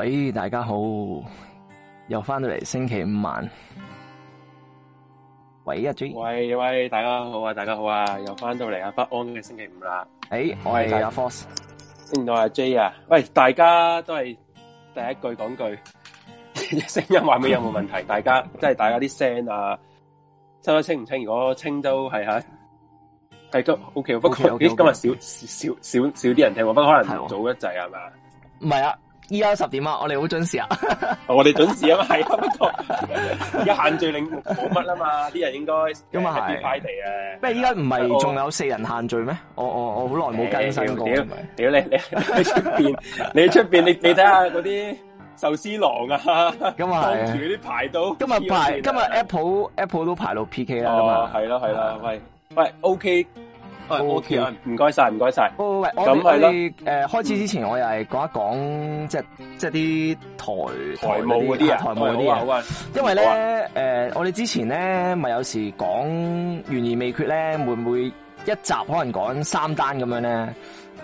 喂，大家好，又翻到嚟星期五晚。喂，阿 J，喂，喂，大家好啊，大家好啊，又翻到嚟啊，不安嘅星期五啦。誒，我係阿 Fox 聽唔到阿 J 啊，喂，大家都係第一句講句，聲音話未有冇問題？嗯、大家即係、就是、大家啲聲啊，聽得清唔清？如果清都係吓，係、啊、都 OK。不過 okay, okay, okay, 今日少、okay. 少少少啲人聽，不過可能早一制係咪？唔係啊。依家十點啊，我哋好準時啊！我哋準時啊嘛，係啊，不過而家限聚令冇乜啊嘛，啲人應該咁啊係。快地啊！咩依家唔係仲有四人限聚咩？我我我好耐冇更新過。屌你你喺出邊，你喺出邊，你你睇下嗰啲壽司郎啊！咁啊啲排到。今日排今日 Apple Apple 都排到 PK 啦！今日係啦係啦，喂喂 OK。O K，唔該曬，唔該曬。喂，咁係咯。誒，開始之前、嗯、我又係講一講，即係即係啲台台務嗰啲啊，台務嗰啲啊。好啊，因為呢，啊呃、我哋之前呢咪有時講懸疑未決呢，會唔會一集可能講三單咁樣呢？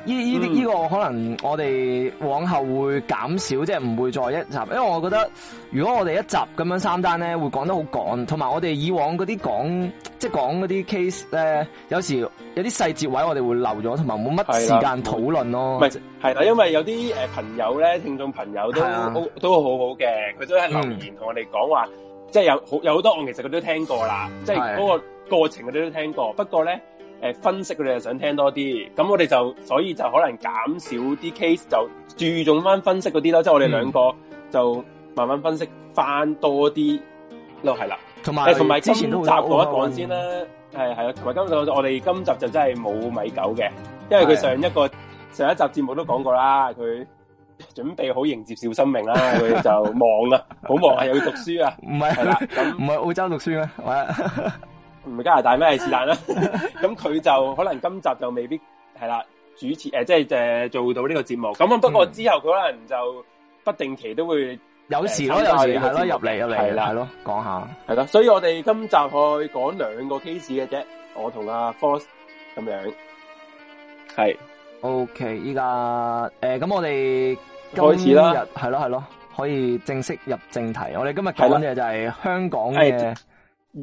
呢呢啲呢個可能我哋往後會減少，即係唔會再一集，因為我覺得如果我哋一集咁樣三單咧，會講得好趕，同埋我哋以往嗰啲講即係講嗰啲 case 咧，有時有啲細節位我哋會漏咗，同埋冇乜時間討論咯。係啦、啊就啊，因為有啲誒朋友咧，聽眾朋友都好、啊、都好好好嘅，佢都係留言同我哋講話，嗯、即係有好有好多案其實佢都聽過啦，是即係嗰個過程佢都聽過，不過咧。誒，分析佢哋又想聽多啲，咁我哋就所以就可能減少啲 case，就注重翻分析嗰啲咯，即係我哋兩個就慢慢分析翻多啲咯，係啦、嗯，同埋同埋今集講一講先啦，誒係啦，同埋今集我哋今集就真係冇米九嘅，因為佢上一個的上一集節目都講過啦，佢準備好迎接小生命啦，佢就忙啦，好 忙係要去讀書啊，唔係是，唔係澳洲讀書咩？ 唔係加拿大咩？是但啦，咁佢 就可能今集就未必係啦，主持誒、呃，即係、呃、做到呢個節目咁啊。不過之後佢、嗯、可能就不定期都會有時咯，有時係咯，入嚟入嚟啦，係咯了了講下係咯。所以我哋今集去講兩個 case 嘅啫，我同阿 Fox 咁樣係。OK，依家誒，咁、呃、我哋開始啦，係咯係咯，可以正式入正題。我哋今日講嘅了就係香港嘅。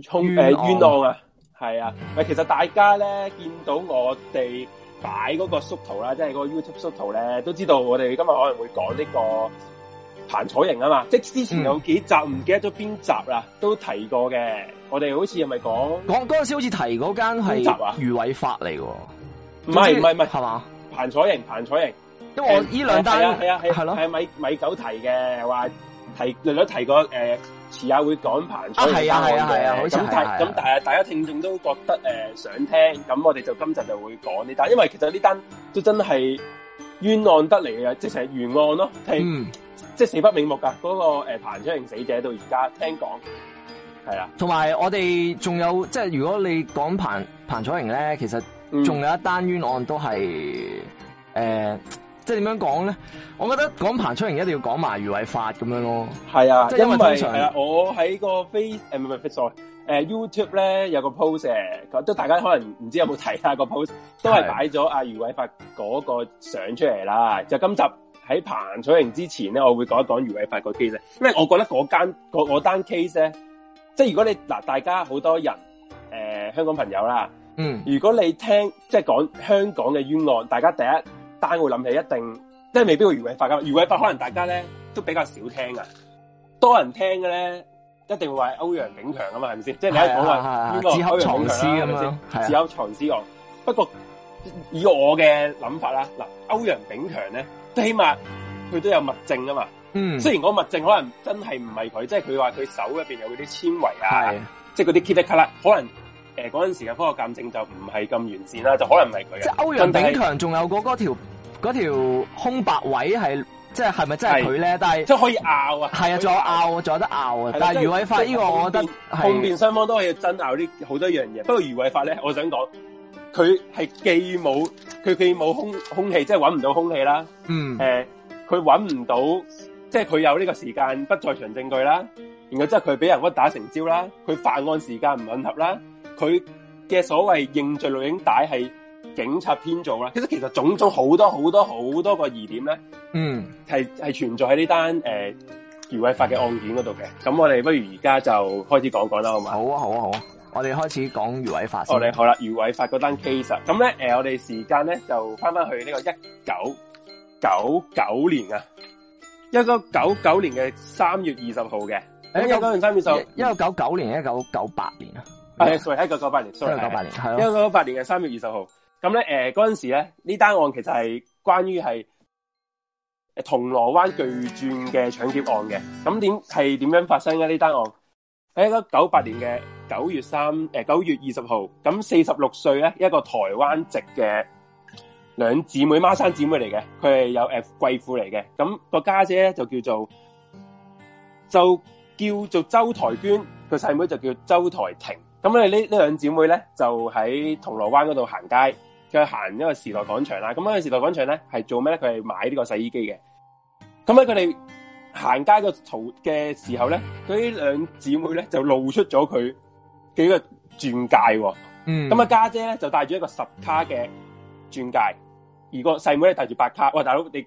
沖誒冤枉，是啊，係啊，喂，其實大家咧見到我哋擺嗰個縮圖啦，即、就、係、是、個 YouTube 縮圖咧，都知道我哋今日可能會講呢個彭楚盈啊嘛，即之前有幾集唔、嗯、記得咗邊集啦，都提過嘅。我哋好似係咪講講嗰陣時好似提嗰間係余偉發嚟嘅唔係唔係唔係，係嘛？彭楚盈彭楚盈，因為、嗯、我呢兩單係、嗯、啊係咯係米米九提嘅，話提略略提過誒。呃遲下會講彭楚盈啊，係啊係啊係啊，咁但係大家聽眾都覺得誒、呃、想聽，咁我哋就今集就會講呢單，但因為其實呢單都真係冤案得嚟嘅，即係冤案咯，係、就是，即係死不瞑目噶嗰、那個誒、呃、彭楚盈死者到而家聽講係啊，同埋我哋仲有即係、就是、如果你講彭彭楚盈咧，其實仲有一單冤案都係誒。呃即係點樣講咧？我覺得講彭楚盈一定要講埋余偉發咁樣咯。係啊，即係因為誒、啊，我喺個 face 誒、啊，唔係唔係，唔好誒，YouTube 咧有個 post，都大家可能唔知有冇睇啦個 post，都係擺咗阿余偉發嗰個相出嚟啦。是啊、就今集喺彭楚盈之前咧，我會講一講余偉發個 case，因為我覺得嗰間單 case 咧，即係如果你嗱，大家好多人誒、呃、香港朋友啦，嗯，如果你聽即係講香港嘅冤案，大家第一。單會諗起一定，即係未必會余偉發噶。余偉發可能大家咧都，都比較少聽啊，多人聽嘅咧，一定會話歐陽炳強啊嘛，係咪先？即係你係講個，呢係。紙盒藏屍咁啊，紙盒藏屍案。不過以我嘅諗法啦，嗱，歐陽炳強咧，都起碼佢都有物證啊嘛。嗯。雖然嗰物證可能真係唔係佢，即係佢話佢手入邊有嗰啲纖維啊，係、啊。即係嗰啲 k i t 可能誒嗰陣時嘅科學鑑證就唔係咁完善啦，就可能唔係佢嘅。即係歐陽炳強仲是有嗰、那、條、個。嗰條空白位係即係係咪真係佢咧？是但係即係可以拗啊，係啊是，仲有拗，仲有得拗啊。的但係余偉發呢個，我覺得控辯雙方都要爭拗啲好多樣嘢。不過余偉發咧，我想講佢係既冇佢既冇空空氣，即係揾唔到空氣啦。嗯，誒、呃，佢揾唔到，即係佢有呢個時間不在場證據啦。然後即係佢俾人屈打成招啦，佢犯案時間唔吻合啦，佢嘅所謂認罪錄影帶係警察編造啦，其實其實種種好多好多好多個疑點咧，嗯，係係存在喺呢單誒，余偉發嘅案件嗰度嘅。咁我哋不如而家就開始講講啦，好嘛？好啊，好啊，好啊，我哋開始講余偉發先。我哋好啦，余偉發嗰單 case 咁咧，誒，我哋時間咧就翻翻去呢個一九九九年啊，一九九九年嘅三月二十號嘅。一九九九年三月二十，一九九九年一九九八年啊，係，係一九九八年，sorry 一九九八年係一九九八年嘅三月二十號。咁咧，誒，嗰陣時咧，呢單案其實係關於係誒銅鑼灣巨鑽嘅搶劫案嘅。咁點係點樣發生嘅呢單案？喺一個九八年嘅九月三，誒九月二十號，咁四十六歲咧，一個台灣籍嘅兩姊妹孖生姊妹嚟嘅，佢係有誒貴婦嚟嘅。咁個家姐咧就叫做，就叫做周台娟，個細妹就叫周台婷。咁我呢呢兩姊妹咧就喺銅鑼灣嗰度行街。佢行一個時代廣場啦，咁、那、嗰個時代廣場咧係做咩咧？佢係買呢個洗衣機嘅。咁喺佢哋行街個嘅時候咧，佢呢兩姊妹咧就露出咗佢幾個鑽戒。嗯，咁啊家姐咧就戴住一個十卡嘅鑽戒，而個細妹咧戴住八卡。喂，大佬，你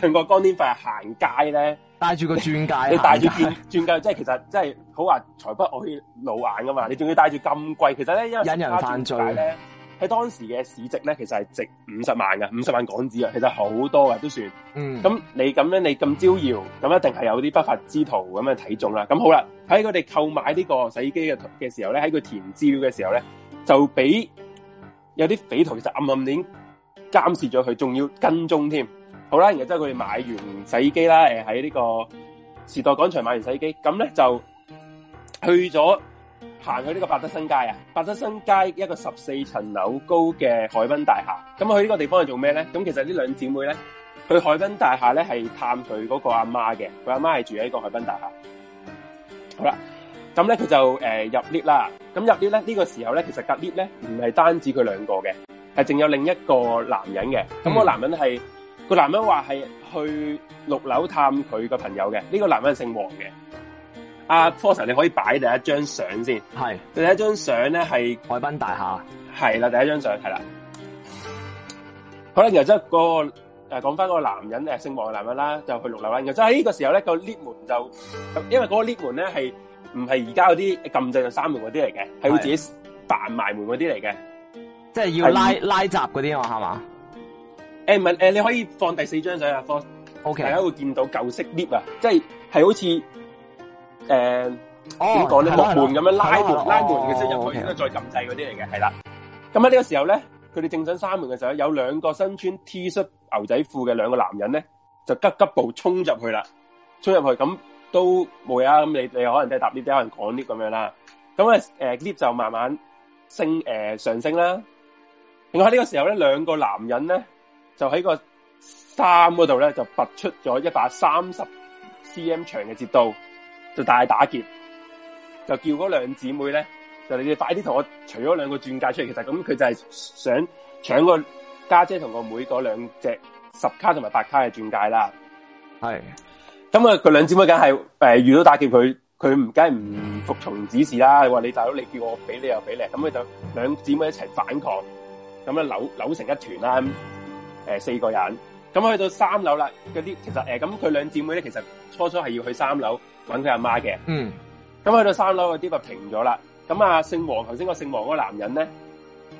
兩個光天化日行街咧，戴住個鑽戒，你戴住鑽鑽戒，即係其實即係好話財不外露眼噶嘛？你仲要戴住咁貴，其實咧因為引人犯罪咧。喺當時嘅市值咧，其實係值五十萬嘅，五十萬港紙啊，其實好多嘅都算。咁、嗯、你咁咧，你咁招搖，咁一定係有啲不法之徒咁樣睇中啦。咁好啦，喺佢哋購買呢個洗衣機嘅嘅時候咧，喺佢填資料嘅時候咧，就俾有啲匪徒就暗暗哋監視咗佢，仲要跟蹤添。好啦，然後之後佢哋買完洗衣機啦，誒喺呢個時代廣場買完洗衣機，咁咧就去咗。行去呢個百德新街啊，百德新街一個十四層樓高嘅海濱大廈。咁去呢個地方係做咩咧？咁其實兩姐呢兩姊妹咧，去海濱大廈咧係探佢嗰個阿媽嘅，佢阿媽係住喺呢個海濱大廈。好啦，咁咧佢就誒、呃、入 lift 啦。咁入 lift 咧呢、這個時候咧，其實隔 lift 咧唔係單止佢兩個嘅，係淨有另一個男人嘅。咁、那個男人係、嗯、個男人話係去六樓探佢嘅朋友嘅。呢、這個男人姓黃嘅。阿、啊、科神，你可以擺第一張相先。係是第一張相咧，係海濱大廈。係啦，第一張相係啦。好啦，然後即係嗰個誒講翻嗰個男人誒、啊、姓黃嘅男人啦，就去六樓啦。然後即係呢個時候咧，個 lift 門就因為嗰個 lift 門咧係唔係而家嗰啲撳掣嘅閂門嗰啲嚟嘅，係會自己扮埋門嗰啲嚟嘅，即係的要拉拉閘嗰啲，㗎嘛，係嘛？誒誒、啊，你可以放第四張相 Okay. 啊，科。O K。大家會見到舊式 lift 啊，即係係好似。誒，點講咧？木門咁樣拉門，了拉門嘅即係入去，之後再撳掣嗰啲嚟嘅係啦。咁喺呢個時候咧，佢哋正想閂門嘅時候，有兩個身穿 T 恤牛仔褲嘅兩個男人咧，就急急步衝入去啦，衝入去咁都冇嘢啦。咁你你可能即係搭 lift，有人講 lift 咁樣啦。咁啊，誒 lift 就慢慢升誒、呃、上升啦。另喺呢個時候咧，兩個男人咧就喺個衫嗰度咧就拔出咗一把三十 cm 長嘅截刀。就大打劫，就叫嗰兩姊妹咧，就你哋快啲同我除咗兩個鑽戒出嚟。其實咁佢就係想搶個家姐同個妹嗰兩隻十卡同埋八卡嘅鑽戒啦。係的，咁啊，佢兩姊妹梗係誒遇到打劫佢，佢唔梗係唔服從指示啦。你話你大佬，你叫我俾你又俾你，咁佢就兩姊妹一齊反抗，咁樣扭扭成一團啦。誒、呃，四個人，咁去到三樓啦。嗰啲其實誒，咁佢兩姊妹咧，其實初初係要去三樓。揾佢阿媽嘅，咁去、嗯、到三樓個 lift 就停咗啦。咁啊，姓黃頭先個姓黃嗰個男人咧，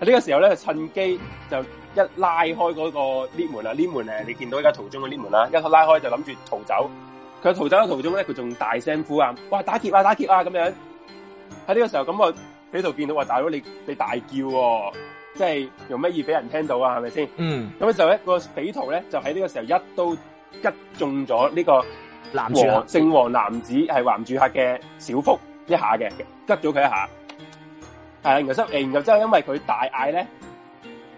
喺呢個時候咧，就趁機就一拉開嗰個 lift 門啦。lift 門誒，你見到而家途中嘅 lift 門啦，一拉開就諗住逃走。佢逃走嘅途中咧，佢仲大聲呼喊：，哇！打劫啊！打劫啊！咁樣喺呢個時候，咁、嗰個匪徒見到話大佬，你你大叫、哦，即係用乜嘢俾人聽到啊？係咪先？嗯。咁咧就一個匪徒咧，就喺呢個時候一刀吉中咗呢、這個。男王姓王男子係橫住客嘅小腹一下嘅，拮咗佢一下，係啊，然後失，然後之後因為佢大嗌咧，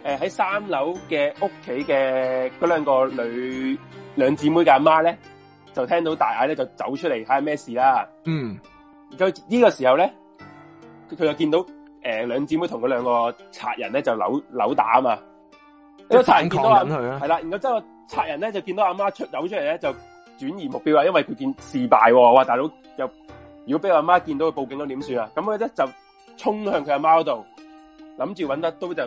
誒喺三樓嘅屋企嘅嗰兩個女兩姊妹嘅阿媽咧，就聽到大嗌咧就走出嚟睇下咩事啦，嗯，然後呢個時候咧，佢就見到誒兩、呃、姊妹同嗰兩個賊人咧就扭扭打啊嘛，啲賊人狂到，佢啊，係啦，然後之後賊人咧就見到阿、啊、媽出走出嚟咧就。轉移目標啊，因為佢見事敗，哇大佬又如果俾阿媽見到佢報警都點算啊？咁佢咧就衝向佢阿媽嗰度，諗住揾把刀就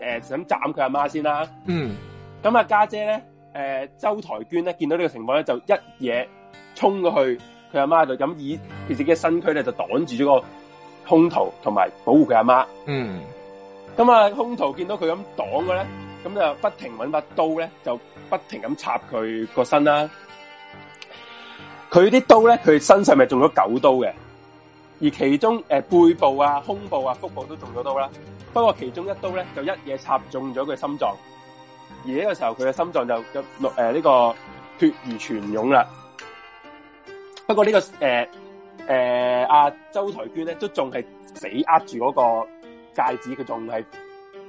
誒想斬佢阿媽先啦。嗯，咁啊家姐咧誒、呃、周台娟咧見到呢個情況咧就一嘢衝過去佢阿媽嗰度，咁以自己嘅身軀咧就擋住咗個兇徒和，同埋保護佢阿媽。嗯，咁啊兇徒見到佢咁擋嘅咧，咁就不停揾把刀咧就。不停咁插佢個身啦，佢啲刀咧，佢身上咪中咗九刀嘅，而其中誒、呃、背部啊、胸部啊、腹部啊、腹部都中咗刀啦。不過其中一刀咧，就一嘢插中咗佢心臟，而呢個時候佢嘅心臟就有誒呢個血如泉湧啦。不過呢、這個誒誒阿周台娟咧，都仲係死扼住嗰個戒指，佢仲係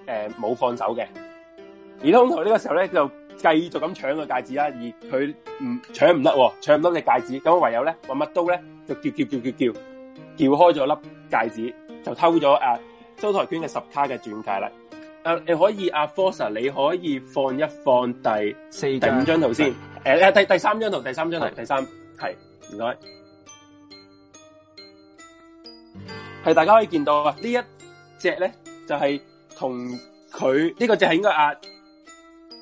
誒冇放手嘅。而通台呢個時候咧就。繼續咁搶個戒指啦，而佢唔搶唔甩喎，搶唔甩隻戒指，咁唯有咧揾乜刀咧就撬撬撬撬撬撬開咗粒戒指，就偷咗啊周台娟嘅十卡嘅鑽戒啦。誒、啊，你可以阿、啊、Fox，你可以放一放第四、第五張圖先。誒的、啊，第第三張圖，第三張圖，的第三係唔該，係大家可以見到一隻呢一隻咧，就係同佢呢個只係應該啊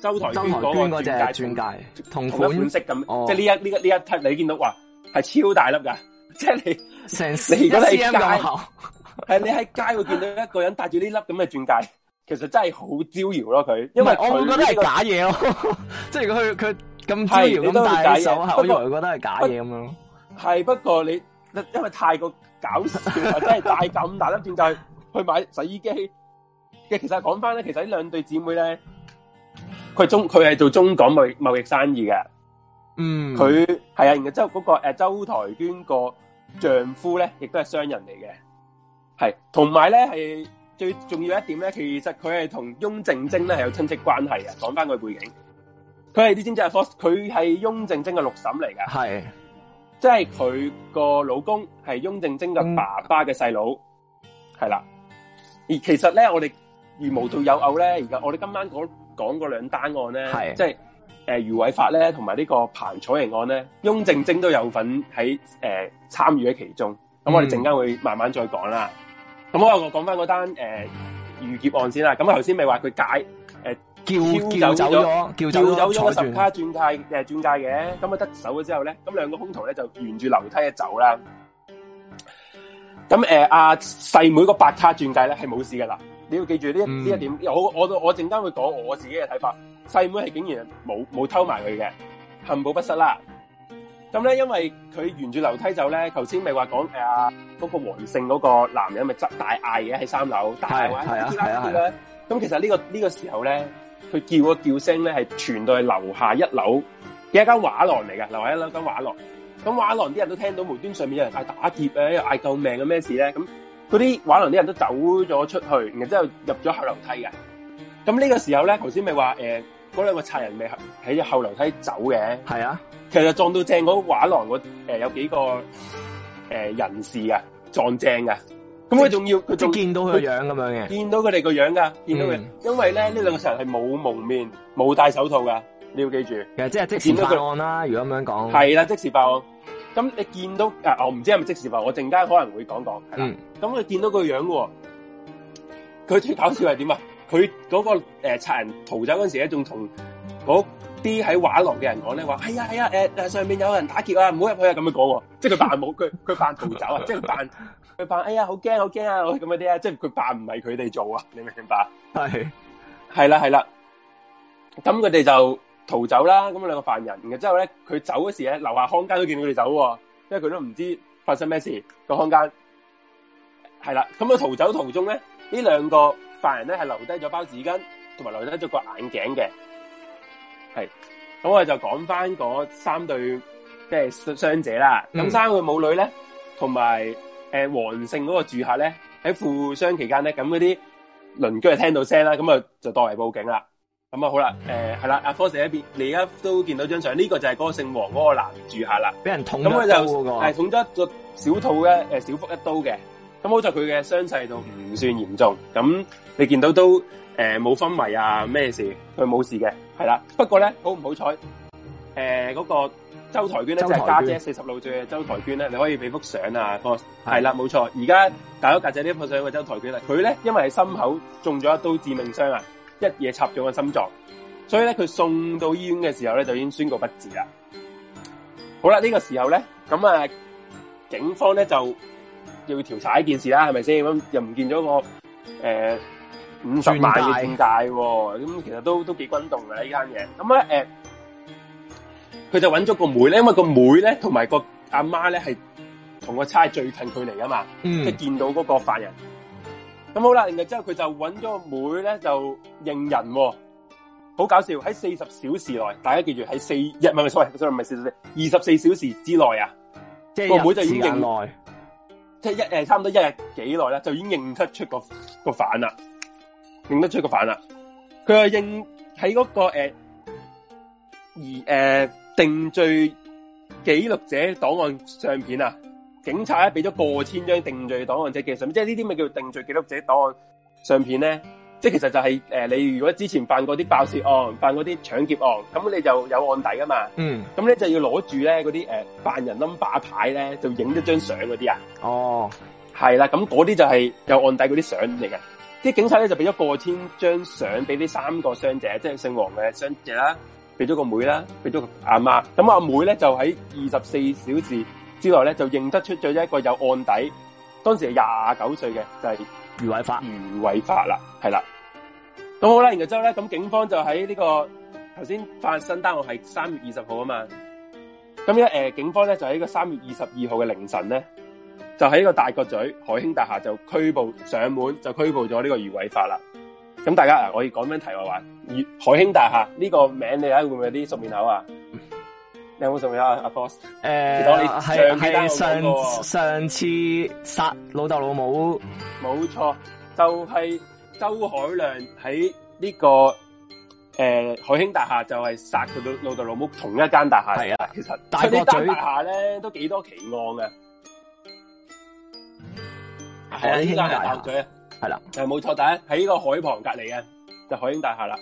周台娟嗰個鑽戒，鑽戒同款款式咁，即係呢一呢一呢一你見到哇係超大粒㗎，即係你成你而家喺街，係你喺街會見到一個人戴住呢粒咁嘅鑽戒，其實真係好招搖咯佢，因為我會覺得係假嘢咯，即係如果佢佢咁招搖咁戴喺手後，原來覺得係假嘢咁樣。係不過你，因為太過搞笑，真係戴咁大粒鑽戒去買洗衣機嘅。其實講返咧，其實呢兩對姊妹咧。佢中佢係做中港貿貿易，易生意嘅，嗯，佢係啊。然之後嗰個誒、呃、周台娟個丈夫咧，亦都係商人嚟嘅，係同埋咧係最重要一點咧。其實佢係同翁靜晶咧係有親戚關係啊。講翻佢背景，佢係點即係，佢係翁靜晶嘅六嬸嚟嘅，係即係佢個老公係翁靜晶嘅爸爸嘅細佬，係啦、嗯啊。而其實咧，我哋如無獨有偶咧，而家我哋今晚講、那個。講嗰兩單案咧，是的 即係誒、呃、余偉發咧，同埋呢個彭楚盈案咧，翁靜晶都有份喺誒參與喺其中。咁我哋陣間會慢慢再講啦。咁、嗯嗯、我講翻嗰單誒遇、呃、劫案先啦。咁頭先咪話佢解誒、呃、叫叫走咗，叫走咗十卡鑽戒誒鑽、呃、戒嘅。咁啊得手咗之後咧，咁兩個凶徒咧就沿住樓梯一走啦。咁誒阿細妹個八卡鑽戒咧係冇事噶啦。你要記住呢一呢一點，嗯、我我我陣間會講我自己嘅睇法。細妹係竟然冇冇偷埋佢嘅，幸保不失啦。咁咧，因為佢沿住樓梯走咧，頭先咪話講誒嗰個黃姓嗰個男人咪執大嗌嘅喺三樓，對大嗌話要拉劫。咁其實呢、呢個呢、呢個時候咧，佢叫個叫聲咧係傳到去樓下一樓嘅一間畫廊嚟嘅，樓下一樓間畫廊。咁畫廊啲人都聽到無端上面有人嗌打劫啊，又嗌救命啊，咩事咧？咁。嗰啲畫廊啲人都走咗出去，然之後入咗後樓梯嘅。咁呢個時候咧，頭先咪話誒嗰兩個賊人咪喺後樓梯走嘅。係啊，其實撞到正嗰個畫廊個有幾個誒、呃、人士啊，撞正嘅。咁佢仲要佢仲即見到佢個樣咁樣嘅，見到佢哋個樣㗎，見到佢。因為咧呢兩個賊人係冇蒙面、冇戴手套㗎，你要記住。其實即係即時爆案啦、啊，如果咁樣講。係啦，即時爆案。咁你見到誒、啊，我唔知係咪即時話，我陣間可能會講。講係啦。咁佢，嗯、見到個樣喎，佢最搞笑係點啊？佢嗰，那個誒賊、呃、人逃走嗰陣時咧，仲同嗰啲喺畫廊嘅人講咧，話係啊係啊，誒、呃、上面有人打劫啊，唔好入去啊，咁樣講喎。 即係佢扮冇，佢佢扮逃走啊， 即係扮佢扮，哎呀好驚好驚啊，咁嗰啲啊，即係佢扮唔係佢哋做啊，你明唔明白？係係啦係啦，咁佢哋就。逃走啦！咁兩個犯人，然之後咧，佢走嗰時咧，樓下看更都見到佢哋走、哦，因為佢都唔知發生咩事。個看更係啦，咁啊逃走途中咧，呢兩個犯人咧係留低咗包紙巾，同埋留低咗個眼鏡嘅。係，咁我哋就講翻嗰三對即係、呃、傷者啦。咁、嗯、三個母女咧，同埋誒王姓嗰個住客咧喺負傷期間咧，咁嗰啲鄰居係聽到聲啦，咁啊就,就代為報警啦。咁啊，好啦，誒，係啦，阿科喺一邊，你而家都見到張相，呢個就係嗰個姓王嗰個男住下啦，俾人捅咗一刀嘅，係捅咗一個小肚嘅，誒，小腹一刀嘅，咁好在佢嘅傷勢度唔算嚴重，咁你見到都誒冇昏迷啊咩事，佢冇事嘅，係啦，不過咧好唔好彩，誒，嗰個周台娟咧，即係家姐四十六歲嘅周台娟咧，你可以俾幅相啊，科，係啦，冇錯，而家打咗格仔呢幅相係周台娟啦，佢咧因為係心口中咗一刀致命傷啊。一嘢插咗個心臟，所以咧佢送到醫院嘅時候咧就已經宣告不治啦。好啦，呢、這個時候咧，咁啊，警方咧就要調查呢件事啦，係咪先？咁又唔見咗個誒五十萬現金界，咁大、哦、其實都都幾轟動噶呢間嘢。咁咧，誒，佢、呃、就揾咗個妹咧，因為個妹咧同埋個阿媽咧係同個差最近距離噶嘛，即係、嗯、見到嗰個犯人。咁好啦，然後之後佢就揾咗個妹咧就認人，哦，好搞笑喺四十小時內，大家記住喺四日，唔係 sorry sorry 唔係四十四二十四小時之內啊，即係個妹，妹就已經認，即係一誒差唔多一日幾耐啦，就已經認得出個個犯啦，認得出個犯啦，佢係認喺嗰、那個誒誒、呃呃、定罪記錄者檔案相片啊。警察咧俾咗過千張定罪檔案者係上，即係呢啲咪叫做定罪記錄者檔案相片咧？即係其實就係、是、誒、呃，你如果之前犯過啲爆竊案、犯過啲搶劫案，咁你就有案底噶嘛？嗯，咁咧就要攞住咧嗰啲誒犯人 number 牌咧，就影咗張相嗰啲啊？哦，係啦，咁嗰啲就係有案底嗰啲相嚟嘅。啲警察咧就俾咗過千張相俾呢三個傷者，即係姓黃嘅傷者啦，俾咗個妹啦，俾咗個阿媽。咁阿妹咧就喺二十四小時，之內咧就認得出咗一個有案底，當時係廿九歲嘅就係、是、余偉發，余偉發啦，係啦。咁好啦，然後之後咧，咁警方就喺呢、這個頭先發生單案係三月二十號啊嘛。咁咧誒，警方咧就喺個三月二十二號嘅凌晨咧，就喺呢個大角咀海興大廈就拘捕上門，就拘捕咗呢個余偉發啦。咁大家啊，我要講翻題外話，余海興大廈呢個名你睇會唔會有啲熟面口啊？ 有冇做呀、啊，阿 boss？誒、呃，係係上上，上次殺老豆老母，冇錯，就係、是、周海亮喺呢個誒海興大廈就係殺佢老豆老母同一間大廈。係啊，其實海興大廈咧都幾多奇案嘅。海興大廈對啊，係啦、誒，冇錯。第一喺呢個海旁隔籬啊，就是、海興大廈啦。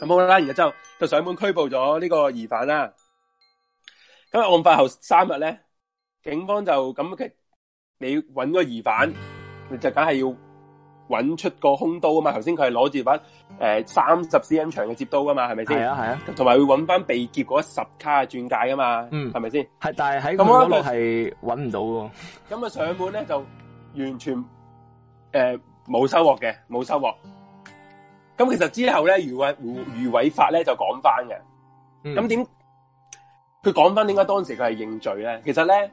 咁好啦，然之後就，就上門拘捕咗呢個疑犯啦。咁日案發後三日咧，警方就咁嘅，你揾個疑犯，你就梗係要揾出個兇刀啊嘛！頭先佢係攞住把誒三十 cm 長嘅摺刀噶嘛，係咪先？係啊，係啊，同埋會揾翻被劫嗰十卡嘅鑽戒噶嘛，嗯，係咪先？係，但係喺個角落係揾唔到嘅。咁啊，上門咧就完全誒冇、呃、收穫嘅，冇收穫。咁其實之後咧，余偉余偉發咧就講翻嘅，咁點、嗯？佢講翻點解當時佢係認罪咧？其實咧，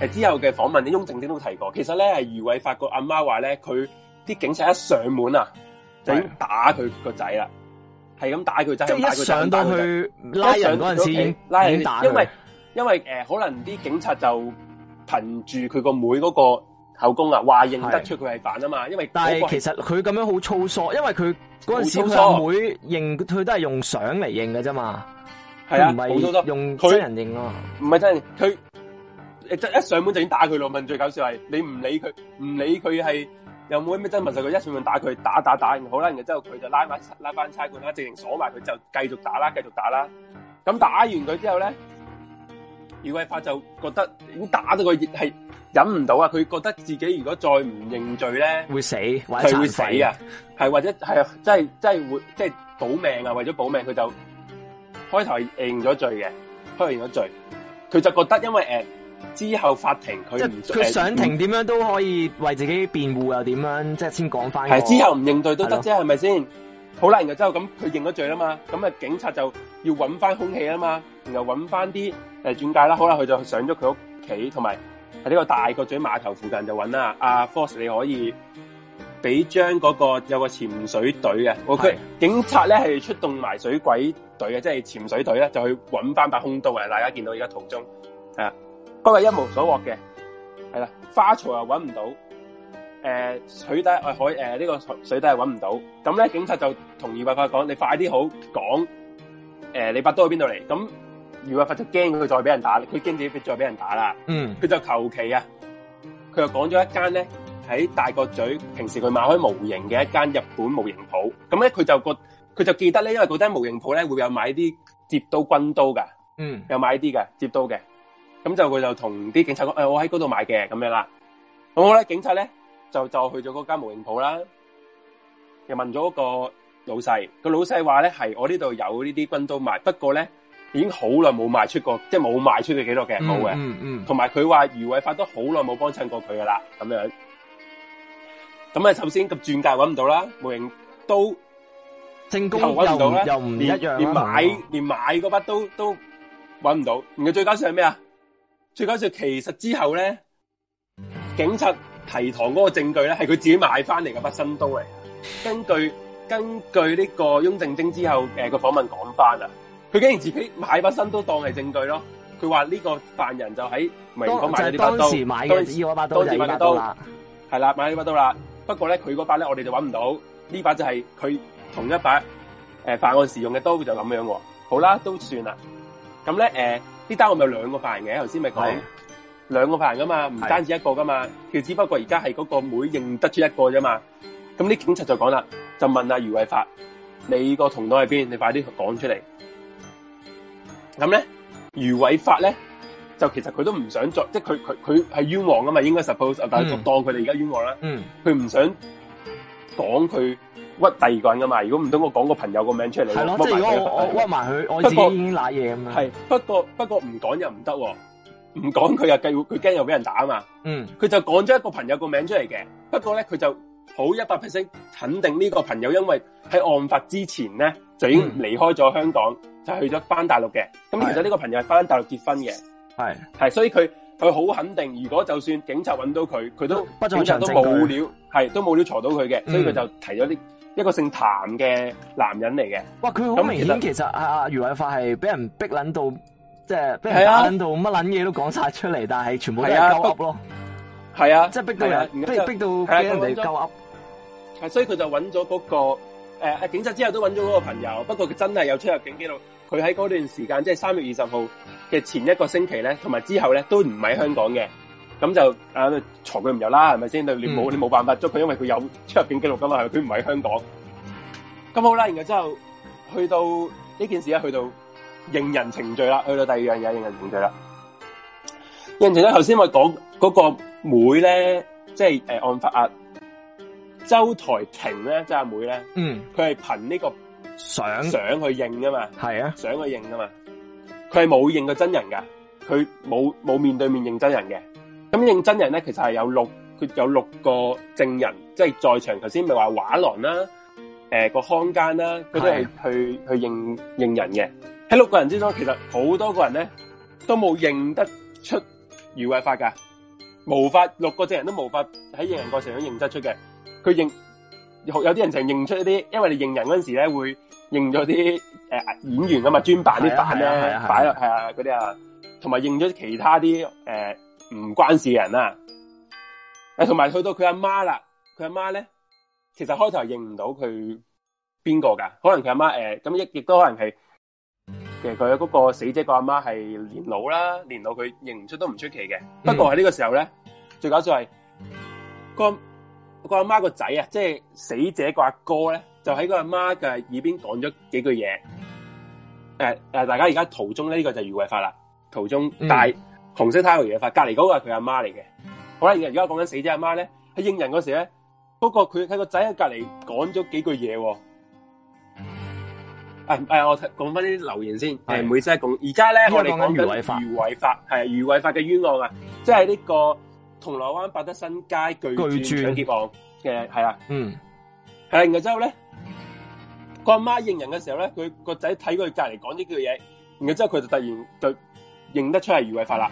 誒之後嘅訪問，啲雍正啲都提過。其實咧，余偉發覺阿媽話咧，佢啲警察一上門啊，就已經打佢個仔啦，係咁打佢仔。就係一上到去拉人嗰陣時，拉人打佢，因為因為誒、呃，可能啲警察就憑住佢個妹嗰個口供啊，話認得出佢係犯啊嘛。因為但係其實佢咁樣好粗疏，因為佢嗰陣時個妹妹認佢都係用相嚟認㗎啫嘛。係啊，唔係用追人認啊，唔係真人認，佢即一上門就已經打佢咯。問最搞笑係，你唔理佢，唔理佢係有冇咩真問實佢，一上門打佢，打打打，好啦，然後然後之後佢就拉返拉翻差館啦，直情鎖埋佢，就繼續打啦，繼續打啦。咁打完佢之後咧，余偉發就覺得已經打到佢係忍唔到啊！佢覺得自己如果再唔認罪咧，會死，佢會死啊！係死的 或者係啊，即係即係會即係保命啊！為咗保命，佢就。開頭認咗罪嘅，開頭認咗罪，佢就覺得因為誒、呃、之後法庭佢佢上庭點樣都可以為自己辯護又點樣，即係先講翻係之後唔認罪都得啫，係咪先？好啦，然後之後咁佢認咗罪啦嘛，咁啊警察就要揾翻空氣啦嘛，然後揾翻啲誒專家啦，好啦，佢就上咗佢屋企，同埋喺呢個大角咀碼頭附近就揾啦。阿、啊、Fox 是的 你可以俾張嗰個有個潛水隊嘅，他他是的 警察咧係出動埋水鬼。隊嘅即係潛水隊咧，就去揾翻把空刀嘅。大家見到而家途中係啊，嗰個一無所獲嘅係啦，花槽又揾唔到，誒、呃、水底誒海誒呢個水底又揾唔到。咁咧，警察就同余偉發講：你快啲好講，誒、呃、你把刀喺邊度嚟？咁余偉發就驚佢再俾人打，佢驚自己再俾人打啦。嗯，佢就求其啊，佢就講咗一間咧喺大角咀，平時佢買開模型嘅一間日本模型鋪。咁咧，佢就個佢就記得咧，因為嗰間模型鋪咧會有買啲摺刀、軍刀㗎，嗯，有買啲嘅摺刀嘅，咁就佢就同啲警察講：哎，我喺嗰度買嘅咁樣啦。咁我咧警察咧就就去咗嗰間模型鋪啦，又問咗個老細，個老細話咧，係我呢度有呢啲軍刀賣，不過咧已經好耐冇賣出過，即係冇賣出去幾多嘅冇嘅，嗯嗯，同埋佢話余偉發都好耐冇幫襯過佢噶啦，咁樣。咁啊，首先咁鑽戒揾唔到啦，模型刀。正宮又又唔一樣，啊連，連買、啊、連買嗰把刀都揾唔到。而家最搞笑係咩啊？最搞笑其實之後咧，警察提堂嗰個證據咧，係佢自己買翻嚟嘅把新刀嚟。根據根據呢個翁靜晶之後誒個訪問講翻啊，佢竟然自己買把新刀當係證據咯。佢話呢個犯人就喺未講買呢把刀，當時買嘅，當時買把刀，當時買把刀係啦，買呢把刀啦。不過咧，佢嗰把咧，我哋就揾唔到呢把就係佢。同一把誒，犯、呃、案時用嘅刀就咁樣、啊，好啦，都算啦。咁咧，誒、呃，呢單案咪有兩個犯人嘅，頭先咪講兩個犯人噶嘛，唔單止一個噶嘛。佢是的 只不過而家係嗰個妹，妹認得出一個啫嘛。咁啲警察就講啦，就問阿、啊、余偉發，你個同黨喺邊？你快啲講出嚟。咁咧，余偉發咧就其實佢都唔想再，即係佢佢佢係冤枉㗎嘛，應該 suppose，、嗯、但係就當佢哋而家冤枉啦。嗯，佢唔想講佢。屈第二個人噶嘛？如果唔通我講個朋友個名出嚟，係咯，即係我我屈埋佢，我自己已經揦嘢咁樣。係，不過不過唔講又唔得，唔講佢又計，佢驚又俾人打啊嘛。嗯，佢就講咗一個朋友個名出嚟嘅，不過咧佢就好一百 percent 肯定呢個朋友，因為喺案發之前咧就已經離開咗香港，就去咗翻大陸嘅。咁其實呢個朋友係翻大陸結婚嘅，係，係，所以佢佢好肯定，如果就算警察揾到佢，佢都警察都冇料，係都冇料查到佢嘅，所以佢就提咗啲。一個姓譚嘅男人嚟嘅，哇！佢好明顯，其實阿余偉發係俾人逼捻人到，即係逼捻到乜捻嘢都講晒出嚟，但係全部都係鳩噏咯，係啊，即係逼到人逼逼逼到俾人哋鳩噏，係所以佢就揾咗嗰個誒、呃，警察之後都揾咗嗰個朋友，不過佢真係有出入境記錄，佢喺嗰段時間，即係三月二十號嘅前一個星期咧，同埋之後咧都唔喺香港嘅。咁就誒藏佢唔入啦，係咪先？你冇你冇辦法捉佢，因為佢有出入境記錄噶嘛，佢唔喺香港。咁 好啦，然後之後去到呢件事咧，去到認人程序啦，去到第二樣嘢認人程序啦。認人程序頭先、嗯、我講嗰、那個妹咧，即係誒案發啊，周台婷咧，即係阿妹咧，嗯，佢係憑呢個相相想去認噶嘛，係啊，相去認噶嘛，佢係冇認過真人噶，佢冇冇面對面認真人嘅。咁認真人咧，其實係有六，佢有六個證人，即係在場。頭先咪話畫廊啦，誒、呃、個康間啦、啊，佢都係去的去認認人嘅。喺六個人之中，其實好多個人咧都冇認得出余偉發噶，無法六個證人都無法喺認人過程都認得出嘅。佢認有啲人就係認出一啲，因為你認人嗰陣時咧會認咗啲誒演員啊嘛，專版啲扮咧，落係啊嗰啲啊，同埋、啊、認咗其他啲誒。呃唔關事人啦，啊，誒，同埋去到佢阿媽啦，佢阿媽咧，其實開頭認唔到佢邊個噶，可能佢阿媽誒，咁亦亦都可能係，其實佢嗰個死者個阿媽係年老啦，年老佢認唔出都唔出奇嘅。不過喺呢個時候咧，嗯、最搞笑係個個阿媽個仔啊，即係死者個阿哥咧，就喺個阿媽嘅耳邊講咗幾句嘢。誒、呃、誒，大家而家途中呢、這個就遇鬼法啦，途中、嗯、但係。紅色太和違法，隔籬嗰個係佢阿媽嚟嘅。好啦，而家講緊死者阿媽咧，喺認人嗰時咧，不過佢喺個仔喺隔籬講咗幾句嘢。誒、哎、誒、哎，我講翻啲留言先。係唔好意思，係講而家咧，呢我哋講緊余偉發，係余偉發嘅冤案啊！即係呢個銅鑼灣百德新街巨巨串搶劫案嘅係啦，嗯，係。然後之後咧，個阿媽認人嘅時候咧，佢個仔睇佢隔籬講咗幾句嘢，然後之後佢就突然就認得出係余偉發啦。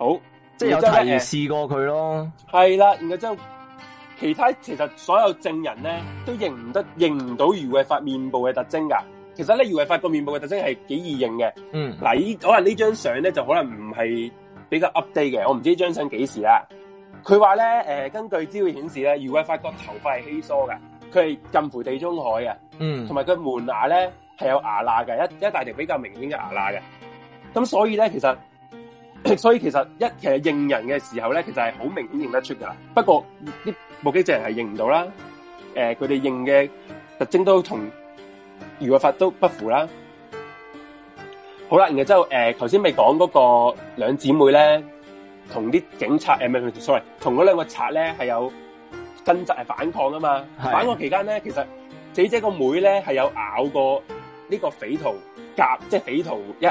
好，即係、就是、有提示過佢咯。係啦，然後之後其他其實所有證人咧都認唔得、認唔到余偉發面部嘅特徵噶。其實咧，余偉發個面部嘅特徵係幾易認嘅。嗯，嗱，可能呢張相咧就可能唔係比較 update 嘅。我唔知這張呢張相幾時啦。佢話咧，誒，根據資料顯示咧，余偉發個頭髮係稀疏嘅，佢係近乎地中海嘅。嗯，同埋佢門牙咧係有牙罅嘅，一一大條比較明顯嘅牙罅嘅。咁所以咧，其實。所以其實一其實認人嘅時候咧，其實係好明顯認得出噶。不過啲目擊證人係認唔到啦。誒、呃，佢哋認嘅特徵都同余偉發都不符啦。好啦，然後之後誒，頭先咪講嗰個兩姊妹咧，同啲警察誒，咪、呃、？sorry 同嗰兩個賊咧係有掙扎係反抗㗎嘛。是的 反抗期間咧，其實死者個妹咧係有咬過呢個匪徒甲，即係匪徒一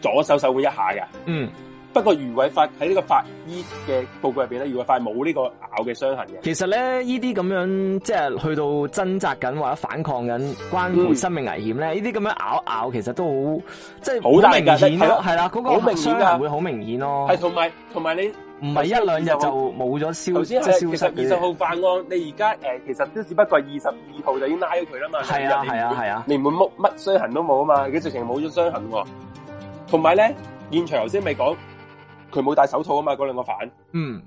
左手手背一下嘅。嗯。不過余偉發喺呢個法醫嘅報告入邊咧，余偉發冇呢個咬嘅傷痕嘅。其實咧，呢啲咁樣即係去到掙扎緊或者反抗緊，關乎生命危險咧，呢啲咁樣咬咬，其實都好即係好明顯咯，係啦，嗰個傷痕會好明顯咯。係，同埋同埋你唔係一兩日就冇咗消即係消失嘅。二十號犯案，你而家誒，其實都只不過二十二號就已經拉咗佢啦嘛。係啊係啊係啊，連滿屋乜傷痕都冇啊嘛，佢直情冇咗傷痕。同埋咧，現場頭先咪講。佢冇戴手套啊嘛，嗰兩個犯。嗯，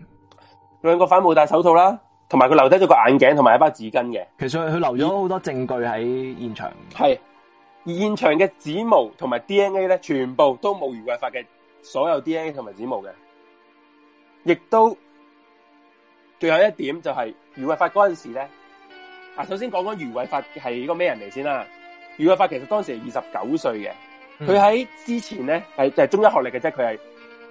兩個犯冇戴手套啦，同埋佢留低咗個眼鏡同埋一包紙巾嘅。其實佢留咗好多證據喺現場。嗯。係，現場嘅指模同埋 DNA 咧，全部都冇余偉發嘅所有 DNA 同埋指模嘅。亦都，最後一點就係、是、余偉發嗰陣時咧。嗱、啊，首先講講余偉發係個咩人嚟先啦。余偉發其實當時係二十九歲嘅，佢喺、嗯、之前咧係就係、是、中一學歷嘅啫，佢係。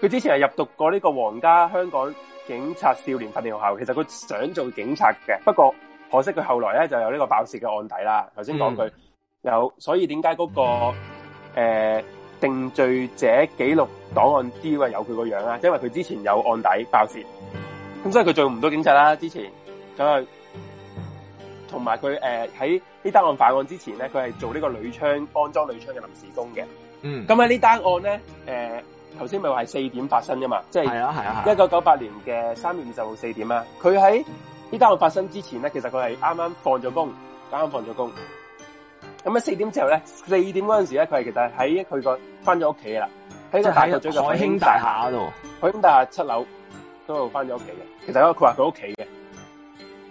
佢之前係入讀過呢個皇家香港警察少年訓練學校，其實佢想做警察嘅，不過可惜佢後來咧就有呢個爆竊嘅案底啦。頭先講句，有，所以點解嗰個誒、呃、定罪者記錄檔案啲位有佢個樣啊？因為佢之前有案底爆竊，咁所以佢做唔到警察啦。之前咁啊，同埋佢誒喺呢單案犯案之前咧，佢係做呢個鋁窗安裝鋁窗嘅臨時工嘅。嗯這，咁喺呢單案咧，誒。頭先咪話係四點發生噶嘛？即係一九九八年嘅三月二十號四點啊！佢喺呢單案發生之前咧，其實佢係啱啱放咗工，啱啱放咗工。咁喺四點之後咧，四點嗰陣時咧，佢係其實喺佢個翻咗屋企啦。喺個喺海興大廈度，海興大廈七樓都度翻咗屋企嘅。其實咧，佢話佢屋企嘅。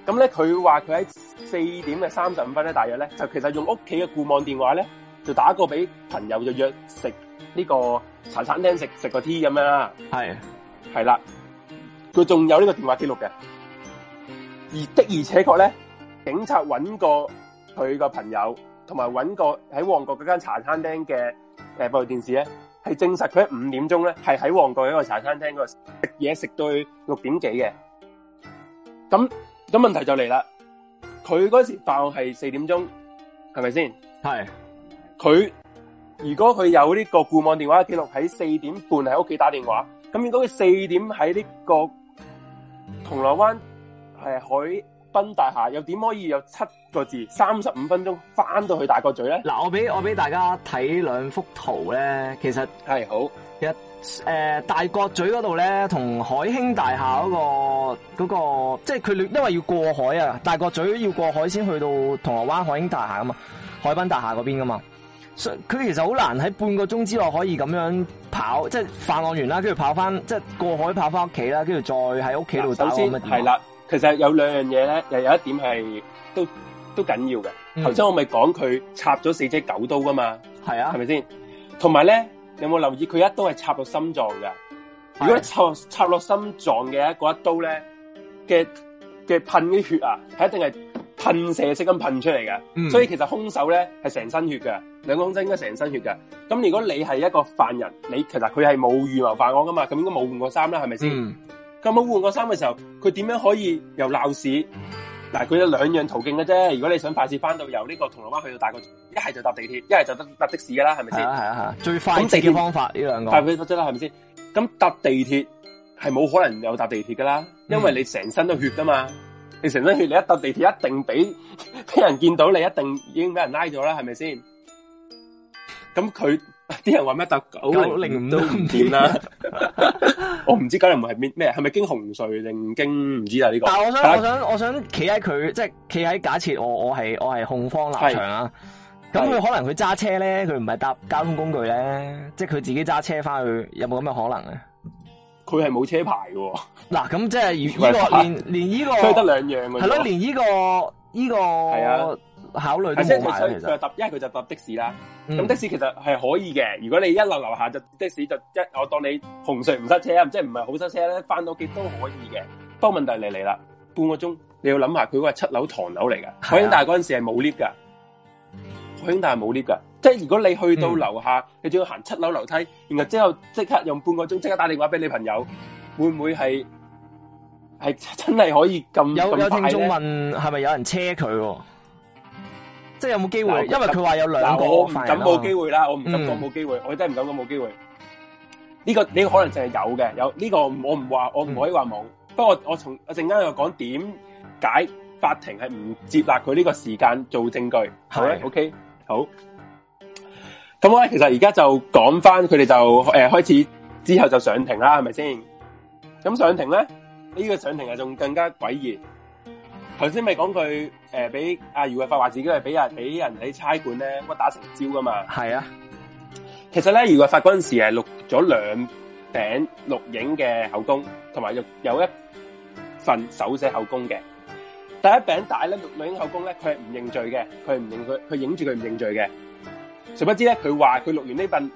咁咧，佢話佢喺四點嘅三十五分咧大約咧，就其實用屋企嘅固網電話咧，就打個俾朋友就約食。呢個茶餐廳食食個 tea 咁樣，係係啦，佢仲有呢個電話記錄嘅，而的而且確咧，警察揾過佢個朋友，同埋揾過喺旺角嗰間茶餐廳嘅誒，部、呃、電視咧係證實佢喺五點鐘咧係喺旺角一個茶餐廳嗰度食嘢食到六點幾嘅，咁咁問題就嚟啦，佢嗰時爆係四點鐘，係咪先？係佢是。如果佢有呢個固網電話記錄喺四點半喺屋企打電話，咁如果佢四點喺呢個銅鑼灣誒海濱大廈，又點可以有七個字三十五分鐘翻到去大角咀咧？嗱、啊，我俾我俾大家睇兩幅圖咧，其實係好一誒、呃、大角咀嗰度咧，同海興大廈嗰、嗰個嗰、嗰個，即係佢因為要過海啊，大角咀要過海先去到銅鑼灣海興大廈啊嘛，海濱大廈嗰邊噶嘛。佢其實好難喺半個鐘之內可以咁樣跑，即係犯案完啦，跟住跑翻，即係過海跑翻屋企啦，跟住再喺屋企度。首先係啦，其實有兩樣嘢咧，又有一點係都都緊要嘅。頭先我咪講佢插咗四隻九刀噶嘛，係啊、嗯，係咪先？同埋咧，有冇留意佢一刀係插到心臟噶？是如果插插落心臟嘅一一刀咧嘅嘅噴嘅血啊，係一定係。噴射式咁噴出嚟嘅，嗯、所以其實凶手咧係成身血嘅，兩個兇手應該成身血嘅。咁如果你係一個犯人，你其實佢係冇預謀犯案噶嘛，咁應該冇換過衫啦，係咪先？咁冇換過衫嘅時候，佢點樣可以又鬧事？嗱、嗯，佢有兩樣途徑嘅啫。如果你想快事返到由呢個銅鑼灣去到大角咀，一係就搭地鐵，一係就得搭的士噶啦，係咪先？係啊係啊，最快嘅方法呢兩個，快佢出咗係咪先？咁搭、啊啊啊啊啊啊、地鐵係冇可能又搭地鐵噶啦，嗯、因為你成身都血噶嘛。你成身血，你一搭地鐵一定俾俾人見到，你一定已經俾人拉咗啦，係咪先？咁佢啲人話咩搭九零五都唔掂啦。我唔知九零五係邊咩，係咪經紅隧定經唔知啊？呢個。但係我想，我想，我想企喺佢，即係企喺假設我我係我係控方立場啊。咁佢是可能佢揸車咧，佢唔係搭交通工具咧，即係佢自己揸車翻去，有冇咁嘅可能咧？佢係冇車牌嘅，嗱咁即係，依個連連依個係咯是，連依、這個依、這個係啊，考慮都冇埋。其實佢搭，一係佢就搭的士啦。咁、嗯、的士其實係可以嘅，如果你一路樓下就的士就一，我當你紅隧，唔塞車，即係唔係好塞車咧，翻到屋企都可以嘅。不過問題嚟嚟啦，半個鐘你要諗下，佢嗰係七樓唐樓嚟嘅，海興是、啊、大廈嗰陣時係冇 lift 嘅，海興大廈冇 lift 即係如果你去到樓下，嗯、你仲要行七樓樓梯，然後之後即刻用半個鐘，即刻打電話俾你朋友，會唔會係係真係可以咁？有咁快呢？有聽眾問係咪有人車佢？即係有冇機會？是因為佢話有兩個，咁冇機會啦，我唔敢講冇機會，我真係唔敢講冇機會。呢個呢個可能就係有嘅，有呢、呢個我唔話，我唔可以話冇。嗯、不過我我從我陣間又講點解法庭係唔接納佢呢個時間做證據？係是 OK 好。咁我咧，其實而家就講翻，佢哋就誒開始之後就上庭啦，係咪先？咁上庭咧，呢個上庭啊，仲更加詭異。頭先咪講句誒，俾阿余偉發話自己係俾人俾人喺差館咧屈打成招噶嘛。係啊。其實咧，余偉發嗰陣時係錄咗兩餅錄影嘅口供，同埋有有一份手寫口供嘅。第一餅帶咧錄錄影口供咧，佢係唔認罪嘅，佢係唔認佢，佢影住佢唔認罪嘅。誰不知咧？佢話佢錄完呢份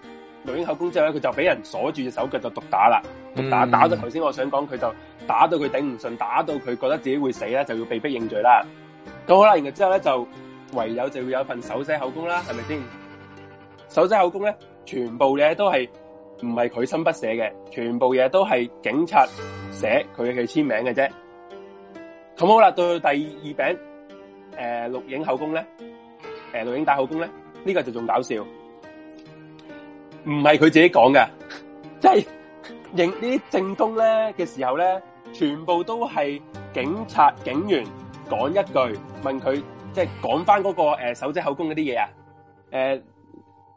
錄影口供之後咧，佢就俾人鎖住隻手腳就毒打啦，毒打打到頭先，我想講佢就打到佢頂唔順，打到佢覺得自己會死咧，就要被逼認罪啦。咁好啦，然後之後咧就唯有就會有份手寫口供啦，係咪先？手寫口供咧，全部嘢都係唔係佢親筆寫嘅，全部嘢都係警察寫，佢嘅簽名嘅啫。咁好啦，到第二餅誒錄影口供咧，誒、呃、錄影帶口供咧。呢個就仲搞笑，唔係佢自己講嘅，即係影呢啲正宮咧嘅時候咧，全部都係警察警員講一句，問佢即係講翻嗰個誒手指口供嗰啲嘢啊，誒、呃，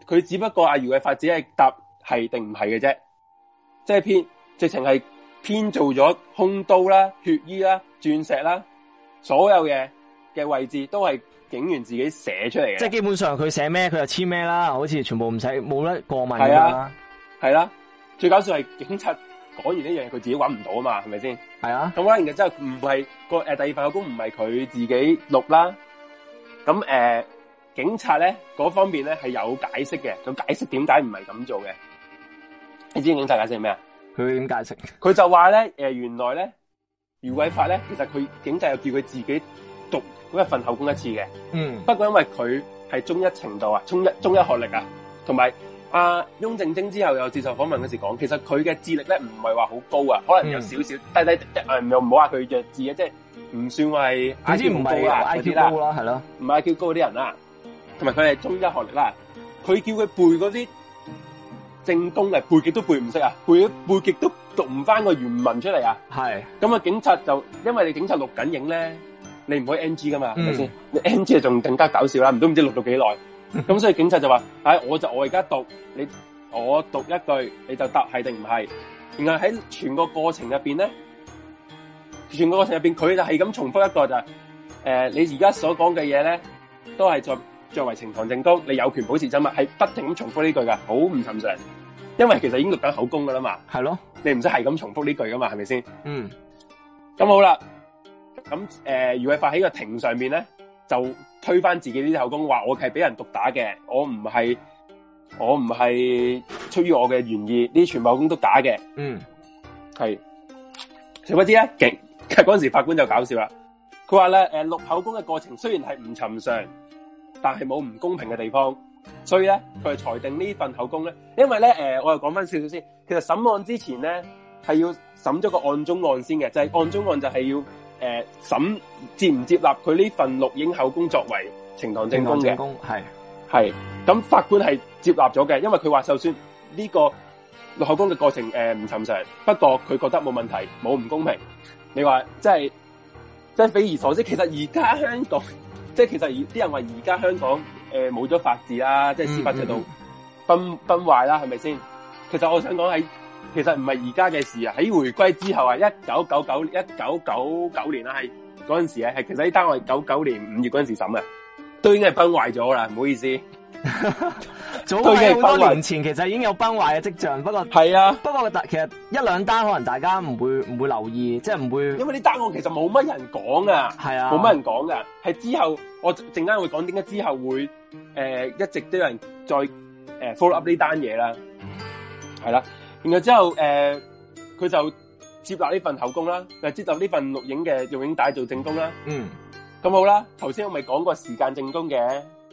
佢只不過阿姚嘅法展係答係定唔係嘅啫，即係編，直情係編做咗凶刀啦、血衣啦、鑽石啦，所有嘅嘅位置都係。警員自己寫出嚟，即係基本上佢寫咩佢就簽咩啦，好似全部唔使冇得過問啦、啊，係啦樣、啊，最搞笑係警察講完呢樣嘢佢自己揾唔到啊嘛，係咪先？係是啊然，咁講完嘅真係，唔係個誒第二份工唔係佢自己錄啦，咁誒、呃、警察咧嗰方面咧係有解釋嘅，咁解釋點解唔係咁做嘅。你知唔知警察解釋咩啊？佢點解釋？佢就話咧，誒、呃、原來咧余偉發咧，其實佢警察又叫佢自己讀。一份口供一次嘅，嗯，不過因為佢係中一程度啊，中一中一學歷啊，同埋阿翁靜晶之後又接受訪問嗰時講，其實佢嘅智力咧唔係話好高啊，可能有少少低低，誒又唔好話佢弱智啊，即係唔算係嗰啲唔高啊，嗰啲啦，係咯，唔係叫高啲人啦，同埋佢係中一學歷啦，佢叫佢背嗰啲證供嚟，背極都背唔識啊，背啊背極都讀唔翻個原文出嚟啊，係的，咁啊警察就因為你警察錄緊影咧。你唔可以 NG 噶嘛，係咪先？你 NG 就仲更加搞笑啦，唔都唔知錄到幾耐。咁所以警察就話： 哎，我就我而家讀，你我讀一句，你就答係定唔係？然後喺全個過程入邊咧，全個過程入邊，佢就係咁重複一個，就，誒，你而家所講嘅嘢咧，都係作作為呈堂證供，你有權保持沉默，係不停咁重複呢句噶，好唔尋常。因為其實已經錄緊口供噶啦嘛，係咯，你唔使係咁重複呢句噶嘛，係咪先？嗯，咁好啦。咁誒、呃，如果係發喺個庭上面咧，就推翻自己啲口供，話我係俾人毒打嘅，我唔係，我唔係出於我嘅願意，呢啲全部口供都打嘅。嗯，係點不知咧，勁。但嗰陣時法官就搞笑啦，佢話咧，誒、呃，錄口供嘅過程雖然係唔尋常，但係冇唔公平嘅地方，所以咧，佢係裁定呢份口供咧。因為咧，誒、呃，我又講翻少少先，其實審案之前咧係要審咗個案中案先嘅，就係、是、案中案就係要。誒，審、呃、接唔接納佢呢份錄影口供作為呈堂證供嘅？係係的，咁法官係接納咗嘅，因為佢話就算呢個錄口供嘅過程誒唔尋常，不過佢覺得冇問題，冇唔公平。你話即係即係匪夷所思，其實而家香港，即係其實而啲人話而家香港誒冇咗法治啦，即係司法制度崩崩壞啦，係咪先？其實我想講喺，其實唔係而家嘅事啊，喺回歸之後啊，一九九九一九九九年啦，係嗰陣時啊，係其實呢單案係九九年五月嗰陣時審嘅，都已經係崩壞咗啦，唔好意思， 早喺好多年前，其實已經有崩壞嘅跡象，不過係啊，不過特其實一兩單可能大家唔會唔會留意，即係唔會，因為呢單案其實冇乜人講啊，係啊，冇乜人講噶，係，之後我陣間會講點解之後會誒、呃、一直都有人再誒、呃、follow up 呢單嘢啦，係啦、啊。然後，之後誒，佢就接納呢份口供啦，誒，接納呢份錄影嘅錄影帶做證供啦。嗯，咁好啦。頭先我咪講過時間證供嘅，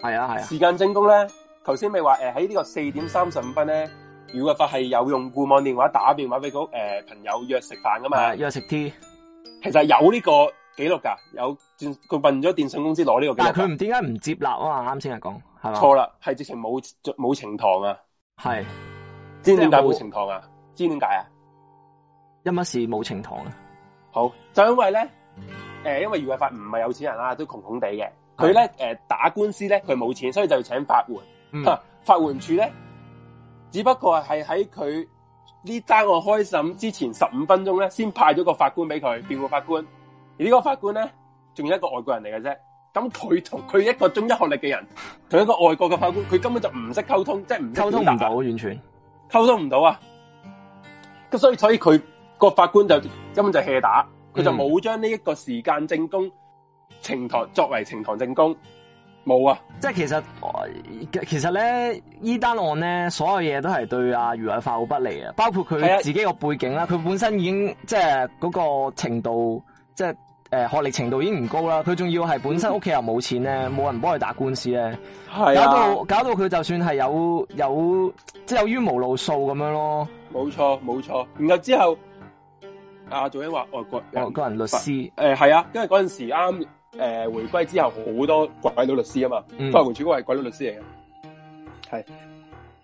係啊，係啊。是啊時間證供咧，頭先咪話誒喺呢個四點三十五分咧，余偉發係有用固網電話打電話俾個誒朋友約食飯噶嘛？約食 tea，其實有呢個記錄噶，有佢問咗電信公司攞呢個記錄。佢唔點解唔接納啊？啱先係講係嘛？是錯啦，係直情冇冇呈堂啊。係。知點解冇呈堂啊？知點解啊？因乜事冇呈堂啊。好，就因為咧，誒、嗯，因為余偉發唔係有錢人啦、啊，都窮窮地嘅。佢咧、嗯，誒，打官司咧，佢冇錢，所以就要請法援。嗯、法援處咧，只不過係喺佢呢單案開審之前十五分鐘咧，先派咗個法官俾佢，辯護法官。而呢個法官咧，仲有一個外國人嚟嘅啫。咁佢同佢一個中一學歷嘅人，同一個外國嘅法官，佢根本就唔識溝通，即係唔溝通唔到，完全。偷到唔到啊！咁所以，所以佢個法官就根本就 h 打，佢就冇將呢一個時間正功呈堂作為呈堂正功，冇啊！即係其實，其實咧呢單案咧，所有嘢都係對阿余偉發好不利啊！包括佢自己個背景啦，佢是、啊、本身已經即係嗰個程度，即係。誒，學歷程度已經唔高啦，佢仲要係本身屋企又冇錢咧，冇 人幫佢打官司咧、啊，搞到搞到佢就算係有有即係、就是、有冤無路數咁樣咯。冇錯冇錯，然後之後阿杜英話外國外國人律師，誒係、呃、啊，因為嗰陣時啱誒、呃、回歸之後好多鬼佬律師啊嘛，包括胡處高係鬼佬律師嚟嘅，係。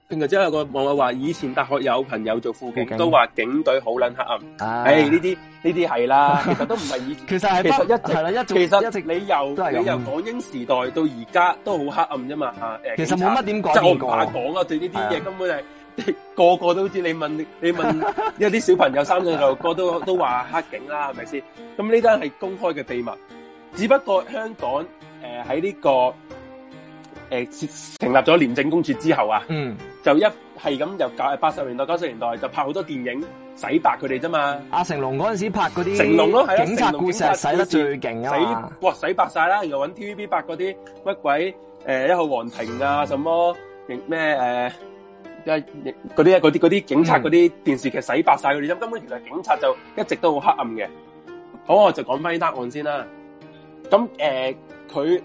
其實真係個網友話以前大學有朋友做副警都話警隊好撚黑暗，誒呢啲呢啲係啦，其實都唔係以前，其實係其實一係啦，其實一直你由你由港英時代到而家都好黑暗啫嘛，誒其實冇乜點講，我唔怕講啊，對呢啲嘢根本係個個都知，你問你問，因為啲小朋友三歲就個都都話黑警啦，係咪先？咁呢單係公開嘅秘密，只不過香港誒喺呢個。誒，成、呃、立咗廉政公署之後啊，嗯，就一係咁由搞八十年代九十年代就拍好多電影洗白佢哋啫嘛。阿、啊、成龍嗰陣時拍嗰啲成龍咯，係啊，警察故事洗得最勁啊洗，哇，洗白晒啦，然後搵 TVB 拍嗰啲乜鬼誒、呃、一號皇庭啊，什麼咩誒，即係嗰啲嗰啲啲警察嗰啲電視劇洗白晒佢哋，嗯、根本原來警察就一直都好黑暗嘅。好，我就講翻啲答案先啦。咁誒，佢、呃。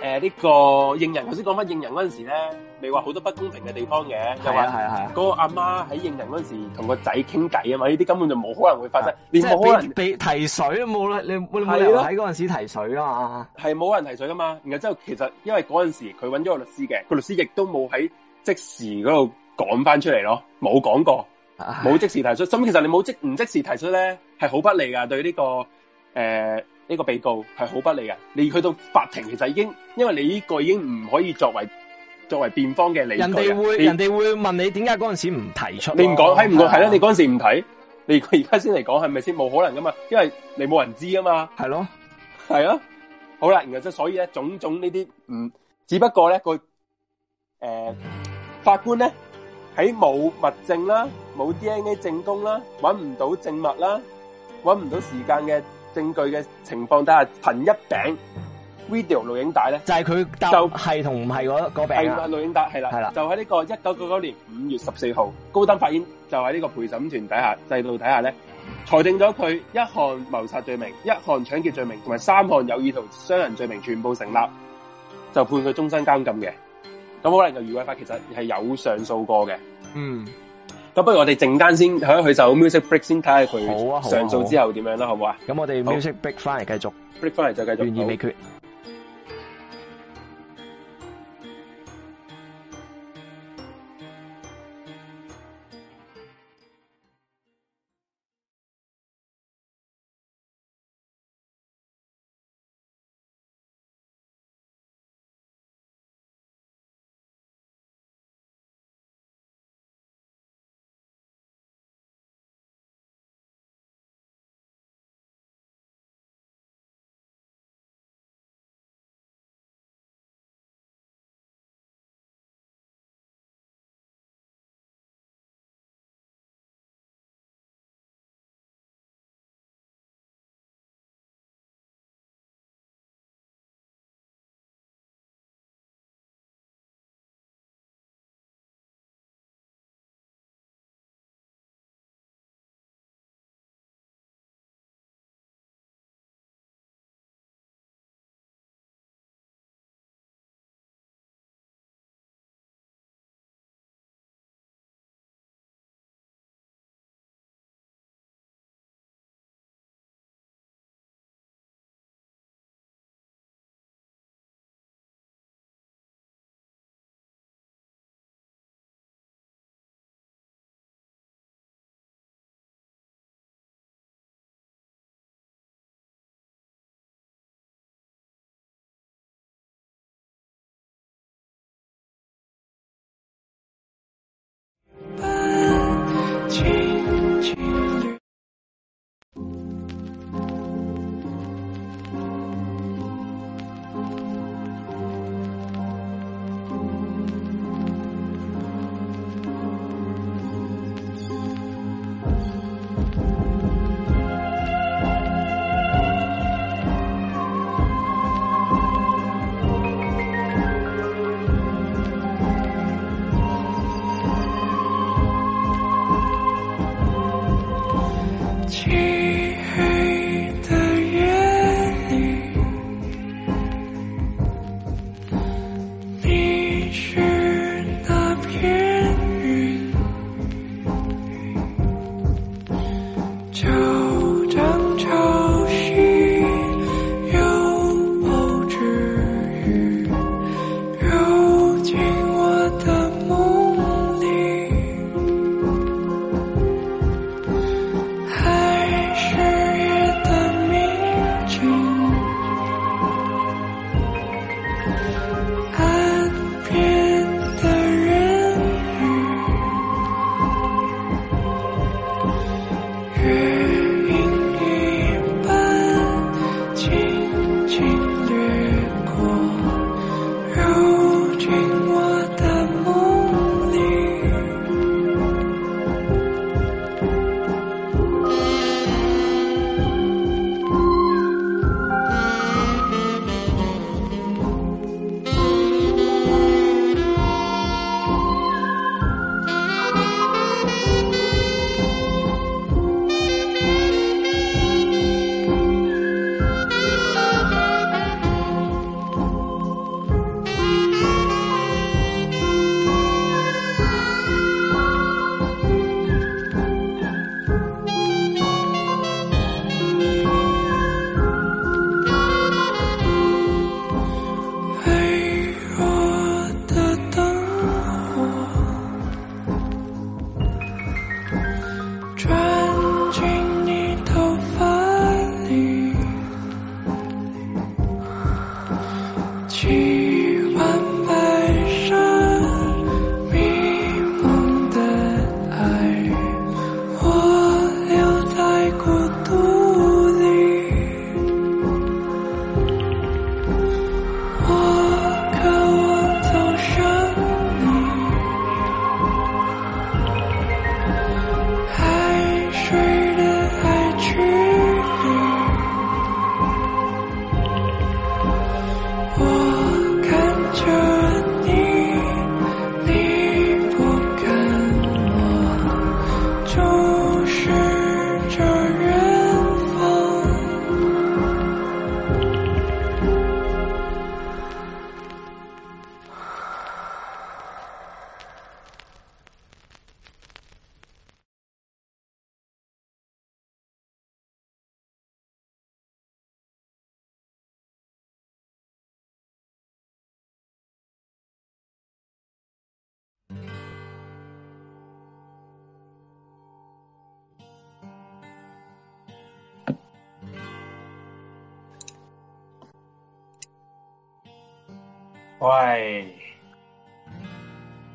誒，呢個應人頭先講翻應人嗰陣時咧，未話好多不公平嘅地方嘅，又話係係係嗰個阿媽喺應人嗰陣時同個仔傾偈啊嘛，呢啲根本就冇可能會發生，你冇連可能被，被提水冇啦，你冇理由喺嗰陣時提水啊嘛，係冇人提水噶嘛，然後之後其實因為嗰陣時佢搵咗個律師嘅，個律師亦都冇喺即時嗰度講翻出嚟咯，冇講過，冇即時提出，咁其實你冇即唔即時提出咧，係好不利噶，對呢個誒。呃呢個被告係好不利嘅，你去到法庭其實已經，因為你呢個已經唔可以作為作為辯方嘅理據。人哋會你人哋會問你點解嗰陣時唔提出？你唔講，係唔講，係啦，你嗰陣時唔提，你而家先嚟講係咪先？冇可能噶嘛，因為你冇人知啊嘛，係咯、啊，係啊，好啦，然後即所以咧，種種呢啲唔，只不過咧佢誒法官咧喺冇物證啦，冇 D N A 證供啦，搵唔到證物啦，搵唔到時間嘅。證據嘅情況底下，憑一餅 video 錄影帶咧，就係佢就係同唔係嗰個餅係錄影帶係啦，係啦，就喺呢個一九九九年五月十四號，高等法院就喺呢個陪審團底下制度底下咧，裁定咗佢一項謀殺罪名，一項搶劫罪名同埋三項有意圖傷人罪名全部成立，就判佢終身監禁嘅。咁可能就余偉發其實係有上訴過嘅，嗯。咁不如我哋陣間先，響佢首 music break 先，睇下佢上訴之後點樣啦，好唔好啊？咁、啊啊啊、吧我哋 music break 翻嚟繼續，break 翻嚟就繼續，懸疑未決。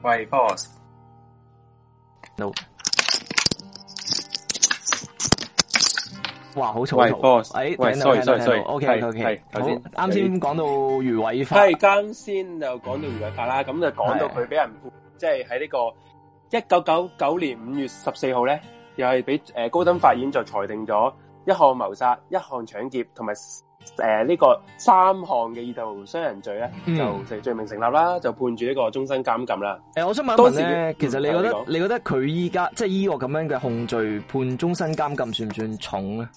喂 b o s s e n o 哇，好嘈，喂 boss，r 哎，多謝晒，O K，O K，好，啱先講到余偉發，係，啱先就講到余偉發啦，咁就講到佢俾人，即係喺呢個一九九九年五月十四號咧，又係俾誒高等法院就裁定咗一項謀殺、一項搶劫同埋。誒，呢個三項嘅意圖傷人罪咧，就成罪名成立啦，就判住呢個終身監禁啦。誒，我想問多問咧，其實你覺得你覺得佢依家即係依個咁樣嘅控罪判終身監禁，算唔算重咧？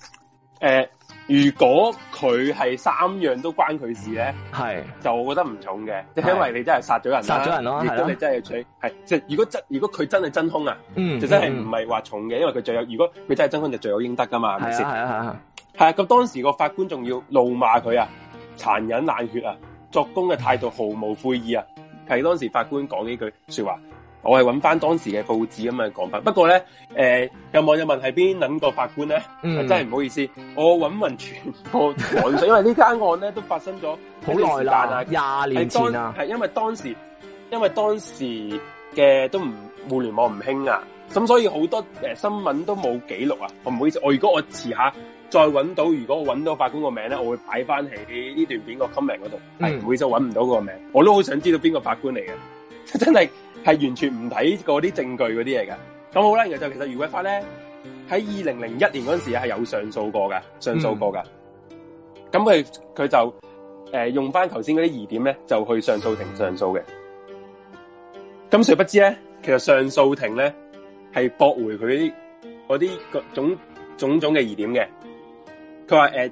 誒，如果佢係三樣都關佢事咧，係就我覺得唔重嘅，即係因為你真係殺咗人，殺咗人咯，如果你真係取係，即係如果真如果佢真係真兇啊，嗯，就真係唔係話重嘅，因為佢罪有，如果佢真係真兇就罪有應得噶嘛，係咪先？係啊，係啊。係啊，咁當時個法官仲要怒罵佢啊，殘忍冷血啊，作供嘅態度毫無悔意啊，係當時法官講呢句說話。我係揾翻當時嘅報紙咁樣講法。不過咧，誒、呃、有網友問係邊兩個法官咧，嗯、真係唔好意思，我揾揾全部網上， 因為呢間案咧都發生咗好耐啦，廿年前啊，係因為當時因為當時嘅都唔互聯網唔興啊，咁所以好多誒、呃、新聞都冇記錄啊。我唔好意思，我如果我遲下。再揾到，如果我揾到法官個名咧，我會擺翻喺呢段片個 comment 嗰度。唔會就揾唔到個名，我都好想知道邊個法官嚟嘅。真係係完全唔睇嗰啲證據嗰啲嘢嘅。咁好啦，就其實余偉發咧喺二零零一年嗰陣時係有上訴過㗎，上訴過噶。咁佢佢就誒、呃、用翻頭先嗰啲疑點咧，就去上訴庭上訴嘅。咁誰、嗯、不知咧，其實上訴庭咧係駁回佢啲嗰啲種種種種嘅疑點嘅。佢話誒，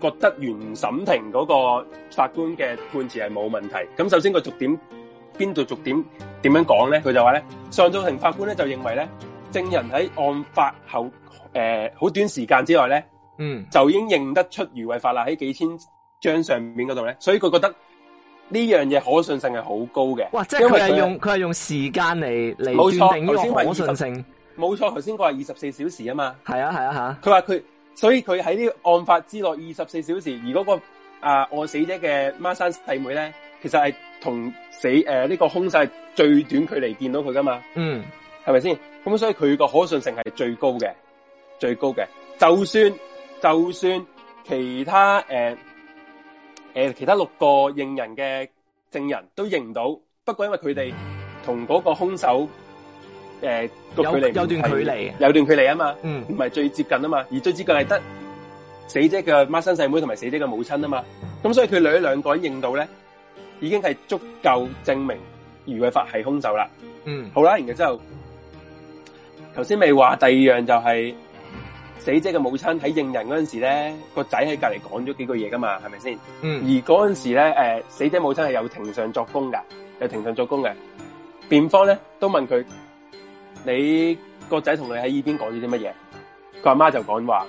覺得原審庭嗰個法官嘅判詞係冇問題。咁首先佢逐點邊度逐點點樣講咧？佢就話咧，上訴庭法官咧就認為咧，證人喺案發後誒好、呃、短時間之內咧，嗯，就已經認得出余偉發啦，喺幾千張上面嗰度咧，所以佢覺得呢樣嘢可信性係好高嘅。哇！即係佢係用佢係用時間嚟嚟斷定呢個可信性。冇錯，頭先佢話二十四小時啊嘛。係啊係啊吓。佢話佢。所以佢喺呢個案發之內二十四小時，而嗰、那個啊案死者嘅孖生弟妹咧，其實係同死誒呢、呃這個兇手係最短距離見到佢㗎嘛？嗯，係咪先？咁所以佢個可信性係最高嘅，最高嘅。就算就算其他誒誒、呃呃、其他六個認人嘅證人都認唔到，不過因為佢哋同嗰個兇手。誒，個、呃、距離有段距離，有段距離啊，啊嘛，嗯，唔係最接近啊嘛。而最接近係、啊、得死者嘅孖生細妹同埋死者嘅母親啊嘛。咁所以佢兩兩個人認到咧，已經係足夠證明余偉發係凶手啦。嗯，好啦，然後之後頭先未話第二樣就係、是、死者嘅母親喺認人嗰陣時咧，個仔喺隔籬講咗幾句嘢噶嘛，係咪先？嗯，而嗰陣時咧，誒、呃，死者母親係有庭上作供噶，有庭上作供嘅辯方咧，都問佢。你個仔同你喺呢邊講咗啲乜嘢？佢阿媽就講話，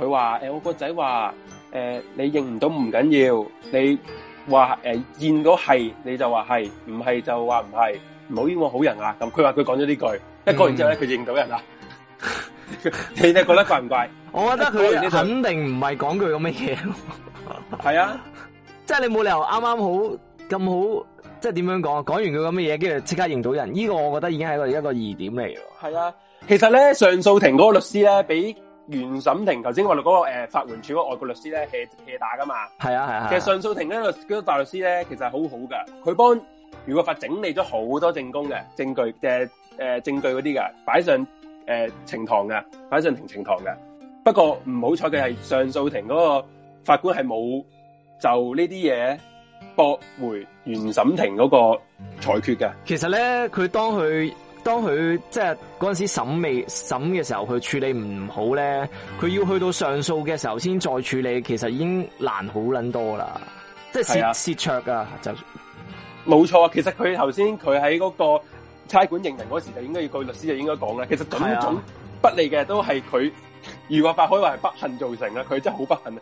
佢話：誒、欸，我個仔話，誒、呃，你認唔到唔緊要，你話誒、呃，見到係你就話係，唔係就話唔係，唔好冤枉好人啊！咁佢話佢講咗呢句，一講完之後咧，佢認到人啦。嗯、 你係覺得怪唔怪？我覺得佢肯定唔係講句咁嘅嘢係啊，即係你冇理由啱啱好咁好。即係點樣講？講完佢咁嘅嘢，跟住即刻認到人，呢、呢個我覺得已經係一個一個疑點嚟嘅。係啊，其實咧上訴庭嗰個律師咧，俾原審庭頭先我哋嗰個誒、呃、法援署嗰外國律師咧 hea 打噶嘛。係啊係啊。係啊其實上訴庭呢，嗰個嗰個大律師咧，其實好好噶。佢幫如果法整理咗好多證供嘅證據嘅誒、呃、證據嗰啲噶，擺上誒呈、呃、堂噶，擺上庭呈堂噶。不過唔好彩，佢係上訴庭嗰個法官係冇就呢啲嘢。駁回原審庭嗰個裁決嘅，其實咧，佢當佢當佢即係嗰陣時審未審嘅時候，佢處理唔好咧，佢要去到上訴嘅時候先再處理，其實已經難好捻多啦，即係蝕蝕卓啊！就冇錯啊！其實佢頭先佢喺嗰個差館認人嗰時候就應該要，據律師就應該講啦。其實種種不利嘅都係佢，如果發開話係不幸造成啊，佢真係好不幸啊！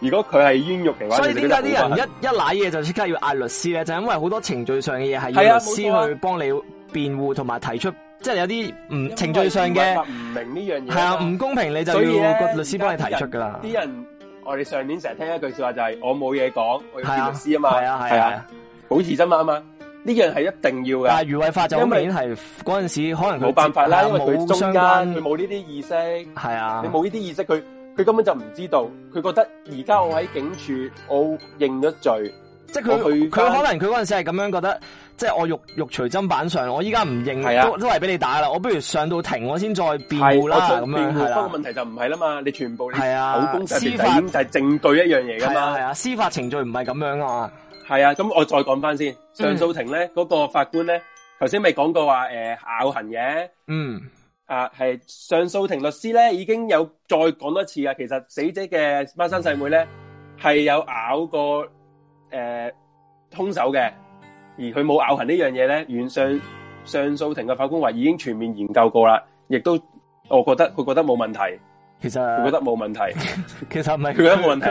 如果佢係冤獄嘅話，所以點解啲人一一瀨嘢就即刻要嗌律師咧？就因為好多程序上嘅嘢係要律師去幫你辯護，同埋提出，即係有啲唔程序上嘅唔明呢樣嘢係啊，唔公平，你就要個律師幫你提出噶啦。啲人我哋上年成日聽一句說話就係我冇嘢講，我要嗌律師啊嘛，係啊，係啊，保持真嘛嘛，呢樣係一定要嘅。余偉發就明顯係嗰陣時可能冇辦法啦，因為佢中間佢冇呢啲意識，係啊，你冇呢啲意識佢。佢根本就唔知道，佢覺得而家我喺警署，我認咗罪，即係佢，佢可能佢嗰陣時係咁樣覺得，即、就、係、是、我肉肉垂砧板上，我依家唔認係、啊、都都係俾你打啦，我不如上到庭我先再辯護啦咁樣。不過、啊、問題就唔係啦嘛，你全部、啊、你口供、司法就係證據一樣嘢噶嘛。啊，啊，司法程序唔係咁樣啊。係啊，咁我再講翻先，嗯、上訴庭咧嗰、嗰個法官咧，頭先咪講過話誒、呃、咬痕嘅。嗯。啊，係上訴庭律師咧，已經有再講多次啊。其實死者嘅孖生細妹咧係有咬過誒呃、兇手嘅，而佢冇咬痕呢樣嘢咧。原上上訴庭嘅法官話已經全面研究過啦，亦都我覺得佢覺得冇問題。其實佢、啊、覺得冇問題， 其實唔係佢覺得冇問題，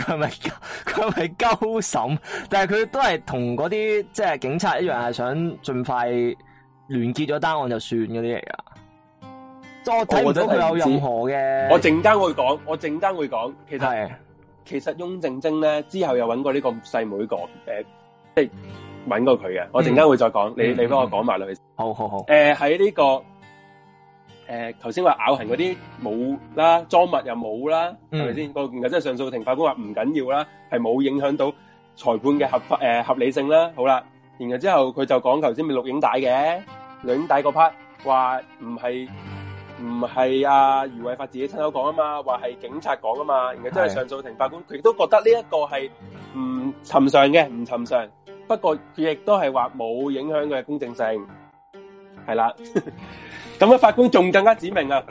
佢係咪佢係咪鳩審？但係佢都係同嗰啲即係警察一樣，係想盡快完結咗單案就算嗰啲嚟噶。我睇到佢有任何嘅。我陣間會講，我陣間會講。其實其實翁正貞翁靜晶咧之後又揾過呢個細妹講，誒，即係揾過佢嘅。我陣間會再講，你你幫我講埋落去。好好好。誒，喺呢個誒，頭先話咬痕嗰啲冇啦，贓物又冇啦，係咪先？嗰件即係上訴庭法官話唔緊要啦，係冇影響到裁判嘅合法誒合理性啦。好啦，然後之後佢就講頭先咪錄影帶嘅錄影帶嗰 part 話唔係。唔係阿余偉發自己親口講啊嘛，話係警察講啊嘛，然後真係上訴庭法官佢亦都覺得呢一個係唔尋常嘅，唔尋常。不過佢亦都係話冇影響佢嘅公正性，係啦。咁啊，法官仲更加指明啊，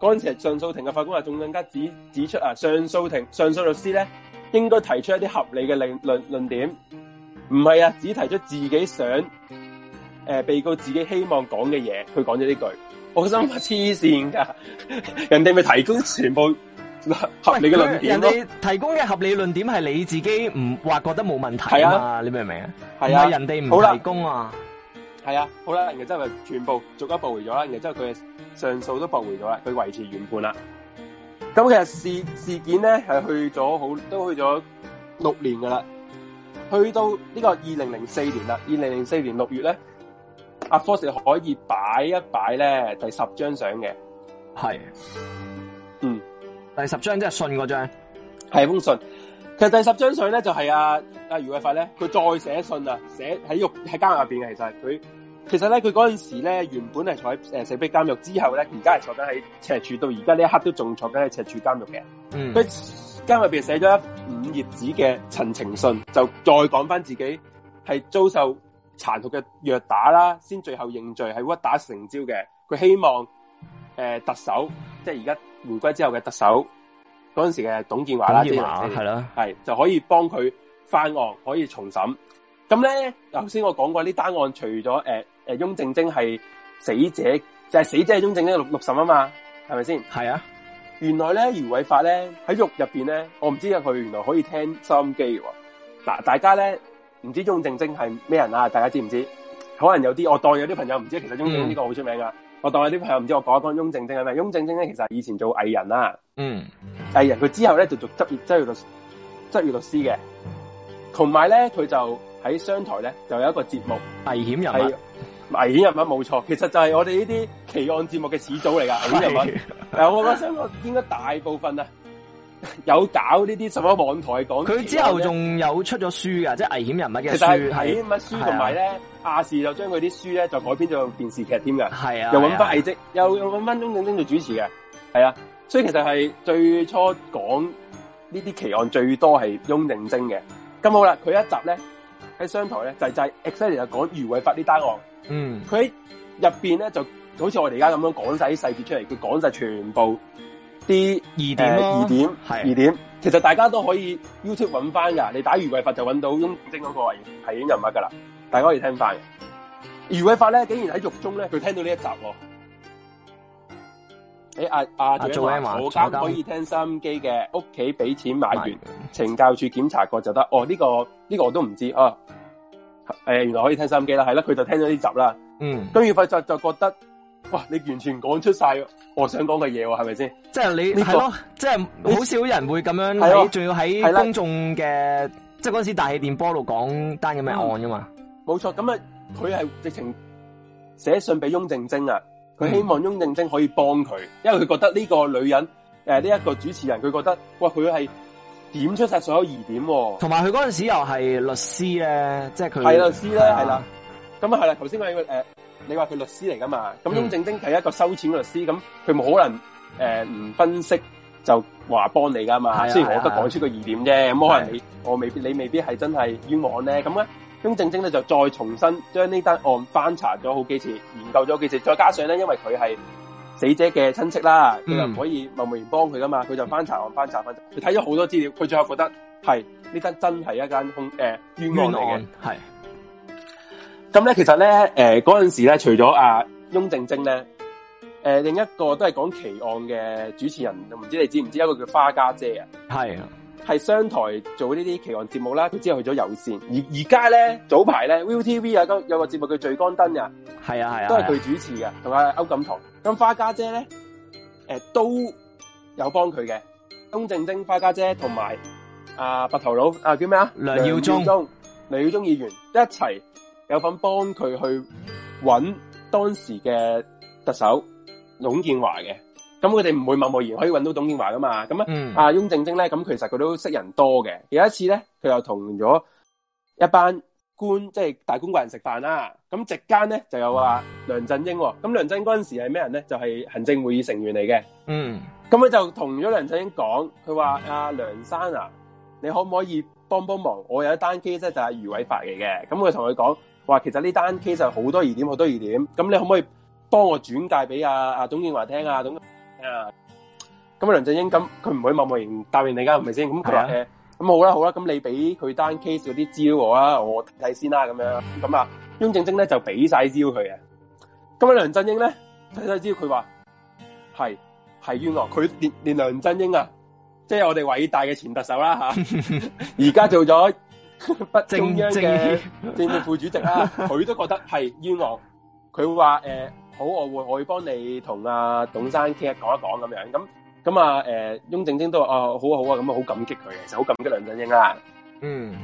嗰陣時上訴庭嘅法官話仲更加指指出啊，上訴庭上訴律師咧應該提出一啲合理嘅論論論點，唔係啊，只提出自己想誒、呃、被告自己希望講嘅嘢，佢講咗呢句。我心黐線噶，人哋咪提供全部合理嘅論點咯。人哋提供嘅合理論點係你自己唔話覺得冇問題啊？你明唔明啊？唔係人哋唔提供啊。係啊，好啦，然之後咪全部逐一駁回咗啦。然之後佢上訴都駁回咗啦，佢維持原判啦。咁其實事事件咧係去咗好都去咗六年噶啦，去到呢個二零零四年啦，二零零四年六月咧。阿 Fox 可以擺一擺咧，第十張相嘅係，的嗯，第十張即係信嗰張，係封信。其實第十張相咧就係阿阿余偉發咧，佢再寫信啊，寫喺獄喺監獄入邊嘅。其實佢其實咧佢嗰陣時咧原本係坐喺誒石壁監獄之後咧，而家係坐緊喺赤柱，到而家呢一刻都仲坐緊喺赤柱監獄嘅。嗯，佢監獄入邊寫咗一五頁紙嘅陳情信，就再講翻自己係遭受。殘酷嘅虐打啦，先最後認罪係屈打成招嘅。佢希望誒、呃、特首，即係而家回歸之後嘅特首嗰陣時嘅董建華啦，係啦，係後對了 就可以幫佢翻案，可以重審。咁咧，頭先我講過呢單案除了，除咗誒誒翁靜晶係死者，就係、是、死者係翁靜晶六六審啊嘛，係咪先？係是啊，原來咧余偉發咧喺獄入邊咧，我唔知佢原來可以聽收音機嘅。嗱，大家咧。唔知翁靜晶係咩人啊？大家知唔知？可能有啲我當有啲朋友唔知，其實翁靜晶呢個好出名噶，嗯。我當有啲朋友唔知，我講一講翁靜晶係咩？翁靜晶咧，其實以前做藝人啦，啊，嗯藝人，藝人佢之後咧就做執業執業律，執業律師嘅，同埋咧佢就喺商台咧就有一個節目危險人物，危險人物冇錯，其實就係我哋呢啲奇案節目嘅始祖嚟噶危險人物。但我諗我應該大部分啊。 有搞呢啲什麼網台講？佢之後仲有出咗書噶，即係危險人物嘅書。其實係乜書？同埋咧，亞視就將佢啲書咧就改編做電視劇添㗎。係是啊又藝，是啊又搵翻藝迹，又搵翻翁靜晶做主持嘅。係啊，所以其實係最初講呢啲奇案最多係翁靜晶嘅。咁好啦，佢一集咧喺商台咧就就 actually 就講余偉發呢單案。啊、嗯面呢，佢入邊咧就好似我哋而家咁樣講晒啲細節出嚟，佢講晒全部。啲二點，、啊呃、點，二點的，二點，其實大家都可以 YouTube 揾翻噶，你打余偉發就揾到雍正嗰個係演員人物噶啦。大家可以聽翻，余偉發咧竟然喺獄中咧，佢聽到呢一，、哦欸啊啊、一集。誒、啊，阿阿做咩話？我家可以聽收音機嘅，屋企俾錢買完，懲教處檢查過就得。哦，呢、這個呢、這個我都唔知啊。誒、呃，原來可以聽收音機啦，係啦，佢就聽咗呢集啦。嗯，余偉發就就覺得。哇！你完全講出晒我想講嘅嘢喎，係咪先？即係你係咯，即係好少人會咁樣。你仲、啊、要喺公眾嘅，的即係嗰陣時大氣電波度講單嘅咩案啫、嗯、嘛？冇錯，咁啊，佢係直情寫信俾翁靜晶啊，佢希望翁靜晶可以幫佢，嗯、因為佢覺得呢個女人誒，呢、呃、一、這個主持人，佢覺得喂，佢係點出晒所有疑點、啊，同埋佢嗰陣時又係律師咧，即係佢係律師呢？係、就、啦、是，咁啊係啦，頭先我誒。的的你話佢律師嚟噶嘛？咁雍正晶係一個收錢嘅律師，咁佢冇可能誒唔、呃、分析就話幫你噶嘛？啊、雖然我都講出個疑點啫，咁、啊、可能你、啊、我未必，你未必係真係冤枉咧。咁咧，雍正晶咧就再重新將呢單案翻查咗好幾次，研究咗幾次，再加上咧，因為佢係死者嘅親戚啦，佢又、唔、可以貿貿然幫佢噶嘛，佢就翻查案，翻查翻查，佢睇咗好多資料，佢最後覺得係呢單真係一間空誒冤案枉，係的。咁咧，其實咧，誒、呃，嗰陣時咧，除咗阿翁靜晶咧，誒、呃，另一個都係講奇案嘅主持人，唔知你知唔知？一個叫花家姐是啊，係，係商台做呢啲奇案節目啦，佢之後去咗有綫，而而家咧，早排咧，Viu TV 有都有個節目叫聚光燈嘅，係啊係啊，都係佢主持嘅，同阿歐錦棠，咁花家姐咧，誒、呃，都有幫佢嘅，翁靜晶、花家姐同埋阿白頭佬，啊，叫咩啊？梁耀忠、梁耀忠議員一齊。有份幫佢去揾當時嘅特首董建華嘅，咁佢哋唔會默默然可以揾到董建華噶嘛？咁啊，啊、嗯、雍正精咧，咁其實佢都識人多嘅。有一次咧，佢又同咗一班官，即係大官貴人食飯啦。咁席間咧就有話、啊、梁振英、哦，咁梁振英嗰陣時係咩人咧？就係、是、行政會議成員嚟嘅。嗯，咁佢就同咗梁振英講，佢話啊梁生啊，你可唔可以幫幫忙？我有一單 case 呢，就係、是、余偉發嚟嘅，咁佢同佢講。話其實呢單 case 係好多疑點，好多疑點。咁你可唔可以幫我轉介俾阿阿董建華聽啊？董啊，咁阿梁振英咁佢唔會默默然答應你噶，係咪先？咁佢話咁好啦好啦，咁你俾佢單 case 嗰啲招我啊，eh, 我睇睇先啦、啊，咁樣。咁啊，翁靜晶咧就俾晒招佢嘅。咁阿梁振英咧睇晒招，佢話係係冤枉。佢連連梁振英啊，即、就、係、是、我哋偉大嘅前特首啦、啊、吓，而、啊、家 做咗。不中央嘅 政治副主席啦、啊，佢都覺得係冤枉，佢話誒好，我會我會幫你同阿董生傾下講一講咁樣，咁咁啊誒，翁、呃、靜晶都話哦好啊好啊，咁、嗯、啊好感激佢，其實好感激梁振英啊，嗯，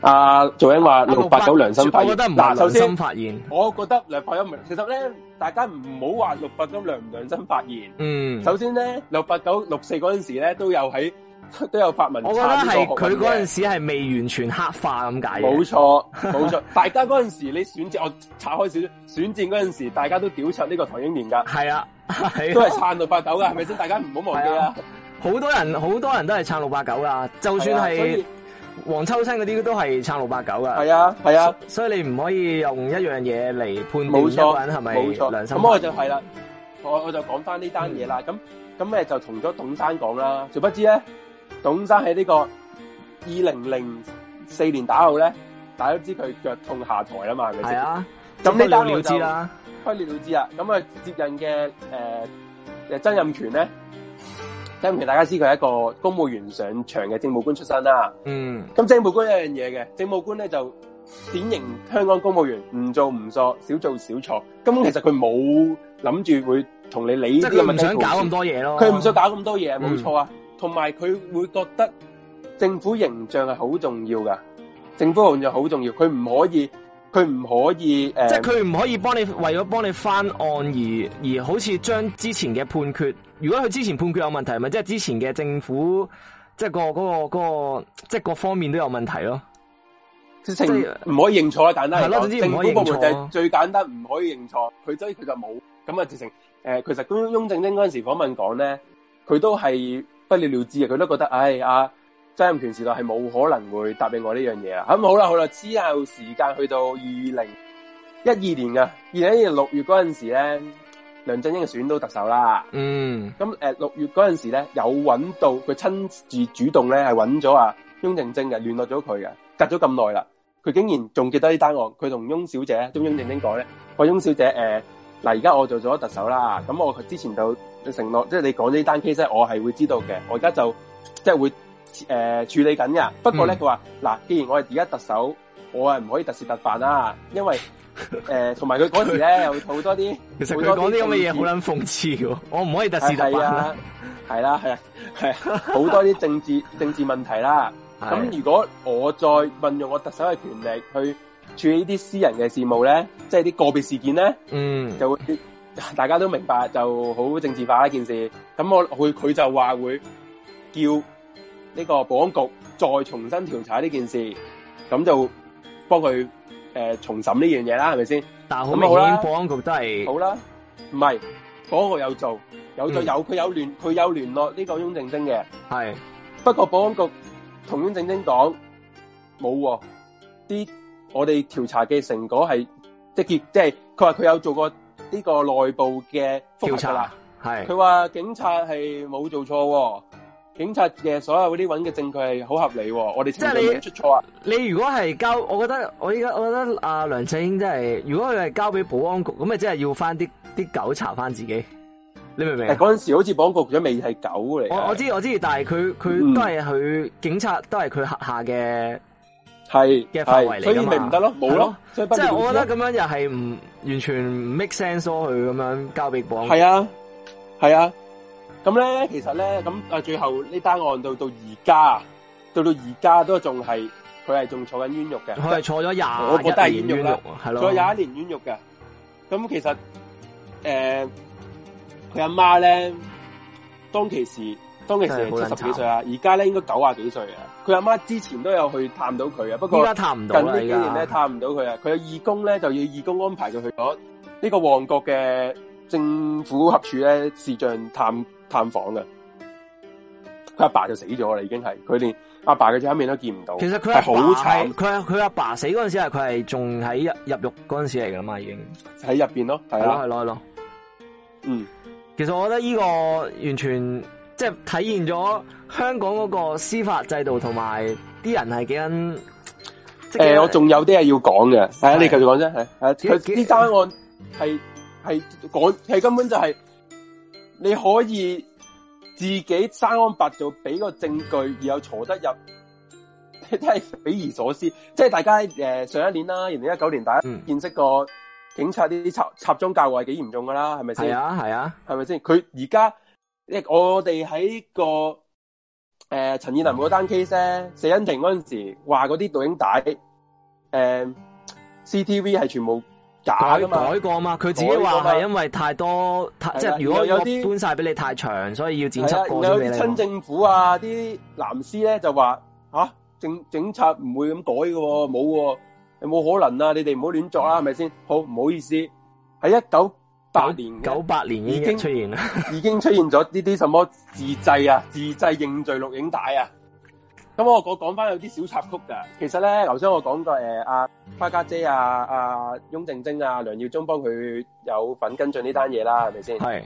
阿徐偉話六八九良心發現，我覺得發首先，發現，我覺得梁振英唔，其實咧大家唔好話六八九良唔良心發現。嗯，首先咧六八九六四嗰陣時咧都有喺。都有發文，我覺得係佢嗰陣時係未完全黑化咁解。冇錯，冇錯。 大家嗰陣時候你選戰，我拆開少少。選戰嗰陣時，大家都屌柒呢個唐英年噶。係啊，係、啊、都係撐六八九噶，係咪先？大家唔好忘記了啊！好多人好多人都係撐六八九噶，就算係黃秋生嗰啲都係撐六八九噶。係啊，係啊所，所以你唔可以用一樣嘢嚟判定一個人係咪？冇錯，咁我就係啦。我我就講翻、嗯、呢單嘢啦。咁咁咧就同咗董生講啦，殊不知咧。總之喺呢個二零零四年打後咧，大家都知佢腳痛下台啦嘛，係咪啊？咁你單就了之啦。不了了之啦。咁啊，接任嘅誒誒曾蔭權咧，曾蔭權大家知佢係一個公務員上場嘅政務官出身啦。嗯。咁政務官一樣嘢嘅，政務官咧就典型香港公務員，唔做唔錯，少做少錯。根本其實佢冇諗住會同你理呢啲問題。即係唔想搞咁多嘢咯。佢唔想搞咁多嘢，冇、嗯、錯啊。同埋佢會覺得政府形象係好重要噶，政府形象好重要。佢唔可以，佢唔可以誒，即係佢唔可以幫你為咗幫你翻案而而好似將之前嘅判決，如果佢之前判決有問題，咪即係之前嘅政府，即係、個、個、個，即係各方面都有問題咯。直情唔可以認錯啊！但係係咯，總之唔可以認錯咯。就最簡單唔可以認錯，佢、啊、所以佢就冇咁啊，直情，誒、呃。其實都雍正經嗰陣時訪問講咧，佢都係。不了了之啊！佢都覺得，唉啊，曾蔭權時代係冇可能會答應我呢樣嘢啊！咁好啦，好啦，之後時間去到二零一二年啊，二零一二年六月嗰陣時咧，梁振英就選到特首啦。嗯，咁誒，六、呃、月嗰陣時咧，有揾到佢親自主動咧，係揾咗啊，翁正正嘅聯絡咗佢嘅。隔咗咁耐啦，佢竟然仲記得呢單案，佢同翁小姐，中翁正正講咧？我翁小姐誒，嗱、呃，而家我做咗特首啦，咁我之前就。承諾即係你講呢單 case，我係會知道嘅。我而家就即係、就是、會誒、呃、處理緊噶。不過咧，佢話嗱，既然我係而家特首，我係唔可以特事特辦啦，因為誒同埋佢嗰時咧有好多啲。其實佢講啲咁嘅嘢好捻諷刺嘅。我唔可以特事特辦。係啊，係啦，係啊，係、啊。好、啊啊啊啊、 多啲政治政治問題啦。咁如果我再運用我特首嘅權力去處理啲私人嘅事務咧，即係啲個別事件咧，嗯，就會。大家都明白就好政治化一件事。咁我佢佢就話會叫呢個保安局再重新調查呢件事，咁就幫佢誒重審呢樣嘢啦，係咪先？但好明顯，我保安局都係好啦，唔係保安局有做有做、嗯、有，佢有聯佢有聯絡呢、這個翁靜晶嘅係。的不過保安局同翁靜晶講冇喎，啲我哋調查嘅成果係，即係即係佢話佢有做過。呢個內部嘅調查，係佢話警察係冇做錯，警察嘅所有嗰啲揾嘅證據係好合理。我哋即係你出錯啊！你如果係交，我覺得我依家，我覺得阿梁振英真係，如果佢係交俾保安局，咁啊，即係要翻啲啲狗查翻自己。你明唔明？嗰陣時好似保安局仲未係狗嚟，我知道我知我知，但係佢佢都係佢警察，嗯、都係佢轄下嘅。係嘅範圍嚟㗎嘛，所以咪唔得咯，冇咯。即係我覺得咁樣又係唔完全唔 make sense 咯，佢咁樣交俾綁係啊，係啊。咁咧其實咧咁最後呢單案到到而家到到而家都仲係佢係仲坐緊冤獄嘅，佢係坐咗廿，我覺得係冤獄啦，係咯，坐廿一年冤獄嘅。咁其實誒，佢阿媽咧，當其時當其時係七十幾歲啊，而家咧應該九廿幾歲啊。佢阿媽之前都有去探到佢啊，不過而家探唔到，近呢幾年咧探唔到佢啊。佢有義工咧，就要義工安排佢去咗呢個旺角嘅政府合署咧視像探探訪嘅。佢阿爸，爸就死咗啦，已經係佢連阿爸嘅最後一面都見唔到。其實佢係好慘，佢佢阿爸死嗰陣時係佢係仲喺入入獄嗰陣時嚟噶嘛，已經喺入邊咯，係咯，係咯，嗯，其實我覺得呢個完全。即係體現咗香港嗰個司法制度同埋啲人係幾咁誒、呃，我仲有啲係要講嘅。係啊的，你繼續講先。係啊，佢啲單案係係講係根本就係你可以自己生安白造俾個證據而有坐得入，即係匪夷所思。即係大家誒、呃，上一年啦，二零一九年大家見識過警察啲插插贓嫁禍係幾嚴重噶啦，係咪先？係啊，係啊，係咪先？佢而家。.我哋喺、這個誒陳以南嗰單 case 咧，審庭嗰陣時話嗰啲導影帶誒、呃、C T V 係全部假嘛改改過啊嘛，佢自己話係因為太多，即係如果有啲搬晒俾你太長，所以要剪輯有啲親政府啊，啲藍絲咧就話吓、啊，政警察唔會咁改嘅、啊，冇、啊，有冇可能啊？你哋唔好亂作啦、啊，係咪、嗯、先？好，唔好意思，喺一九八年九八年，已經出現啦，已經出現咗呢啲什麼自製啊、自製認罪錄影帶啊。咁我我講翻有啲小插曲噶。其實咧，頭先我講過誒阿花家姐啊、啊、阿翁靜晶、啊、梁耀忠幫佢有份跟進呢單嘢啦，係咪先？係是。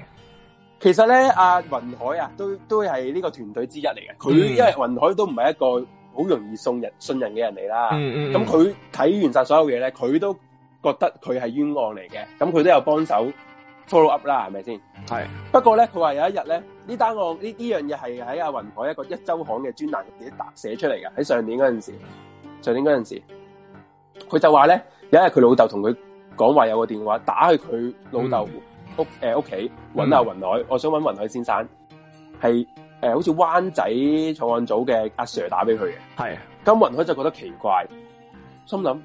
其實咧、阿、啊、雲海啊，都都係呢個團隊之一嚟嘅。佢、嗯、因為雲海都唔係一個好容易信人、信任嘅人嚟啦。咁佢睇完晒所有嘢咧，佢都覺得佢係冤案嚟嘅。咁佢都有幫手。follow up 啦，係咪先？係。不過咧，佢話有一日咧，呢單案呢呢樣嘢係喺阿雲海一個一周刊嘅專欄自己特寫出嚟嘅。喺上年嗰陣時，上年陣時，佢就話咧，有一日佢老豆同佢講，話有個電話打去佢老豆屋誒屋企，揾阿、嗯呃、雲海，嗯、我想揾雲海先生，係誒、呃、好似灣仔重案組嘅阿 Sir 打俾佢嘅。係是。咁雲海就覺得奇怪，心諗，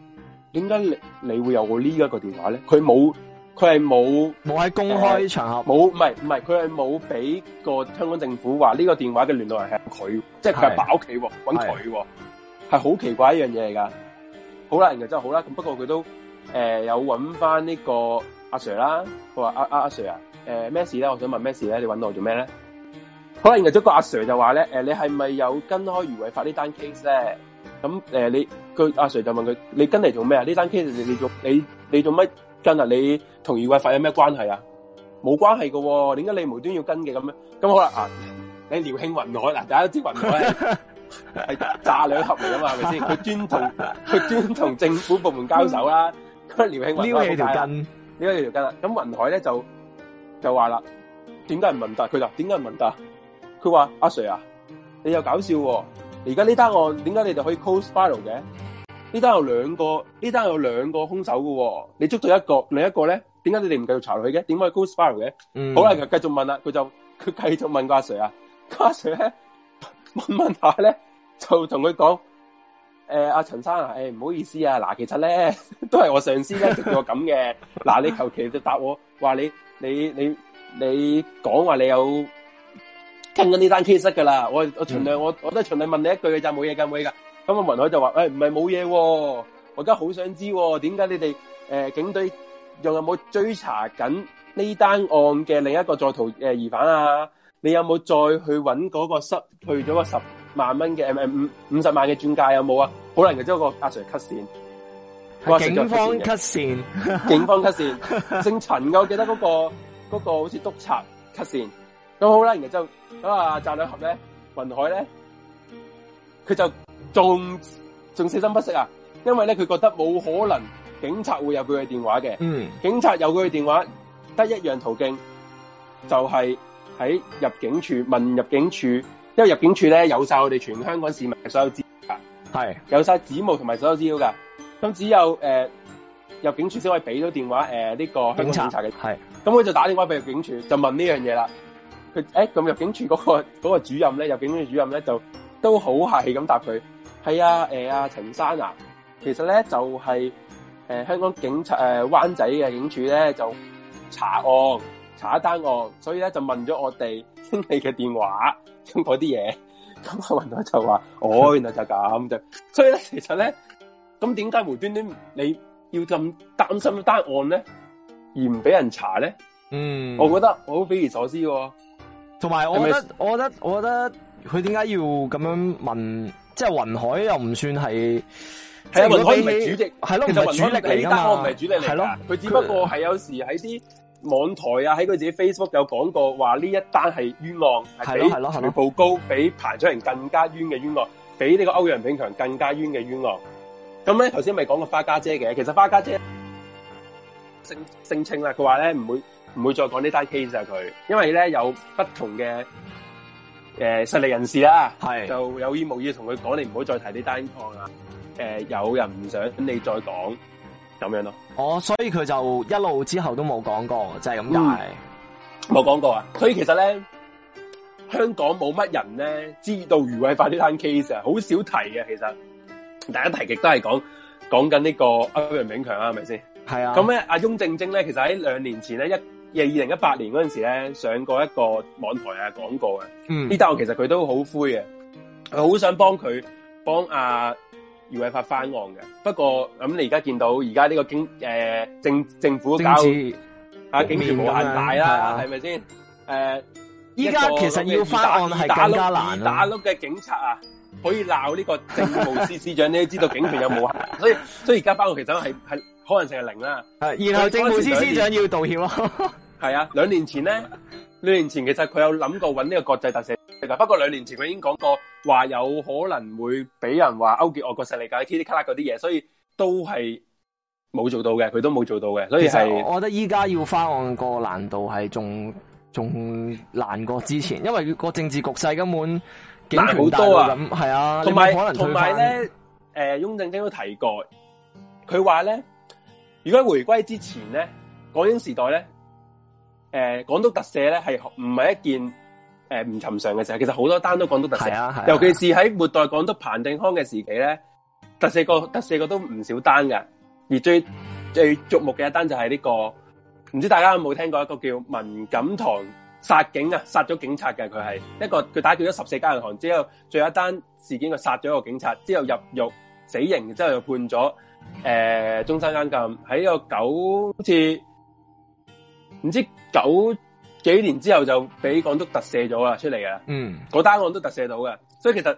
點解你你會有我呢一個電話咧？佢冇。佢係冇冇喺公開場合冇，唔係唔係，佢係冇俾個香港政府話呢個電話嘅聯絡人係佢，即係佢係爸屋企喎，搵佢喎，係好是奇怪一樣嘢嚟㗎。好啦，然後真係好啦，咁不過佢都誒、呃、有搵翻呢個阿 Sir 啦。佢話阿阿阿 Sir 啊，誒、呃、咩事咧？我想問咩事咧？你搵我做咩咧？好啦，然後咗個阿 Sir 就話咧，誒、呃、你係咪有跟開余偉發呢單 case 咧？咁誒、呃、你，佢阿 Sir 就問佢，你跟嚟做咩啊？呢單 case 你你做你你做乜？無無跟啊，你同余偉發有咩關係啊？冇關係喎！點解你無端要跟嘅咁咧？咁好啦，啊，你撩慶云海，嗱，大家都知云海係炸兩盒嚟噶嘛，係咪先？佢專同佢專同政府部門交手啦。咁撩慶云海條筋，條條條呢個係條筋啦。咁云海咧就就話啦，點解唔問得？佢話點解唔問得？佢話阿 Sir 啊，你又搞笑、啊，而家呢單案點解你哋可以 close file 嘅？呢單有兩個，呢單有兩個兇手嘅、哦,你捉到一個，另一個咧，點解你哋唔繼續查佢嘅？點解 go spiral 嘅？嗯、好啦，佢繼續問啦，佢就佢繼續問個阿 Sir 啊？阿 Sir 咧？問問下咧，就同佢講，誒、呃，阿、啊、陳生啊，誒、哎，唔好意思啊，嗱，其實咧都係我上司咧做咗咁嘅，嗱， 你求其就答我，話你你你你講話你有跟緊呢單 case 噶啦，我我盡量、嗯、我我都盡量問你一句嘅就冇嘢噶，冇噶。咁啊，雲海就話：，誒、哎，唔係冇嘢，我而家好想知，點解你哋誒、呃、警隊又有冇追查緊呢單案嘅另一個在逃誒疑犯啊？你有冇再去揾嗰個失去咗個十萬蚊嘅，唔、哎、係五五十萬嘅鑽戒有冇啊？好啦，然之後個阿 Sir cut 線，警方 cut 線， 警方 cut 線， 姓陳嘅，我記得嗰、嗰個、嗰個好似督察 cut 線。咁好啦，然之後咁啊，炸兩盒咧，雲海咧，佢就。仲仲死心不息啊！因為咧，佢覺得冇可能警察會有佢嘅電話嘅。嗯，警察有佢嘅電話，得一樣途徑就係、是、喺入境處問入境處，因為入境處咧有晒我哋全香港市民嘅所有資料，係是有晒指紋同埋所有資料噶。咁只有誒、呃、入境處先可以俾到電話誒呢、呃這個香港警察嘅。係咁佢就打電話俾入境處，就問呢樣嘢啦。佢誒咁入境處嗰、那個嗰、那個主任咧，入境處主任咧就都好客氣咁答佢。係啊，誒、呃，阿陳生啊，其實咧就係、是、誒、呃、香港警察誒灣、呃、仔嘅警署咧就查案查一單案，所以咧就問咗我哋經理嘅電話咁嗰啲嘢，咁我問到就話，哦，原來就咁啫，所以咧其實咧，咁點解無端端你要咁擔心單案咧，而唔俾人查咧？嗯，我覺得我好匪夷所思，同埋我，我覺得，我覺得，我覺得佢點解要咁樣問？即係雲海又唔算係，係雲海係主席，係咯，唔係主席嚟噶，我唔係主理嚟，係咯。佢的只不過係有時喺啲網台啊，喺佢自己 Facebook 有講過，話呢一單係冤案，係比舉報高，比彭楚盈更加冤嘅冤案，比呢個歐陽炳強更加冤嘅冤案。咁咧，頭先咪講過花家姐嘅，其實花家姐聲聲稱啦，佢話咧唔會唔會再講呢單 case 啊佢，因為咧有不同嘅。誒、呃，實力人士啦，係是就有意無意同佢講，你唔好再提呢單案啦！誒、呃，有人唔想，你再講咁樣咯。哦，所以佢就一路之後都冇講過，就係咁解，冇講、嗯、過啊！所以其實咧，香港冇乜人咧知道余偉發呢單 case 啊，好少提嘅。其實第一提及都係講講緊呢個歐陽永強啊，係咪先？係啊！咁咧、啊，阿翁靜晶咧，其實喺兩年前咧一。二零一八年嗰陣時咧，上過一個網台啊，講過嘅。呢單案其實佢都好灰嘅，佢好想幫佢幫阿余偉發翻案嘅。不過咁你而家見到而家呢個經誒政政府搞啊警權無限大啦，係咪先？誒，依家其實要翻案係更加難啦。打撈嘅警察啊，可以鬧呢個政務司司長，你都知道警權有冇限，所以所以而家翻案其實係係可能性係零啦。係，然後政務司司長要道歉咯。係啊，兩年前咧，兩年前其實佢有諗過搵呢個國際特赦噶，不過兩年前佢已經講過話有可能會俾人話勾結外國勢力、搞啲滴滴卡啦嗰啲嘢，所以都係冇做到嘅，佢都冇做到嘅，所以係。我覺得依家要翻案個難度係仲仲難過之前，因為個政治局勢根本大好多啊，係啊，同埋同埋咧，誒，翁靜晶都提過，佢話咧，如果回歸之前咧，港英時代咧。誒港督特赦咧係唔係一件誒唔、呃、尋常嘅事？其實好多單都港督特赦，啊啊、尤其是喺末代港督彭定康嘅時期咧，特赦個特赦個都唔少單嘅。而最最矚目嘅一單就係呢、呢個，唔知大家有冇聽過一個叫文錦堂殺警啊，殺咗警察嘅。佢係一個佢打劫咗十四間銀行之後，最後一單事件佢殺咗一個警察之後入獄死刑，之後又判咗誒終身監禁喺呢個九好似……唔知九幾年之後就俾港督特赦咗啦，出嚟㗎。嗯，嗰單案都特赦到嘅，所以其實誒、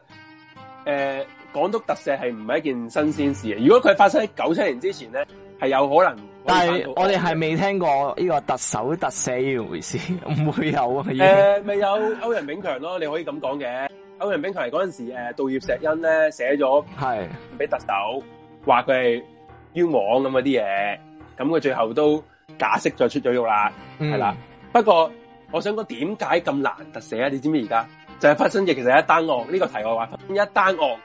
呃，港督特赦係唔係一件新鮮事啊？如果佢發生喺九七年之前咧，係有可能。但係我哋係未聽過呢個特首特赦呢回事，唔會有啊？誒、呃，咪 有歐陽炳強咯？你可以咁講嘅，歐陽炳強嗰陣時誒，杜葉錫恩咧寫咗係俾特首話佢係冤枉咁嗰啲嘢，咁佢最後都。假釋就出咗獄啦，係啦。嗯、不過我想講點解咁難特寫啊？你知唔知而家就係、是、發生嘅，其實一單案呢、呢個題外話。發生一單案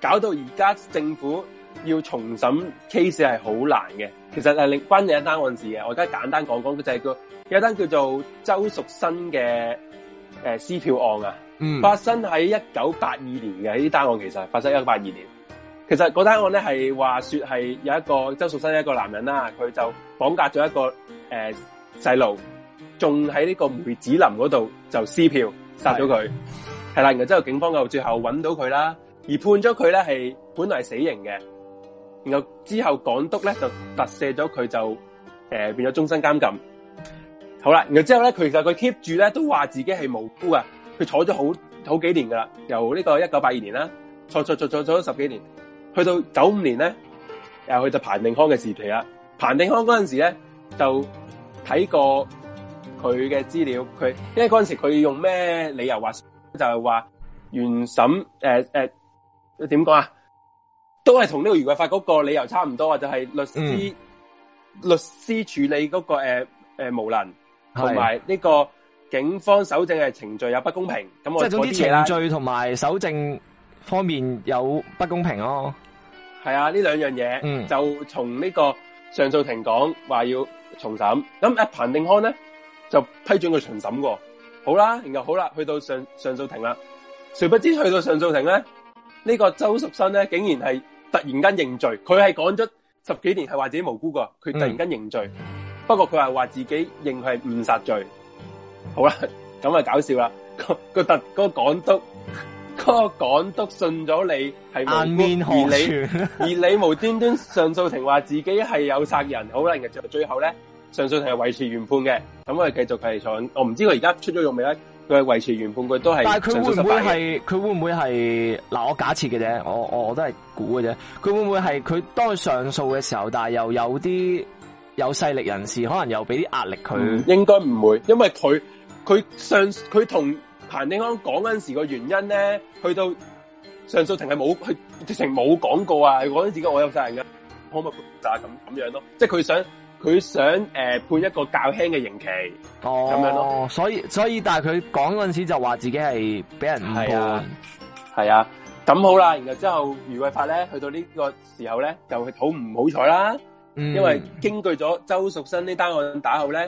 搞到而家政府要重審 case 係好難嘅。其實係關鍵一單案事嘅。我而家簡單講講，就係、是、叫有一單叫做周淑新嘅私撕票案啊。嗯、發生喺一九八二年嘅呢單案，其實發生一九八二年。其實嗰單案咧，係話說係有一個周素生一個男人啦、啊，佢就綁架咗一個誒細路，仲喺呢個梅子林嗰度就撕票殺咗佢，係啦的。然後之後警方又最後揾到佢啦，而判咗佢咧，係本來係死刑嘅。然後之後港督咧，就特赦咗佢，就誒、呃、變咗終身監禁。好啦，然後之後咧，其實佢 keep 住咧都話自己係無辜啊。佢坐咗好好幾年噶啦，由呢個一九八二年啦，坐坐坐坐咗十幾年。去到九五年咧，又去到彭定康嘅時期啦。彭定康嗰陣時咧，就睇過佢嘅資料，佢因為嗰陣時佢用咩理由話，就係話原審誒誒，點講啊？都係同呢個余偉發嗰個理由差唔多啊，就係、是、律師、嗯、律師處理嗰個誒誒、呃呃、無能，同埋呢個警方搜證嘅程序有不公平。咁的我即係總之程序同埋搜證。方面有不公平咯，係啊，呢兩樣嘢，嗯，就從呢個上訴庭講話要重審，咁阿彭定康呢就批准佢重審過、哦，好啦，然後好啦，去到上上訴庭啦，誰不知去到上訴庭呢？呢、這個周淑生呢，竟然係突然間認罪，佢係講咗十幾年係話自己無辜，噶，佢突然間認罪，嗯、不過佢係話自己認佢係誤殺罪，好啦，咁啊搞笑啦，那個特嗰、那個港督。嗰個港督信咗你係無端 而你而你無端端上訴庭話自己係有殺人，好啦，而最最後咧，上訴庭係維持原判嘅。咁我哋繼續係坐，我唔知佢而家出咗獄未咧。佢係維持原判，佢都係。但係佢會唔會係？佢會唔會係？嗱，我假設嘅啫，我我都係估嘅啫。佢會唔會係？佢當佢上訴嘅時候，但係又有啲有勢力人士，可能又俾啲壓力佢、嗯。應該唔會，因為佢佢上佢同。彭定安講嗰陣時個原因咧，去到上訴庭係冇去，直情冇講過啊！得自己有的我有殺人噶，可唔可以判渣咁咁樣咯？即係佢想佢想誒、呃、判一個較輕嘅刑期，咁、哦、樣咯。所以所以，但係佢講嗰陣時就話自己係俾人誤判啊，係啊。咁好啦，然後之後余偉發咧，去到呢個時候咧，就係好唔好彩啦，因為經過咗周淑生呢單案打後咧，誒、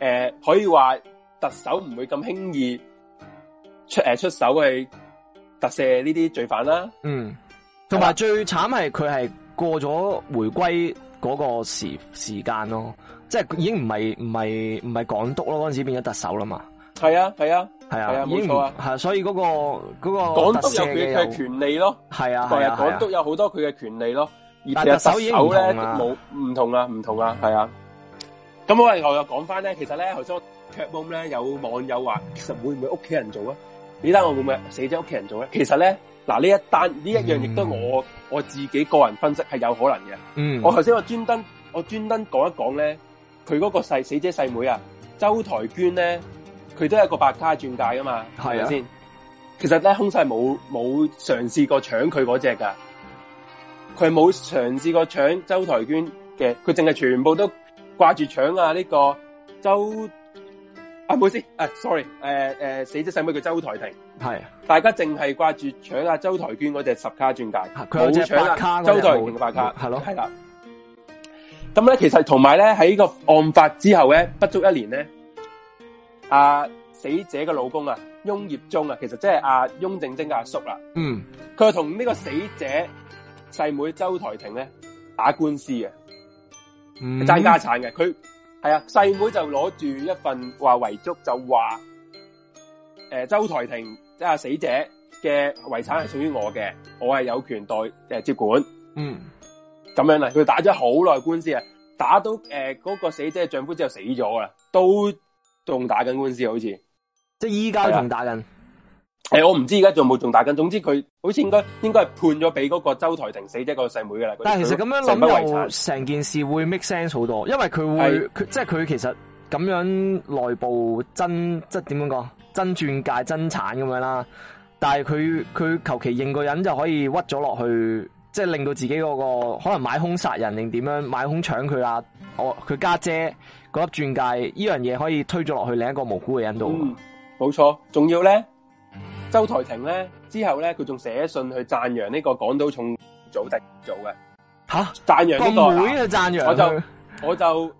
呃、可以話特首唔會咁輕易。出誒出手去特赦呢啲罪犯啦，嗯，同埋最慘係佢係過咗回歸嗰個時時間咯，即係已經唔係唔係唔係港督咯，嗰陣時變咗特首啦嘛，係啊，係啊，係啊，冇錯啊，所以嗰個嗰個港督有佢嘅權力咯，係啊，但係港督有好多佢嘅權利咯，而特首咧冇唔同啊，唔同啊，係啊，咁我哋又講翻咧，其實咧，頭先 report 咧有網友話，其實會唔會屋企人做啊？你睇我會唔會？死者屋企人做咧，其實咧，嗱呢一單呢一樣亦都我我自己個人分析係有可能嘅。嗯，我頭先我專登我專登講一講咧，佢嗰個細死者細妹啊，周台娟咧，佢都係一個白卡鑽戒噶嘛，係咪先？其實咧，空曬冇冇嘗試過搶佢嗰隻噶，佢冇嘗試過搶周台娟嘅，佢淨係全部都掛住搶啊呢個周。細妹先，誒、啊啊，sorry，誒、呃、誒、呃，死者細妹叫周台婷，係、啊，大家淨係掛住搶阿周台娟嗰隻十卡鑽戒，冇搶、啊，沒有 搶啊、周台婷嘅八卡，係咯、啊，係、啊、啦，咁咧、啊、其實同埋咧喺個案發之後咧不足一年咧，阿、啊、死者嘅老公啊，翁業忠啊，其實即係阿翁正征嘅阿叔啦、啊，嗯，佢係同呢個死者細妹，妹周台婷咧打官司嘅，嗯、爭家產嘅，佢。係啊，細妹，妹就攞住一份話遺囑，就話誒周台庭，即係、就是、死者嘅遺產係屬於我嘅，我係有權代誒、呃、接管。嗯，這樣，咁樣啦，佢打咗好耐官司啊，打到誒嗰、呃，那個死者嘅丈夫之後死咗啊，都仲打緊官司，好似即係依家仲打緊。誒、哎，我唔知而家仲冇仲大緊，總之佢好似應該應該係判咗俾嗰個周台婷死者、那個細妹噶啦。但係其實咁樣諗又成件事會 make sense 好多，因為佢會是的 即係佢其實咁樣內部真即係點樣講真鑽戒真產咁樣啦。但係佢佢求其認個人就可以屈咗落去，即係令到自己嗰、那個可能買兇殺人定點樣買兇搶佢啊？我佢家姐嗰粒鑽戒依樣嘢可以推咗落去另一個無辜嘅人度。冇錯、嗯，仲要咧。周台廷咧，之後咧，佢仲寫信去讚揚呢個港島重組定做嘅吓，讚揚呢個個會嘅讚揚。我就我就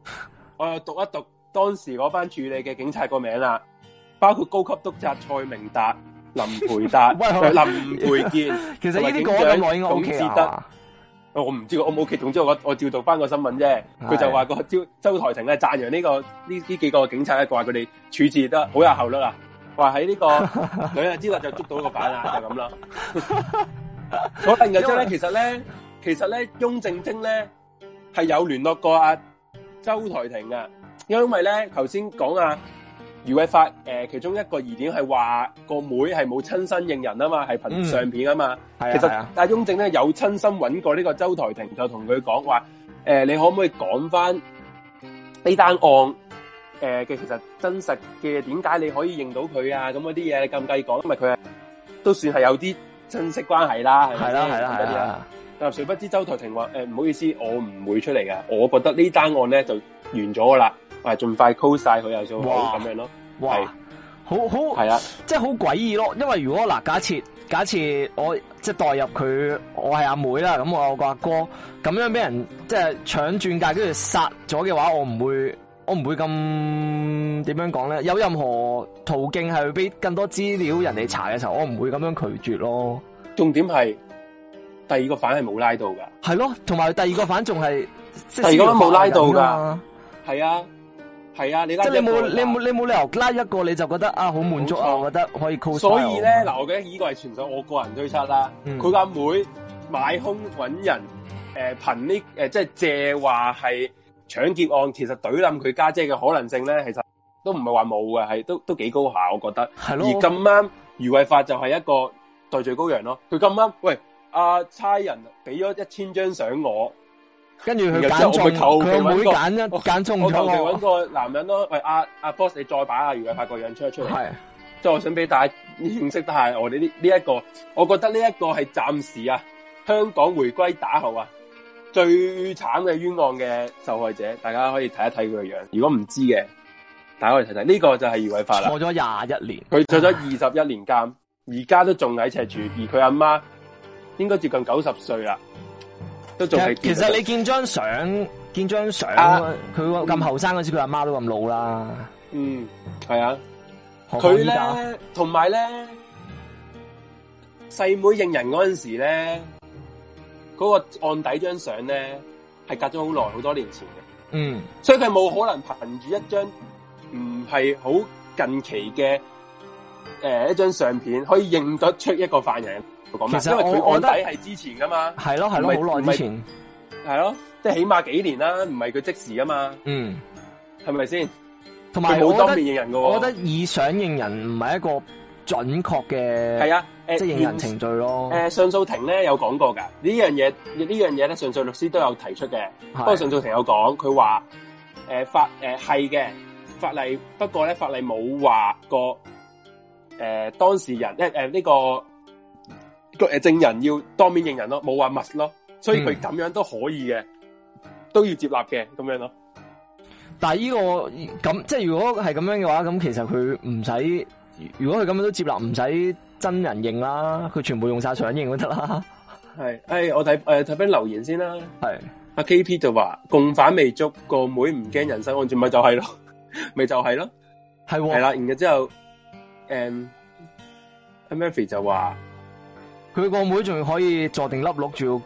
我就讀一讀當時嗰班處理嘅警察個名啦，包括高級督察蔡明達、林培達、喂呃、林培健。其實呢啲個名、啊、我應該 OK 啦。我唔知我冇 OK，總之我我照讀翻個新聞啫。佢的就話個招周台廷咧讚揚呢、這個呢呢幾個警察咧，話佢哋處置得好有效率啊。話喺呢個兩日之內就捉到個個犯啊，就咁、是、啦。 嗰兩日之內其實咧，其實咧，翁靜晶咧係有聯絡過阿、啊、周台廷啊，因為呢，頭咧、啊，頭先講阿余偉發誒、呃，其中一個疑點係話個妹係冇親身認人啊嘛，係憑相片啊嘛，係、嗯、實是啊是啊，但係翁靜晶咧有親身搵過呢個周台廷，就同佢講話：誒、呃，你可唔可以講翻呢單案？誒，嘅、呃、其實真實嘅點解你可以認到佢啊？咁嗰啲嘢你咁計講，因為佢係都算係有啲親戚關係啦，係啦係啦係啦。但誰不知周台庭話：誒、呃，唔好意思，我唔會出嚟嘅。」我覺得呢單案咧就完咗噶啦，係盡快 close 晒佢啊，就好咁哇樣咯。哇是好好係啊，即係好詭異、就是、咯。因為如果嗱，假設假設我即係代入佢，我係阿妹啦，咁我個阿哥咁樣俾人即係搶鑽戒跟住殺咗嘅話，我唔會。我唔會咁點樣講咧，有任何途徑係俾更多資料人哋查嘅時候，我唔會咁樣拒絕咯。重點係第二個反係冇拉到噶，係咯，同埋第二個反仲係，第二個都冇拉到噶，係啊，係啊，你即係你冇你冇你冇理由拉一個你就覺得啊好滿足啊，我覺得可以 close。所以咧，嗱，我覺得呢個係純粹我個人推測啦。佢阿妹買空搵，人，誒，憑呢誒，即係借話係。搶劫案其實懟冧佢家姐嘅可能性咧，其實都唔係話冇嘅，係都都幾高下，我覺得。係是的 咯。而咁啱余偉發就係一個代罪羔羊咯。佢咁啱，喂阿差人俾咗一千張相我，跟住佢揀咗。佢會揀我揀中，我哋揾個男人咯。喂阿阿 Fox，你再把阿余偉發個樣出一出啊，即係是的 我想俾大家認識，但係我哋呢呢一個，我覺得呢一個係暫時啊，香港回歸打後啊。最慘嘅冤案嘅受害者，大家可以睇一睇佢嘅樣。如果唔知嘅，大家可以睇睇。呢個就係余偉發啦，坐咗廿一年，佢坐咗二十一年監，而家都仲喺赤柱，而佢阿媽應該接近九十歲啦，都仲係。其實你見張相，見張相，佢咁後生嗰時，佢阿媽都咁老啦。嗯，係啊。佢咧，同埋咧，細妹，妹認人嗰陣時咧。嗰個案底張相咧，係隔咗好耐，好多年前嘅。嗯，所以佢冇可能憑住一張唔係好近期嘅、呃、一張相片，可以認得出一個犯人。其實因為佢案底係之前㗎嘛，係咯係咯，好耐之前，係咯，即係起碼幾年啦、啊，唔係佢即時㗎嘛。嗯，係咪先？同埋佢冇當面認人我覺，我覺得以相認人唔係一個。準確嘅係啊，誒，認人程序咯、啊。誒、呃呃，上訴庭咧有講過噶，這樣這樣呢樣嘢，呢樣嘢咧，上訴律師都有提出嘅。是不過上訴庭有講，佢話，誒、呃，法，誒、呃，係嘅法例，不過咧法例冇話、呃呃呃這個，誒，當事人，一，誒，呢個個，誒，證人要當面認人咯，冇話 must 咯，所以佢咁樣都可以嘅，嗯、都要接納嘅咁樣咯。但係、這、呢個咁，即係如果係咁樣嘅話，咁其實佢唔使。如果佢咁樣都接納，唔使真人認啦，佢全部用晒相認都得啦。係，誒、哎，我睇誒睇翻留言先啦。係是，阿 KP 就話共犯未捉個妹唔驚人身安全咪就係咯，咪就係、是、咯，係係啦。然後之後，誒、嗯、Maffy 就話佢個妹仲可以坐定粒碌住。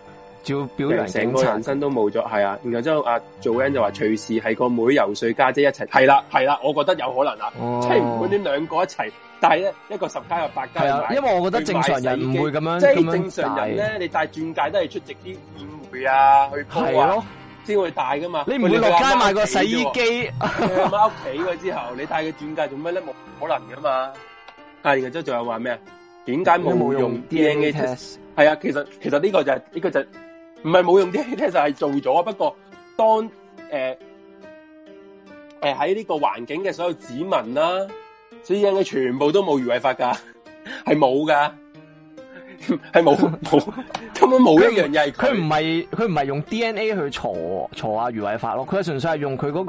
要表揚，成個人生都冇咗，係啊。然後之後啊，Joanne 就話隨時係個妹遊水家姐一齊，係啦，係啦，我覺得有可能啊。即係唔管你兩個一齊，但係呢一個十家又八家，係啊。因為我覺得正常人唔會咁樣，即係正常人呢，你帶鑽戒都係出席啲宴會啊，去鋪啊，先會戴㗎嘛。你唔會落街買個洗衣機喺屋企嗰之後，你帶個鑽戒做咩呢？冇可能㗎嘛。但係，然後之後仲有話咩啊？點解冇用 DNA test？係啊，其實其實呢個就係呢個就。唔係冇用啲嘅就係、是、做咗，不過當誒誒喺呢個環境嘅所有指紋啦、啊，所有嘢全部都冇余偉法發噶，係冇噶，係冇冇，根本冇一樣嘢。佢唔係佢唔係用 DNA 去查查阿余偉發咯，佢純粹係用佢嗰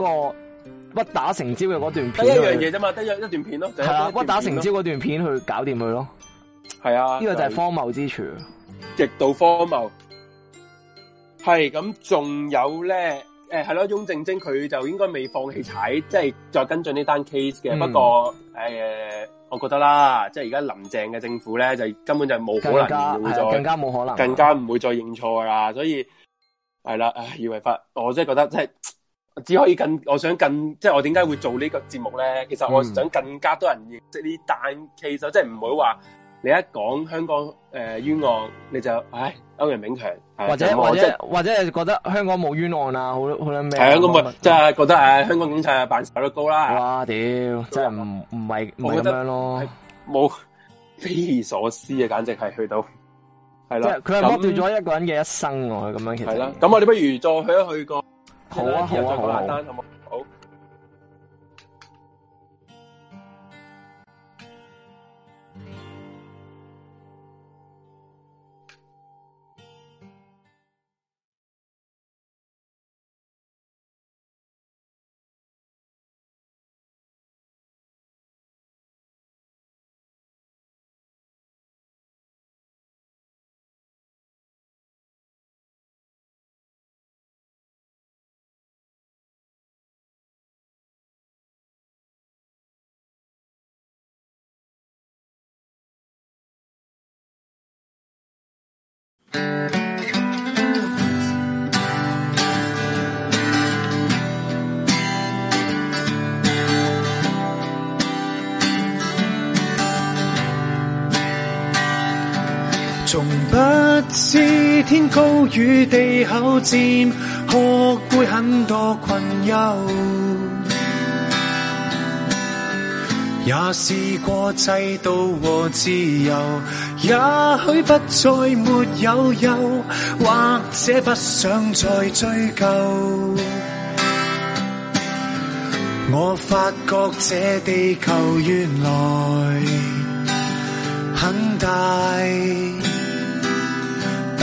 個屈打成招嘅嗰段片一樣嘢啫嘛，得一一段片咯。係、就是、啊，屈打成招嗰段片去搞掂佢咯。係啊，呢個就係荒謬之處，極度荒謬。係，咁仲有咧，誒係咯，翁靜晶佢就應該未放棄踩，即係再跟進呢單 case 嘅。嗯、不過誒，我覺得啦，即係而家林鄭嘅政府咧，就根本就冇可能，更加冇可能，更加唔會再認錯啦。所以係啦，啊，余偉發，我真係覺得即係，只可以更，我想更，即係我點解會做呢個節目咧？其實我想更加多人認識呢單 case，即係唔會話。你一講香港誒冤案，你就唉，歐陽炳強，或者或者或者係覺得香港冇冤案啊，好好咩？係啊，咁咪即係覺得唉，香港警察啊，辦事效率高啦。哇屌，真係唔唔係咁樣咯，冇匪夷所思啊，簡直係去到係咯，即係佢係剝奪咗一個人嘅一生啊，咁樣其實係啦。咁我哋不如再去一去個好啊，其實好簡單，好冇。天高與地厚，漸學會很多困憂。也試過制度和自由，也許不再沒有憂，或者不想再追究。我發覺這地球原來很大。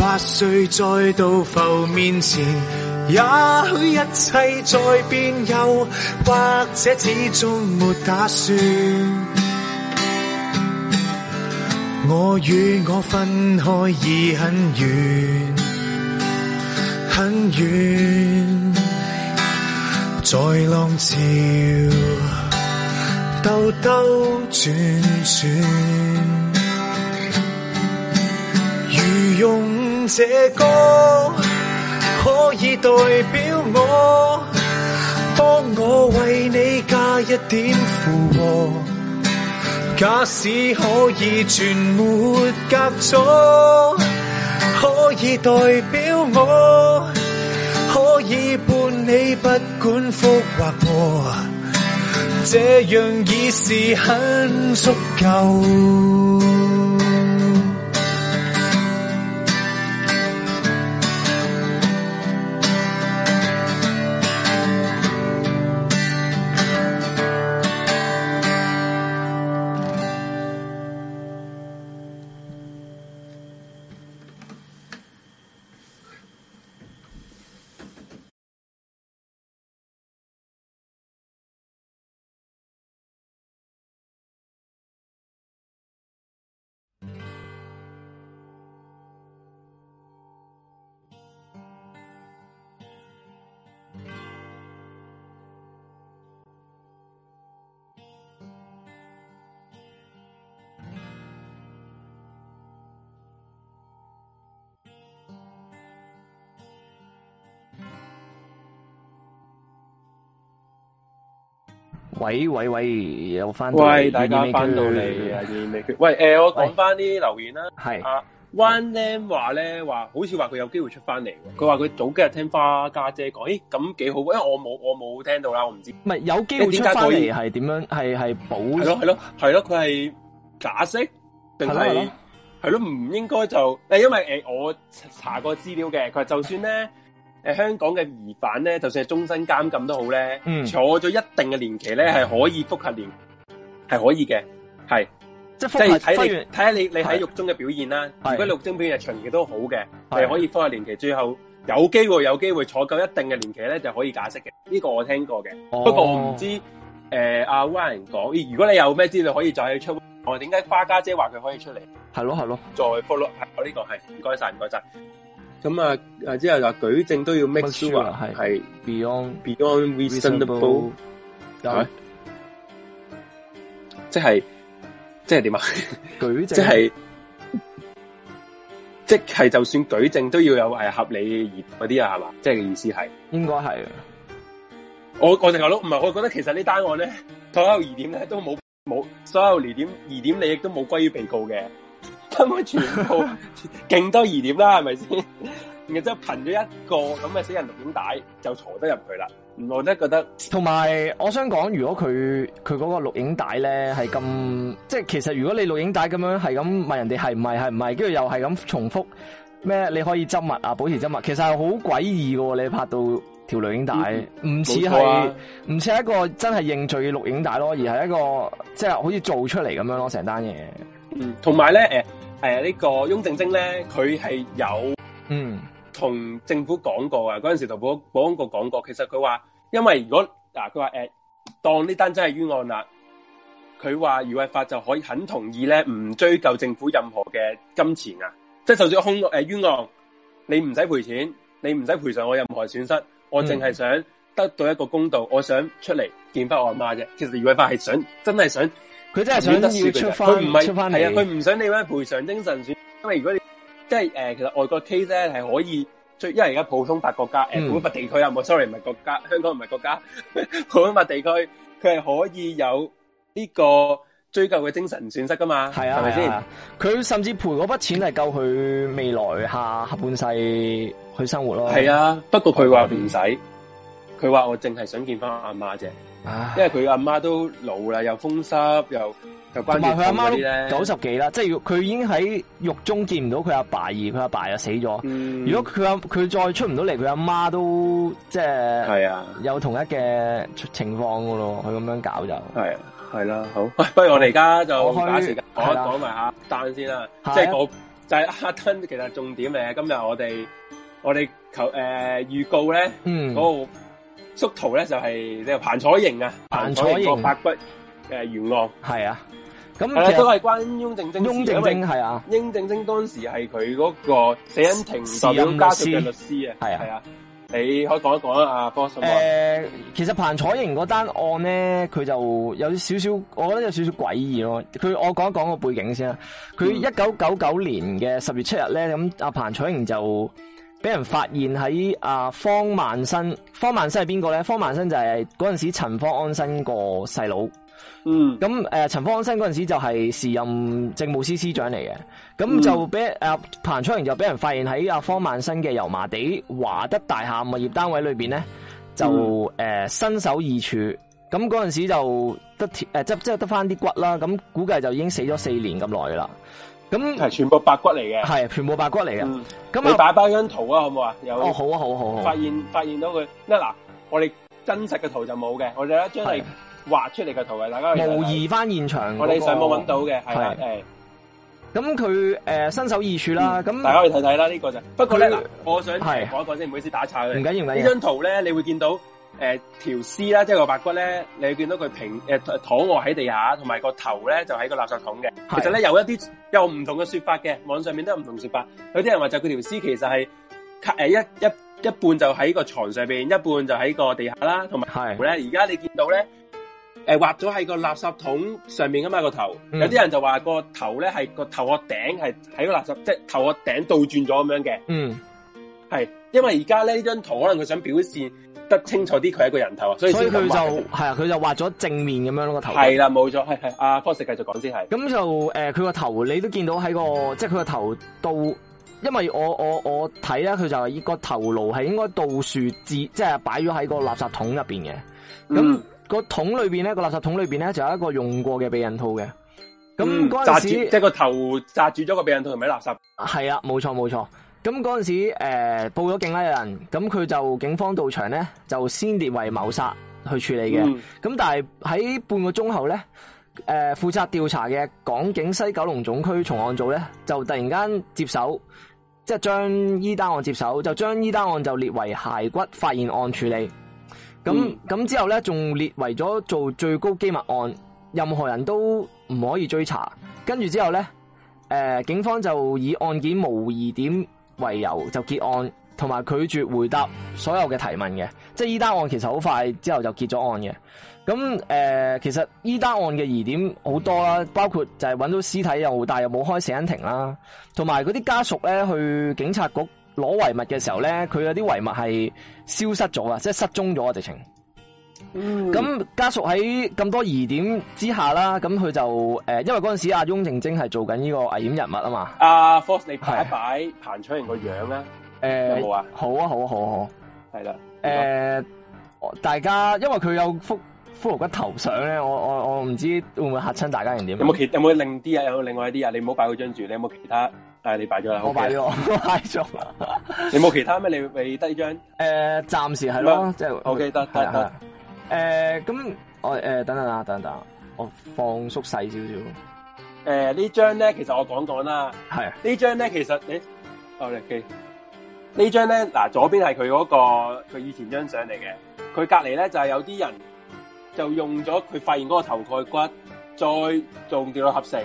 八歲再到浮面前，也許一切在變悠，或者始終沒打算。我與我分開已很遠，很遠，在浪潮兜兜轉轉，如用。這歌可以代表我，幫我為你加一點負荷。假使可以全沒隔阻，可以代表我，可以伴你不管福或禍，這樣已是很足夠。喂喂喂，有翻到喂，大家翻到嚟，啊未去喂，誒、呃，我講翻啲留言啦。係，One Name 話咧話，好似話佢有機會出翻嚟。佢話佢早幾日聽花家姐講，咦、欸、咁幾好，因為我冇我冇聽到啦，我唔知。唔係有機會出翻嚟係點樣？係係保？係咯係咯係咯，佢係假釋定係係咯？唔應該就誒，因為誒、欸，我查過資料嘅，佢話就算咧。誒，香港嘅疑犯咧，就算係終身監禁都好咧，嗯、坐咗一定嘅年期咧，係可以復核年期，係可以嘅，係即係睇你睇下合你是你喺獄中嘅表現啦。是如果獄中表現長期都好嘅，係是可以復核年期，最後有機會有機會坐夠一定嘅年期咧，就可以假釋嘅。呢、這個我聽過嘅，哦、不過我唔知誒阿 o n 講，如果你有咩資料可以再去出，我點解花家姐話佢可以出嚟？係咯係咯，再 follow 我呢、這個係唔該晒唔該晒。咁啊！啊之後就舉證都要 make sure 係是 beyond beyond reasonable 即係即係點啊？舉證即係是 即係就算舉證都要有誒合理嘅疑嗰啲啊，係嘛？即係意思係應該係啊！我我淨係諗唔係，我覺得其實呢單案咧，所有疑點咧都冇冇所有疑點疑點，利益都冇歸於被告嘅。根本 全部勁多疑點啦，係咪先？然之後憑咗一個咁嘅死人錄影帶就坐得入去啦。我都覺得，同埋我想講，如果佢佢嗰個錄影帶咧係咁，即係其實如果你錄影帶咁樣係咁問人哋係唔係係唔係，跟住又係咁重複咩？你可以執物啊，保持執物。其實係好詭異喎，你拍到條錄影帶，唔似係唔似係一個真係認罪嘅錄影帶咯，而係一個即係好似做出嚟咁樣咯，成單嘢。嗯，同埋咧，誒、呃，誒、呃，這個，翁正正呢個翁靜晶咧，佢係有，嗯，同政府講過啊，嗰陣時同保保安局講過，講過，其實佢話，因為如果嗱，佢話，誒，當呢單真係冤案啦，佢話余偉發就可以肯同意咧，唔追究政府任何嘅金錢啊，即係就算空誒、呃、冤案，你唔使賠錢，你唔使賠償我任何損失，我淨係想得到一個公道，我想出嚟見翻我阿媽啫。其實余偉發係想，真係想。佢真係想要，唔係要出翻，係去啊，佢唔想你搵賠償精神損，因為如果你即係誒，其實外國 case 咧係可以追，因為而家普通法國家誒，嗯、普通法地區啊，冇、嗯、sorry，唔係國家，香港唔係國家，普通法地區佢係可以有呢個追究嘅精神損失噶嘛，係咪先？佢吧、啊、甚至賠嗰筆錢係夠佢未來下下半世去生活咯。係啊，不過佢話唔使，佢話我淨係想見翻阿媽啫。因為佢阿媽都老啦，又風濕，又又關住佢阿媽，九十幾啦，即係佢已經喺獄中見唔到佢阿爸而佢阿爸又死咗。如果佢阿佢再出唔到嚟，佢阿媽都即係係啊，有同一嘅情況噶咯，佢咁樣搞就係係啦。好，不如我哋而家就假設講講埋阿丹先啦，即係個就係阿丹，其實重點嚟。今日我哋我哋求誒預告咧，嗯速圖咧就係、是、你彭楚盈、呃、啊，彭楚盈白骨冤案，係啊，咁其實都係關翁靜晶，翁靜晶係啊，翁靜晶當時係佢嗰個死因庭家屬嘅律師啊，係啊，你可以講一講啊，阿 Fox 誒，其實彭楚盈嗰單案咧，佢就有少少，我覺得有少少詭異咯。佢我講一講個背景先啦。佢一九九九年嘅十月七日咧，咁阿、嗯啊、彭楚盈就。俾人發現喺阿、啊、方萬新，方萬新係邊個咧？方萬新就係嗰陣時陳方安生個細佬。嗯，咁誒，陳、呃、方安生嗰陣時就係時任政務司司長嚟嘅。咁就俾、嗯呃、彭楚盈就俾人發現喺阿、啊、方萬新嘅油麻地華德大廈物業單位裏邊咧，就誒身首異處。咁嗰陣時就得鐵誒，即即係得翻啲骨啦。咁估計就已經死咗四年咁耐啦。咁係全部白骨嚟嘅，係全部白骨嚟嘅。咁你擺翻張圖啊，好唔好啊？哦，好啊，好，好，發現發現到佢，嗱，我哋真實嘅圖就冇嘅，我哋咧，係畫出嚟嘅圖嘅，大家模擬翻現場，我哋上網揾到嘅，係啦，咁佢誒，身首異處啦，咁大家可以睇睇啦，呢個就。不過咧，嗱，我想係我一講先，唔好意思打岔嘅，唔緊要，呢張圖咧，你會見到。誒，條屍啦，即係個白骨咧，你見到佢平誒躺臥喺地下，同埋個頭咧就喺個垃圾桶嘅。是其實咧有一啲有唔同嘅說法嘅，網上面都有唔同說法。有啲人話就佢條屍其實係誒、呃、一一一半就喺個床上邊，一半就喺個地下啦。同埋咧，而家是你見到咧，誒畫咗喺個垃圾桶上面噶嘛、嗯、個頭。有啲人就話個頭咧係個頭個頂係喺個垃圾，即係頭個頂倒轉咗咁樣嘅。嗯，係因為而家咧呢張圖可能佢想表現得清楚啲，佢係一個人頭啊，所以所以佢就係啊，佢就畫咗正面咁樣咯個頭。係啦，冇錯，係係。阿 Fox Sir 繼續講先係。咁就誒，佢個頭你都見到喺、個，即係佢個頭度，因為我我我睇咧，佢就係個頭顱係應該到樹字，即、就、係、是、擺咗喺個垃圾桶入邊嘅。咁、嗯、個桶裏面咧，個垃圾桶裏面咧就有一個用過嘅避孕套嘅。咁嗰陣時即係、嗯就是、個頭紮住咗個避孕套喺垃圾。係啊，冇錯冇錯。沒錯。咁嗰陣時，誒、呃、報咗警啦，有人，咁佢就警方到場咧，就先列為謀殺去處理嘅。咁、嗯、但係喺半個鐘後咧，誒、呃、負責調查嘅港警西九龍總區重案組咧，就突然間接手，即係將呢單案接手，就將呢單案就列為骸骨發現案處理。咁咁、嗯、之後咧，仲列為咗做最高機密案，任何人都唔可以追查。跟住之後咧，誒、呃、警方就以案件無疑點。為由就結案，同埋拒絕回答所有嘅提問嘅，即係依單案其實好快之後就結咗案嘅。咁誒、呃，其實依單案嘅疑點好多啦，包括就係揾到屍體又好，但係又冇開死人庭啦，同埋嗰啲家屬咧去警察局攞遺物嘅時候咧，佢有啲遺物係消失咗啊，即係失蹤咗啊直情。咁家屬喺咁多疑點之下啦，咁佢就誒，因為嗰陣時阿翁靜晶係做緊呢個危險人物啊嘛。阿 Fox 你擺一擺彭楚盈個樣咧，有冇啊？好啊？好啊，好啊，好好。係啦，誒，大家因為佢有幅骷髏骨頭相咧，我我我唔知會唔會吓親大家人點。有冇其有冇另啲啊？有另外一啲啊？你唔好擺嗰張住，你有冇其他？誒，你擺咗啦，我擺咗，擺咗。你冇其他咩？你未得一張？誒，暫時係咯，即係 O K，得得。誒，咁我誒等等等等等，我放縮細少少。誒，呢張咧其實我講講啦，係啊，呢張咧其實誒，我哋記呢張咧，嗱左邊係佢嗰個佢以前張相嚟嘅，佢隔籬咧就係有啲人就用咗佢發現嗰個頭蓋骨，再用電腦合成，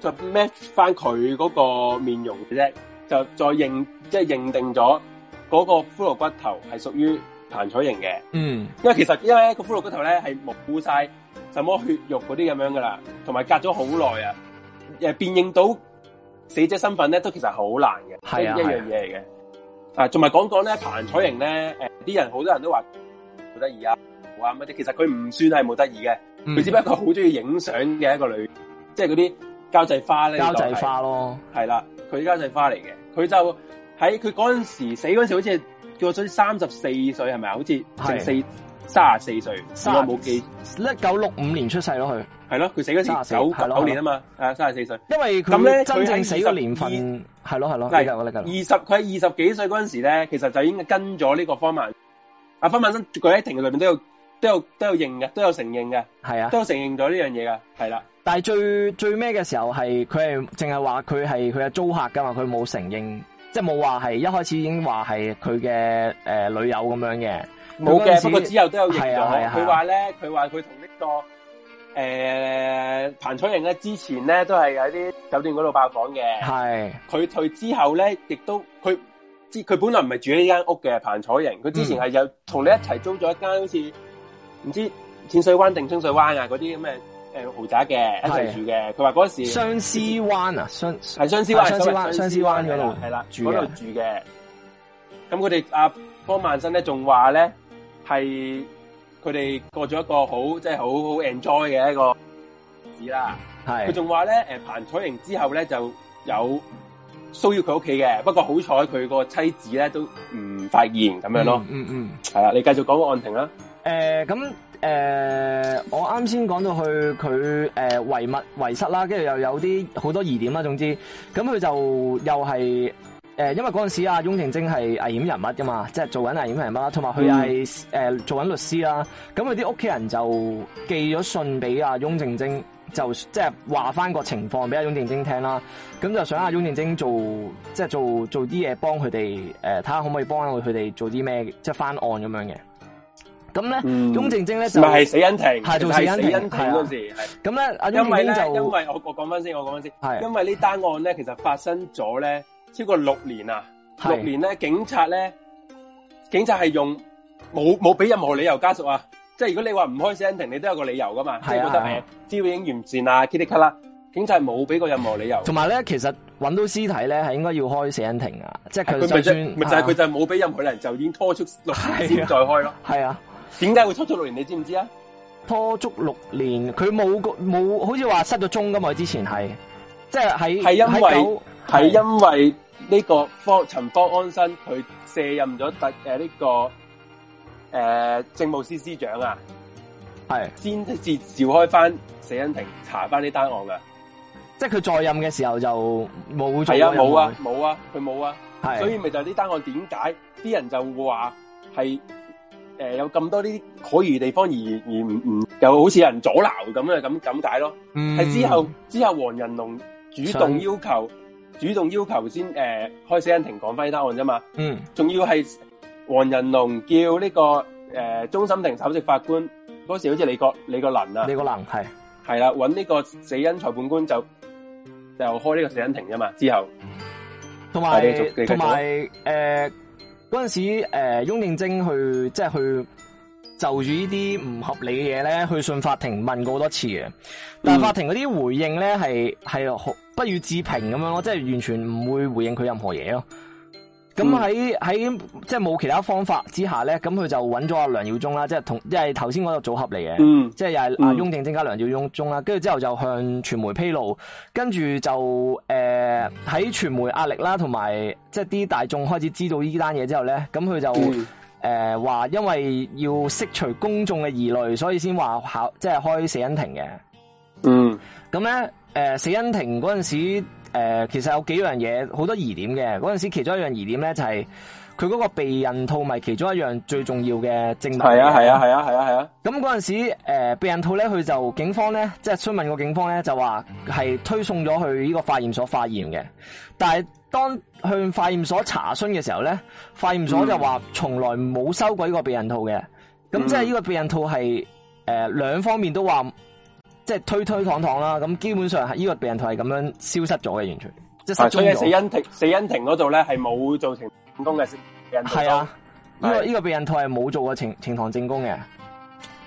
就 match 翻佢嗰個面容嘅啫，就再認即係認定咗嗰個骷髏骨頭係屬於。彭楚盈嘅，嗯，因為其實因為個骷髏嗰頭咧係模糊晒，什麼血肉嗰啲咁樣噶啦，同埋隔咗好耐啊，誒，辨認到死者身份咧都其實好難嘅，係啊，係一樣嘢嚟嘅。啊，同埋講講咧彭楚盈咧，誒、嗯，啲人好多人都話好得意啊，話乜啲，其實佢唔算係冇得意嘅，佢、嗯、只不過好中意影相嘅一個女，即係嗰啲交際花咧，交際花咯，係啦，佢交際花嚟嘅，佢就喺佢嗰陣時候死嗰陣時好似。過咗三十四歲係咪好似淨四三十四歲？我冇記一九六五年出世咯。佢係咯，佢死嗰時九九年啊嘛，係三十四歲。因為咁咧，真正死個年份係咯係咯。二十，佢喺二十幾歲嗰陣時咧，其實就已經跟咗呢個方萬。阿方萬生。佢喺庭裏面都有都有都有認嘅，都有承認嘅，係啊，都有承認咗呢樣嘢噶，係啦。但係最最尾嘅時候係佢係淨係話佢係佢係租客噶嘛，佢冇承認。即係冇話係一開始已經話係佢嘅誒女友咁樣嘅，冇嘅。不過之後都有熱嘅。佢話咧，佢話佢同呢他他、那個誒、呃、彭楚盈咧，之前咧都係有啲酒店嗰度爆房嘅。係佢退之後咧，亦都佢佢本來唔係住喺呢間屋嘅彭楚盈，佢之前係有同你一齊租咗一間好似唔知淺水灣定清水灣啊嗰啲咁嘅。誒、嗯，豪宅嘅一齊住嘅，佢話嗰時相思灣啊，相係相思灣，相思灣嗰度係啦，嗰度住嘅。咁佢哋阿方萬生咧，仲話咧係佢哋過咗一個好，即係好好 enjoy 嘅一個日子啦。係佢仲話咧，誒，彭楚盈之後咧就有騷擾佢屋企嘅，不過好彩佢個妻子咧都唔發現咁樣咯。嗯嗯，係、嗯、啦、嗯，你繼續講個案情啦。誒、呃，咁。誒、呃，我啱先講到去佢誒遺物遺失啦，跟住又有啲好多疑點啦。總之，咁佢就又係誒、呃，因為嗰陣時阿翁正晶危險人物噶嘛，即係做緊危險人物啦，同埋佢係誒做緊律師啦。咁佢啲屋企人就寄咗信俾阿翁正晶，就即係話翻個情況俾阿翁正晶聽啦。咁就想阿翁正晶做即係做做啲嘢幫佢哋誒，睇、呃、下可唔可以幫佢哋做啲咩，即係翻案咁樣嘅。咁咧，鐘正正咧就唔係死因庭，係做死因庭嗰陣時。咁咧，因為咧，因為我我講翻先，我講翻先。係因為呢單案咧，其實發生咗咧超過六年啊，六年咧，警察咧，警察係用冇冇俾任何理由家屬啊，即係如果你話唔開死因庭，你都有個理由噶嘛，即係覺得，資料已經完善啊，K D 卡啦，警察係冇俾過任何理由。同埋咧，其實揾到屍體咧，係應該要開死因庭啊，即係佢就唔係就係佢就係冇俾任何人就已經拖出六年再開咯，係啊。點解會拖足六年？你知唔知啊？拖足六年，佢冇冇，好似話失咗蹤咁嘛。佢之前係，即係喺係因為係九因為呢、呢個方陳方安生佢卸任咗特誒呢、呃呢個誒、呃、政務司司長啊，係是先即係召開翻死因庭查翻啲單案噶，即係佢在任嘅時候就冇係啊冇啊冇啊，佢冇啊，啊啊是所以咪就係啲單案點解啲人就話係。誒、呃，有咁多啲可疑地方而而唔唔，又好似有人阻撓咁啊，咁咁解咯。係之後之後，之後黃仁龍主動要求，的主動要求先誒、呃、開死因庭講翻呢單案啫嘛。嗯，仲要係黃仁龍叫呢、這個誒、呃、中心庭首席法官，嗰時好似李國李國能啊。李國能係係啦，揾呢個死因裁判官就就開呢個死因庭啫嘛。之後同埋同埋誒。嗰陣時，誒、呃，翁敬貞去即係去就住呢啲唔合理嘅嘢咧，去信法庭問過好多次嘅，但係法庭嗰啲回應咧係係好不予置評咁樣咯，即係完全唔會回應佢任何嘢咯。咁喺喺即係冇其他方法之下咧，咁佢就揾咗阿梁耀忠啦，即、就、係、是、同一係頭先嗰個組合嚟嘅，即係、嗯嗯、又係阿雍正增加梁耀忠忠啦，跟住之後就向傳媒披露，跟住就誒喺傳媒壓力啦，同埋即係啲大眾開始知道呢單嘢之後咧，咁佢就誒話、嗯呃、因為要釋除公眾嘅疑慮，所以先話考即係開死因庭嘅，嗯，咁咧誒死因庭嗰陣時。誒、呃，其實有幾樣嘢，好多疑點嘅。嗰陣時，其中一樣疑點咧就係佢嗰個避孕套咪其中一樣最重要嘅證據。係啊、嗯，係啊，係啊，係啊，係啊。咁嗰陣時，誒，避孕套咧，佢就警方咧，即係詢問過警方咧，就話係推送咗去呢個化驗所化驗嘅。但係當向化驗所查詢嘅時候咧，化驗所就話從來冇收過呢個避孕套嘅。咁即係呢個避孕套係誒兩方面都話。即係推推搪搪啦，咁基本上係呢個避孕套係咁樣消失咗嘅，完全即係死喺死因庭，死因庭嗰度咧係冇做呈堂證供嘅，死因係啊，呢個呢個避孕套係冇做過呈堂證供嘅。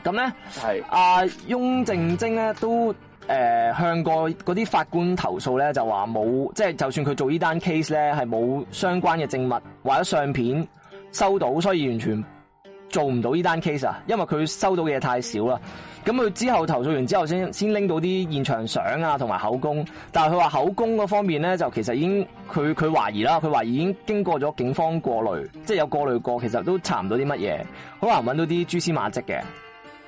咁咧係阿翁正正咧都誒、呃、向過嗰啲法官投訴咧，就話冇即係就算佢做呢單 case 咧係冇相關嘅證物或者相片收到，所以完全做唔到呢單 case 啊，因為佢收到嘅嘢太少啦。咁佢之後投訴完之後，先先拎到啲現場相啊，同埋口供。但係佢話口供嗰方面咧，就其實已經佢佢懷疑啦，佢懷疑已經經過咗警方過濾，即係有過濾過，其實都查唔到啲乜嘢，好難搵到啲蛛絲馬跡嘅。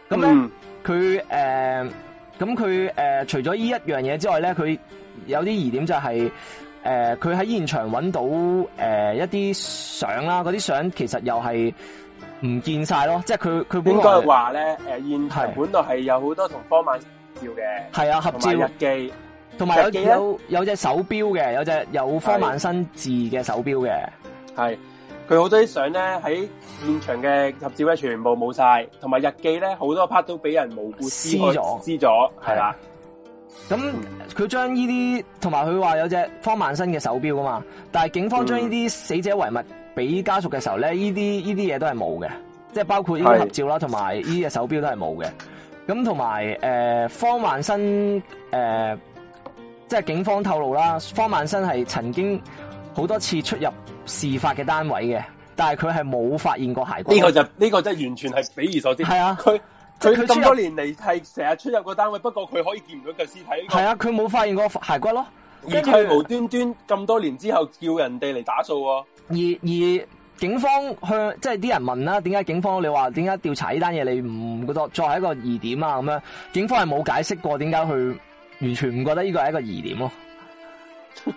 咁咧，佢誒、mm.，咁佢誒，除咗呢一樣嘢之外咧，佢有啲疑點就係，誒，佢喺現場搵到誒一啲相啦，嗰啲相其實又係。唔見晒咯，即係佢佢本該話咧，誒，現場本度係有好多同方萬照嘅，係啊，合照日記，同埋有有記有，有隻手表嘅，有隻有方萬新字嘅手表嘅，係佢好多啲相咧喺現場嘅合照咧全部冇晒，同埋日記咧好多 part 都俾人無故撕咗，撕咗係啦。咁佢將呢啲，同埋佢話有，有隻方萬新嘅手表噶嘛，但係警方將呢啲死者遺物，俾家屬嘅時候咧，呢啲呢啲嘢都係冇嘅，即係包括呢張合照啦，同埋呢隻手錶都係冇嘅。咁同埋誒，方萬新誒，即、呃、係、就是、警方透露啦，方萬新係曾經好多次出入事發嘅單位嘅，但係佢係冇發現過骸骨。呢個就呢、呢個真係完全係匪夷所思。係啊，佢佢咁多年嚟係成日出入個單位，不過佢可以見唔到個屍體。係啊，佢冇發現過骸骨咯。而佢無端端咁多年之後叫人哋嚟打掃、啊。而而警方向即係啲人問啦，點解警方你話點解調查呢單嘢，你唔覺得作為一個疑點啊？咁樣，警方係冇解釋過點解佢完全唔覺得呢個係一個疑點咯、啊。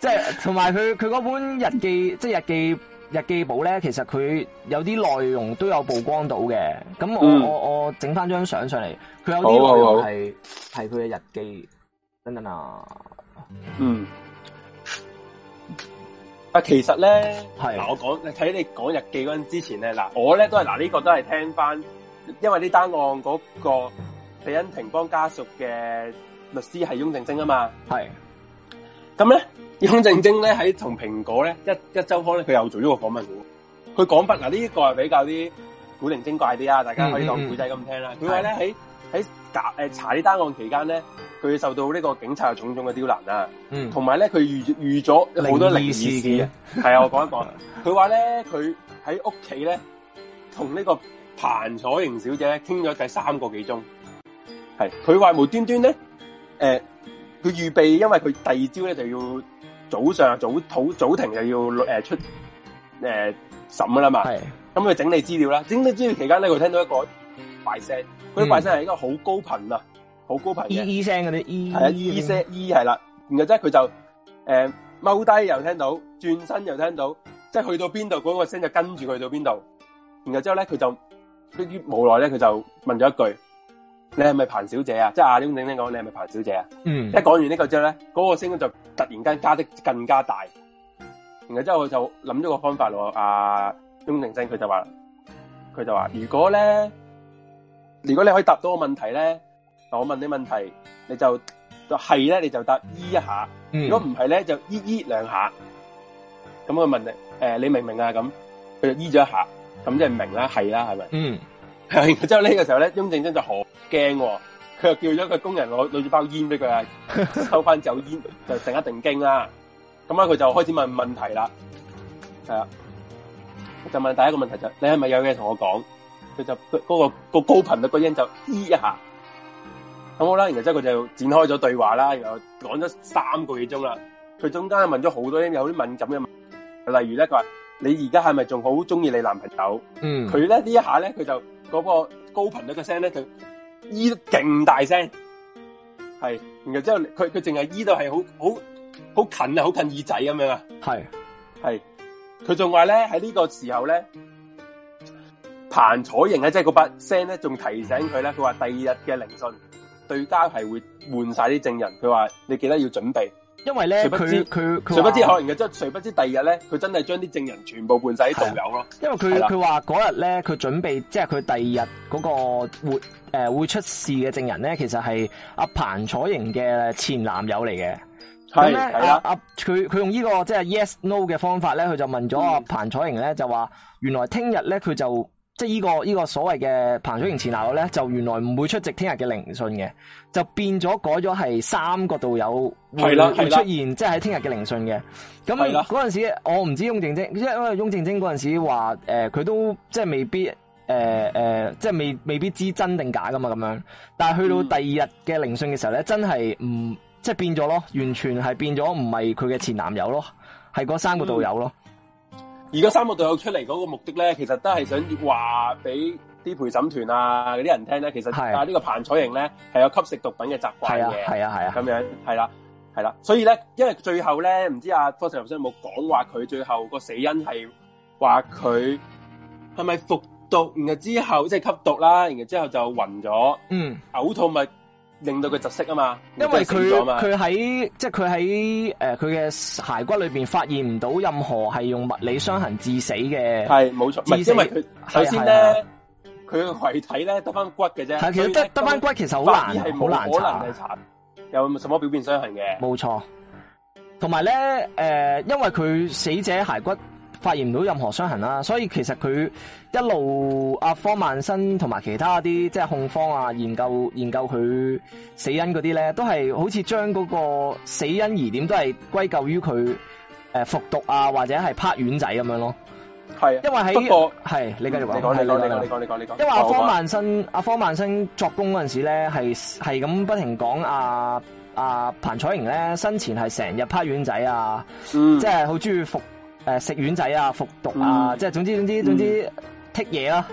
即係同埋佢佢嗰本日記，即係日記日記簿咧，其實佢有啲內容都有曝光到嘅。咁我、嗯、我我整翻張相上嚟，佢有啲內容係係佢嘅日記。等等啊，嗯。嗯啊，其實咧，嗱的，我講，你睇你講日記嗰陣之前咧，嗱，我咧都係嗱，呢個都係聽翻，因為呢單案嗰個李恩廷邦家屬嘅律師係翁靜晶啊嘛，係的，咁咧，翁靜晶咧喺同蘋果咧一一周刊咧，佢又做咗個訪問嘅，佢講不嗱，呢一個係、這個、比較啲古靈精怪啲啊，大家可以當古仔咁聽啦，佢話咧喺喺。的誒，查呢單案期間咧，佢受到呢個警察重重嘅刁難啦。嗯，同埋咧，佢預預咗好多靈異事嘅。係啊， 我講一講。佢話咧，佢喺屋企咧，同呢個彭楚盈小姐傾咗第三個幾鐘。係，佢話無端端咧，誒、呃，佢預備因為佢第二朝咧就要早上早早早庭就要誒出誒審噶啦嘛。係是，咁佢、嗯、整理資料啦，整理資料期間咧，佢聽到一個怪聲。佢啲怪聲係應該好高頻啊，好高頻嘅，咿咿聲嗰啲，係啊咿聲，咿係啦。然後即係佢就誒踎低又聽到，轉身又聽到，即係去到邊度嗰個聲就跟住去到邊度。然後之後咧佢就呢啲無奈咧佢就問咗一句：你係咪彭小姐啊？即係阿鍾定真講你係咪彭小姐啊？嗯。一講完呢句之後咧，嗰、那個聲音就突然間加得更加大。然後之後佢就諗咗個方法咯，阿鍾定真佢就話，佢就話如果咧。如果你可以答到我的問題咧，我問你問題，你就就係咧，你就答依、嗯呃、一下。如果唔係咧，就依依兩下。咁佢問你，誒，你明唔明啊？咁佢就依咗一下，咁即係明啦，係啦，係咪？嗯。然之後呢個時候咧，雍正真就好驚，佢又叫咗個工人攞攞住包煙俾佢， 收翻酒煙，就成一定驚啦。咁啊，佢就開始問問題啦，係啊，就問第一個問題就是，你係咪有嘢同我講？佢就嗰個個高頻率個音就咿一下，咁好啦。然後之後佢就展開咗對話啦，然後講咗三個幾鐘啦。佢中間問咗好多啲有啲敏感嘅問題，例如咧佢話你而家係咪仲好中意你男朋友？嗯，佢咧呢一下咧佢就嗰個高頻率個聲咧就咿得勁大聲，係。然後之後佢佢淨係咿到係好好好近啊，好近耳仔咁樣啊。係係是，佢仲話咧喺呢個時候咧。彭楚盈咧，即係嗰把聲咧，仲提醒佢咧，佢話第二日嘅聆訊，對家係會換晒啲證人，佢話你記得要準備，因為咧佢佢佢話誰不知可能嘅，即係誰不知第二日咧，佢真係將啲證人全部換晒啲導友咯，因為佢佢話嗰日咧，佢的準備即係佢第二日嗰個會誒、呃、會出事嘅證人咧，其實係阿彭楚盈嘅前男友嚟嘅，咁咧阿佢佢用呢、這個即係 yes no 嘅方法咧，佢就問咗阿、嗯、彭楚盈咧，就話原來聽日咧佢就。即係、這、呢個呢、這個所謂嘅彭楚盈前男友咧，就原來唔會出席聽日嘅聆訊嘅，就變咗改咗係三個道友係啦係啦，出現，即係喺聽日嘅聆訊嘅。咁嗰陣時，我唔知翁靜晶，因為翁靜晶嗰陣時話，誒、呃、佢都即係未必，誒、呃、誒，即係未未必知真定假噶嘛，咁樣。但係去到第二日嘅聆訊嘅時候咧，嗯、真係唔即係變咗咯，完全係變咗，唔係佢嘅前男友咯，係嗰三個道友咯。嗯而家三個隊友出嚟嗰個目的咧，其實都係想話俾啲陪審團啊嗰啲人聽咧，其實啊呢個彭彩盈咧係有吸食毒品嘅習慣嘅，係啊係啊咁、啊、樣係啦係啦，所以咧，因為最後咧，唔知阿方 s i 有冇講話佢最後個死因係話佢係咪服毒，然後之後即係、就是、吸毒啦，然後之後就暈咗，嗯，嘔吐物。令到佢窒息啊嘛，因為佢佢喺即係佢喺誒佢嘅骸骨裏邊發現唔到任何係用物理傷痕致死嘅，係冇錯，唔係死因為首先咧，佢嘅遺體咧得翻骨嘅啫，係其實得得翻骨其實好難，好難查，有冇什麼表面傷痕嘅？冇錯，同埋咧誒，因為佢死者骸骨。發現唔到任何傷痕啦，所以其實佢一路阿方萬生同埋其他啲即係控方啊，研究研究佢死因嗰啲咧，都係好似將嗰個死因疑點都係歸咎於佢誒服毒啊，或者係拍丸仔咁樣咯。係、啊，因為喺呢個係你繼續講，你講你講說你講你講，因為阿方萬生，阿方萬生作供嗰陣時咧，係係咁不停講阿阿彭楚盈咧生前係成日拍丸仔啊，即係好中意服。誒，食丸仔啊，服毒啊，嗯、即係總之總之總之剔嘢啦。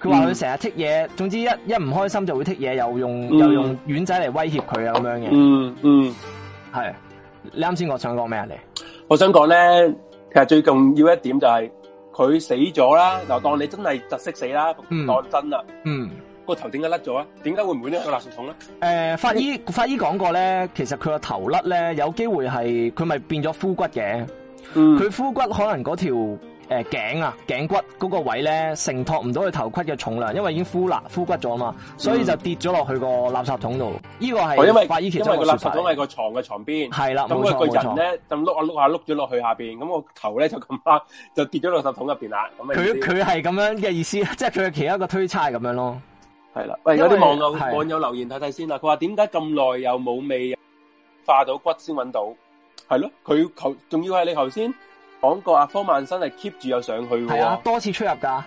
佢話佢成日剔嘢，總之一一唔開心就會剔嘢，又用、嗯、又用丸仔嚟威脅佢啊咁樣嘅、嗯。嗯嗯，係。你啱先我想講咩啊？你我想講咧，其實最重要一點就係、是、佢死咗啦，就當你真係窒息死啦，嗯、當真啦。嗯。頭會會個頭點解甩咗啊？點解會唔會呢個垃圾桶咧？誒，法醫法醫講過咧，其實佢個頭甩咧，有機會係佢咪變咗枯骨嘅。佢呼、嗯、骨可能嗰條誒頸啊頸骨嗰個位咧承托唔到佢頭骨嘅重量，因為已經呼啦呼骨咗嘛，所以就跌咗落去個垃圾桶度。呢個係因為因為個垃圾桶喺個床嘅床邊，係啦了，咁錯個人咧錯就碌下碌下碌咗落去下邊，咁個頭咧就咁啊就跌咗垃圾桶入邊啦。佢佢係咁樣嘅意思，即係佢嘅其他一個推測咁樣咯。係啦，喂，有啲網友的網友留言睇睇先啦。佢話點解咁耐又冇味化到骨先揾到？係咯，佢仲要係你頭先講過阿方萬生係 keep 住有上去，係啊，多次出入噶，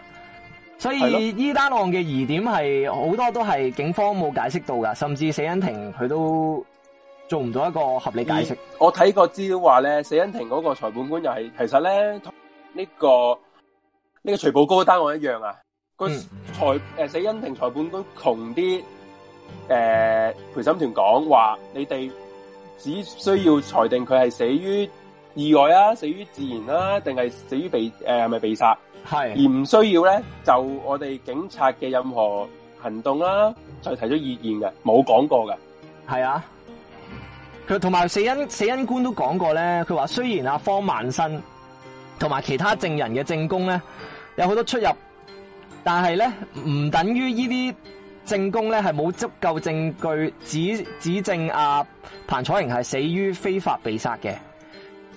所以依單案嘅疑點係好多都係警方冇解釋到噶，甚至死因庭佢都做唔到一個合理解釋。我睇過資料話咧，死因庭嗰個裁判官又係其實咧呢、這個呢、這個徐步高個單案一樣啊，個裁誒死因庭裁判官同啲誒陪審團講話，你哋。只需要裁定佢係死於意外啊，死於自然啦、啊，定係死於被誒係咪被殺？係的而唔需要咧，就我哋警察嘅任何行動啦、啊，就提出意見嘅，冇講過嘅。係啊，佢同埋死因死因官都講過咧，佢話雖然阿、啊、方萬新同埋其他證人嘅證供咧有好多出入，但係咧唔等於呢啲。證供咧係冇足夠證據指指證阿、啊、彭楚盈係死於非法被殺嘅，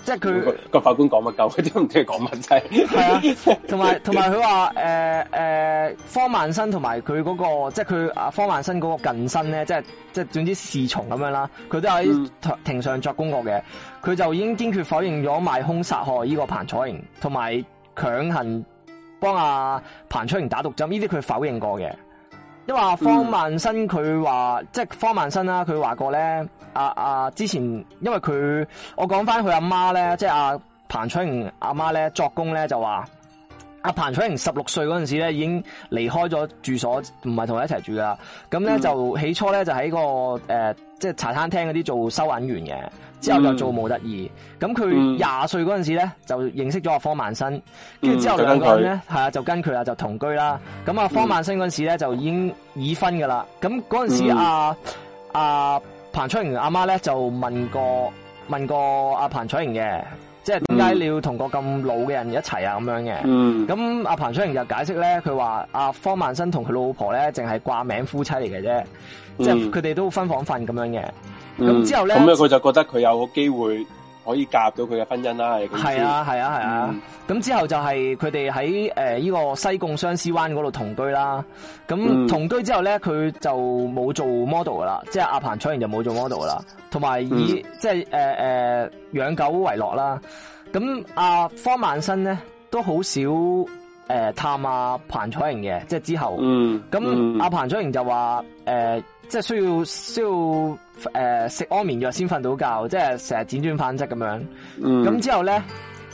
即係佢個法官講乜鳩，佢都唔知講乜真係。啊 ，同埋同埋佢話誒誒，方萬新同埋佢嗰個即係佢阿方萬新嗰個近身咧，即係即係總之侍從咁樣啦，佢都喺庭上作供過嘅，佢、嗯、就已經堅決否認咗賣兇殺害呢個彭楚盈，同埋強行幫阿、啊、彭楚盈打毒針，呢啲佢否認過嘅。因為方萬新佢話，嗯、即係方萬新啦，佢話過咧，啊啊，之前，因為佢，我講翻佢阿媽咧，即係阿、啊、彭楚盈阿媽咧，做工咧就話，阿、啊、彭楚盈十六歲嗰陣時咧已經離開咗住所，唔係同佢一齊住噶，咁咧、嗯、就起初咧就喺個誒、呃，即係茶餐廳嗰啲做收銀員嘅。之後就做模特兒。咁佢廿歲嗰陣時咧、嗯、就認識咗阿方萬生。跟住、嗯、之後兩個人咧係啊就跟佢啦、啊、就,就同居啦，咁啊、嗯、方萬生嗰陣時咧就已經已婚噶啦，咁嗰陣時阿、啊、阿、嗯啊、彭楚盈阿媽咧就問過問過阿、啊、彭楚盈嘅，即係點解你要同個咁老嘅人一齊啊咁樣嘅，咁阿、嗯啊、彭楚盈就解釋咧，佢話阿方萬生同佢老婆咧淨係掛名夫妻嚟嘅啫，即係佢哋都分房瞓咁樣嘅。咁、嗯、之後咧，咁咧佢就覺得佢有個機會可以加到佢嘅婚姻啦。係啊，係啊，係啊。咁、嗯、之後就係佢哋喺誒呢個西貢相思灣嗰度同居啦。咁同居之後咧，佢就冇做 model 噶啦，嗯、即係阿彭楚盈就冇做 model 噶啦。同埋以、嗯、即係誒誒養狗為樂啦。咁阿、啊、方萬新咧都好少誒、呃、探阿彭楚盈嘅，即係之後。嗯，咁阿彭楚盈就話誒。呃即係需要需要誒食、呃、安眠藥先瞓到覺，即係成日輾轉反側咁樣。咁、mm. 之後咧，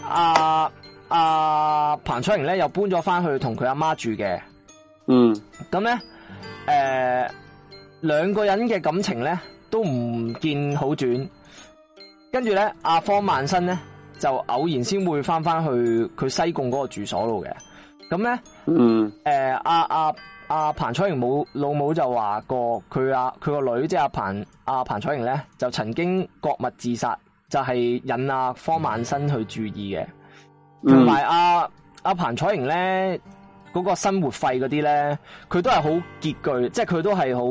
阿、啊、阿、啊、彭楚盈咧又搬咗翻去同佢阿媽住嘅。嗯、mm.。咁、呃、咧，誒兩個人嘅感情咧都唔見好轉。跟住咧，阿、啊、方萬身咧就偶然先會翻翻去佢西貢嗰個住所度嘅。咁咧，嗯、mm. 呃。誒、啊，阿、啊、阿。阿、啊、彭楚盈老母就話過佢啊，佢個女即係、啊、阿彭阿、啊、彭楚盈咧就曾經割脈自殺，就係、是、引阿、啊、方萬生去注意嘅。同埋阿阿彭楚盈咧嗰個生活費嗰啲咧，佢都係好拮據，即係佢都係好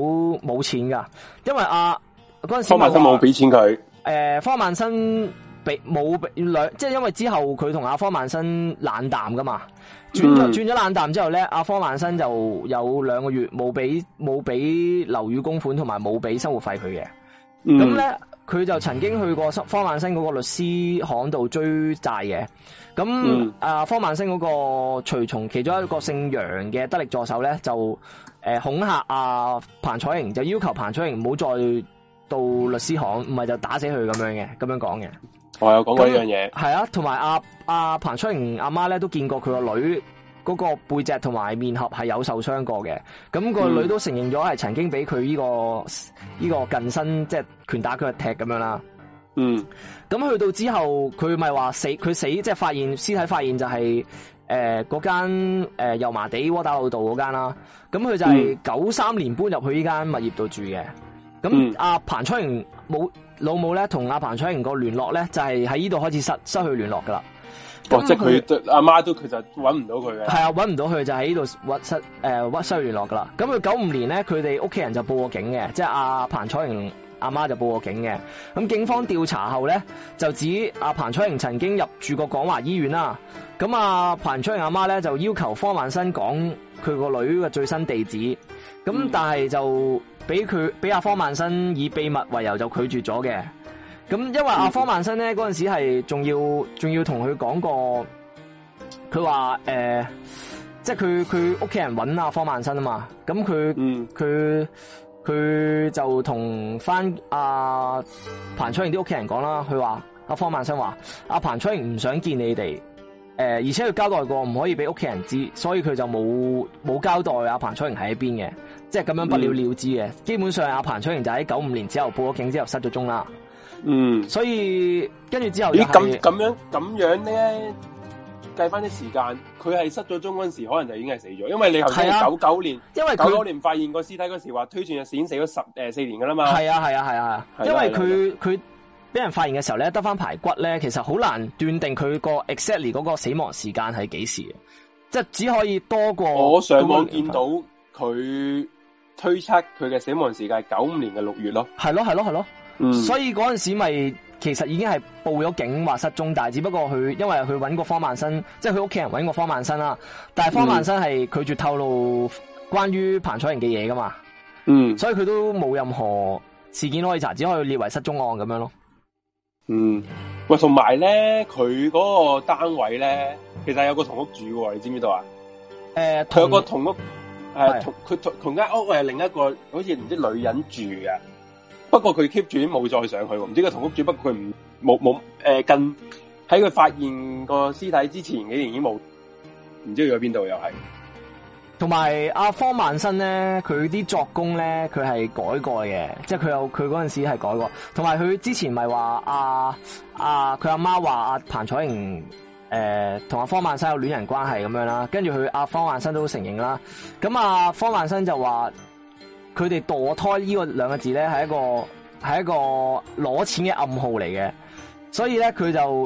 冇錢噶。因為阿嗰陣時方萬生冇俾錢佢。誒，方萬生俾冇俾兩，即係因為之後佢同阿方萬生冷淡噶嘛。轉咗轉咗冷淡之後咧，阿、mm. 啊、方萬生就有兩個月冇俾冇俾樓宇公款，同埋冇俾生活費佢嘅。咁咧、mm.，佢就曾經去過方萬生嗰個律師行度追債嘅。咁、mm. 啊，方萬生嗰個隨從其中一個姓楊嘅得力助手咧，就誒、呃、恐嚇阿、啊、彭楚盈，就要求彭楚盈唔好再到律師行，唔係就打死佢咁樣嘅，咁樣講嘅。哦、我有講過呢樣嘢，係啊，同埋阿阿彭楚盈阿媽咧都見過佢個、那個女嗰個背脊同埋面頰係有受傷過嘅，咁個女都承認咗係曾經俾佢呢個呢、這個近身即係、就是、拳打腳踢咁樣啦。嗯，咁去到之後佢咪話死，佢死即係發現屍體，發現就係誒嗰間誒油麻地窩打老道嗰間啦。咁佢就係九三年搬入去呢間物業度住嘅。咁阿、啊嗯啊、彭楚盈冇。老母咧同阿彭楚盈個聯絡咧就係喺呢度開始失失去聯絡噶啦，哦嗯、即係佢阿媽都其實揾唔到佢嘅，係啊揾唔到佢就喺、是呃嗯、呢度失誒失聯絡噶啦。咁佢九五年咧，佢哋屋企人就報過警嘅，即係阿、啊、彭楚盈阿媽就報過警嘅。咁警方調查後咧，就指阿、啊、彭楚盈曾經入住過廣華醫院啦、啊。咁阿、啊、彭楚盈阿媽咧就要求方萬新講佢個女嘅最新地址，咁但係就、嗯。俾佢俾阿方萬生以秘密為由就拒絕咗嘅，咁因為阿方萬生咧嗰陣時係仲要仲要同佢講過，佢話誒，即係佢佢屋企人搵阿方萬生啊嘛，咁佢佢佢就同翻、啊、阿，阿彭楚盈啲屋企人講啦，佢話阿方萬生話阿彭楚盈唔想見你哋，誒、呃、而且佢交代過唔可以俾屋企人知，所以佢就冇冇交代阿彭楚盈喺邊嘅。即係咁樣不了了之嘅，嗯、基本上阿彭楚盈就喺九五年之後報咗警之後失咗蹤啦。嗯，所以跟住之後咦，咦，咁咁樣咁樣咧，計翻啲時間，佢係失咗蹤嗰陣時，可能就已經係死咗，因為你頭先九九年，因為九九年發現個屍體嗰時話推算啊，已經死咗十，誒，四年噶啦嘛。係啊係啊係啊，因為佢佢俾人發現嘅時候咧，得翻排骨咧，其實好難斷定佢個 exactly 嗰個死亡時間係幾時，即係只可以多過我上網見到佢。推測佢嘅死亡時間係九五年嘅六月咯，係咯係咯係咯，嗯、所以嗰陣時咪其實已經係報咗警話失蹤，但係只不過佢因為佢揾過方萬生，即係佢屋企人揾過方萬生啦，但係方萬生係拒絕透露關於彭楚盈嘅嘢噶嘛，嗯，所以佢都冇任何事件可以查，只可以列為失蹤案咁樣咯。嗯，喂，同埋咧，佢嗰個單位咧，其實有個同屋住，你知唔知道啊？誒、呃，佢有個同屋。係是同佢同同間屋係另一個，好似唔知女人住嘅。不過佢 keep 住啲冇再上去，唔知佢同屋住，不過佢唔冇冇誒跟喺佢發現個屍體之前幾年已經冇，唔知去咗邊度又係。同埋阿方萬生咧，佢啲作工咧，佢係改過嘅，即係佢有佢嗰陣時係改過。同埋佢之前咪話阿阿佢阿媽話阿彭楚盈。誒，同阿、呃、方萬生有戀人關係咁樣啦，跟住佢阿方萬生都承認啦。咁啊，方萬生就話佢哋墮胎呢個兩個字咧，係一個係一個攞錢嘅暗號嚟嘅。所以咧，佢就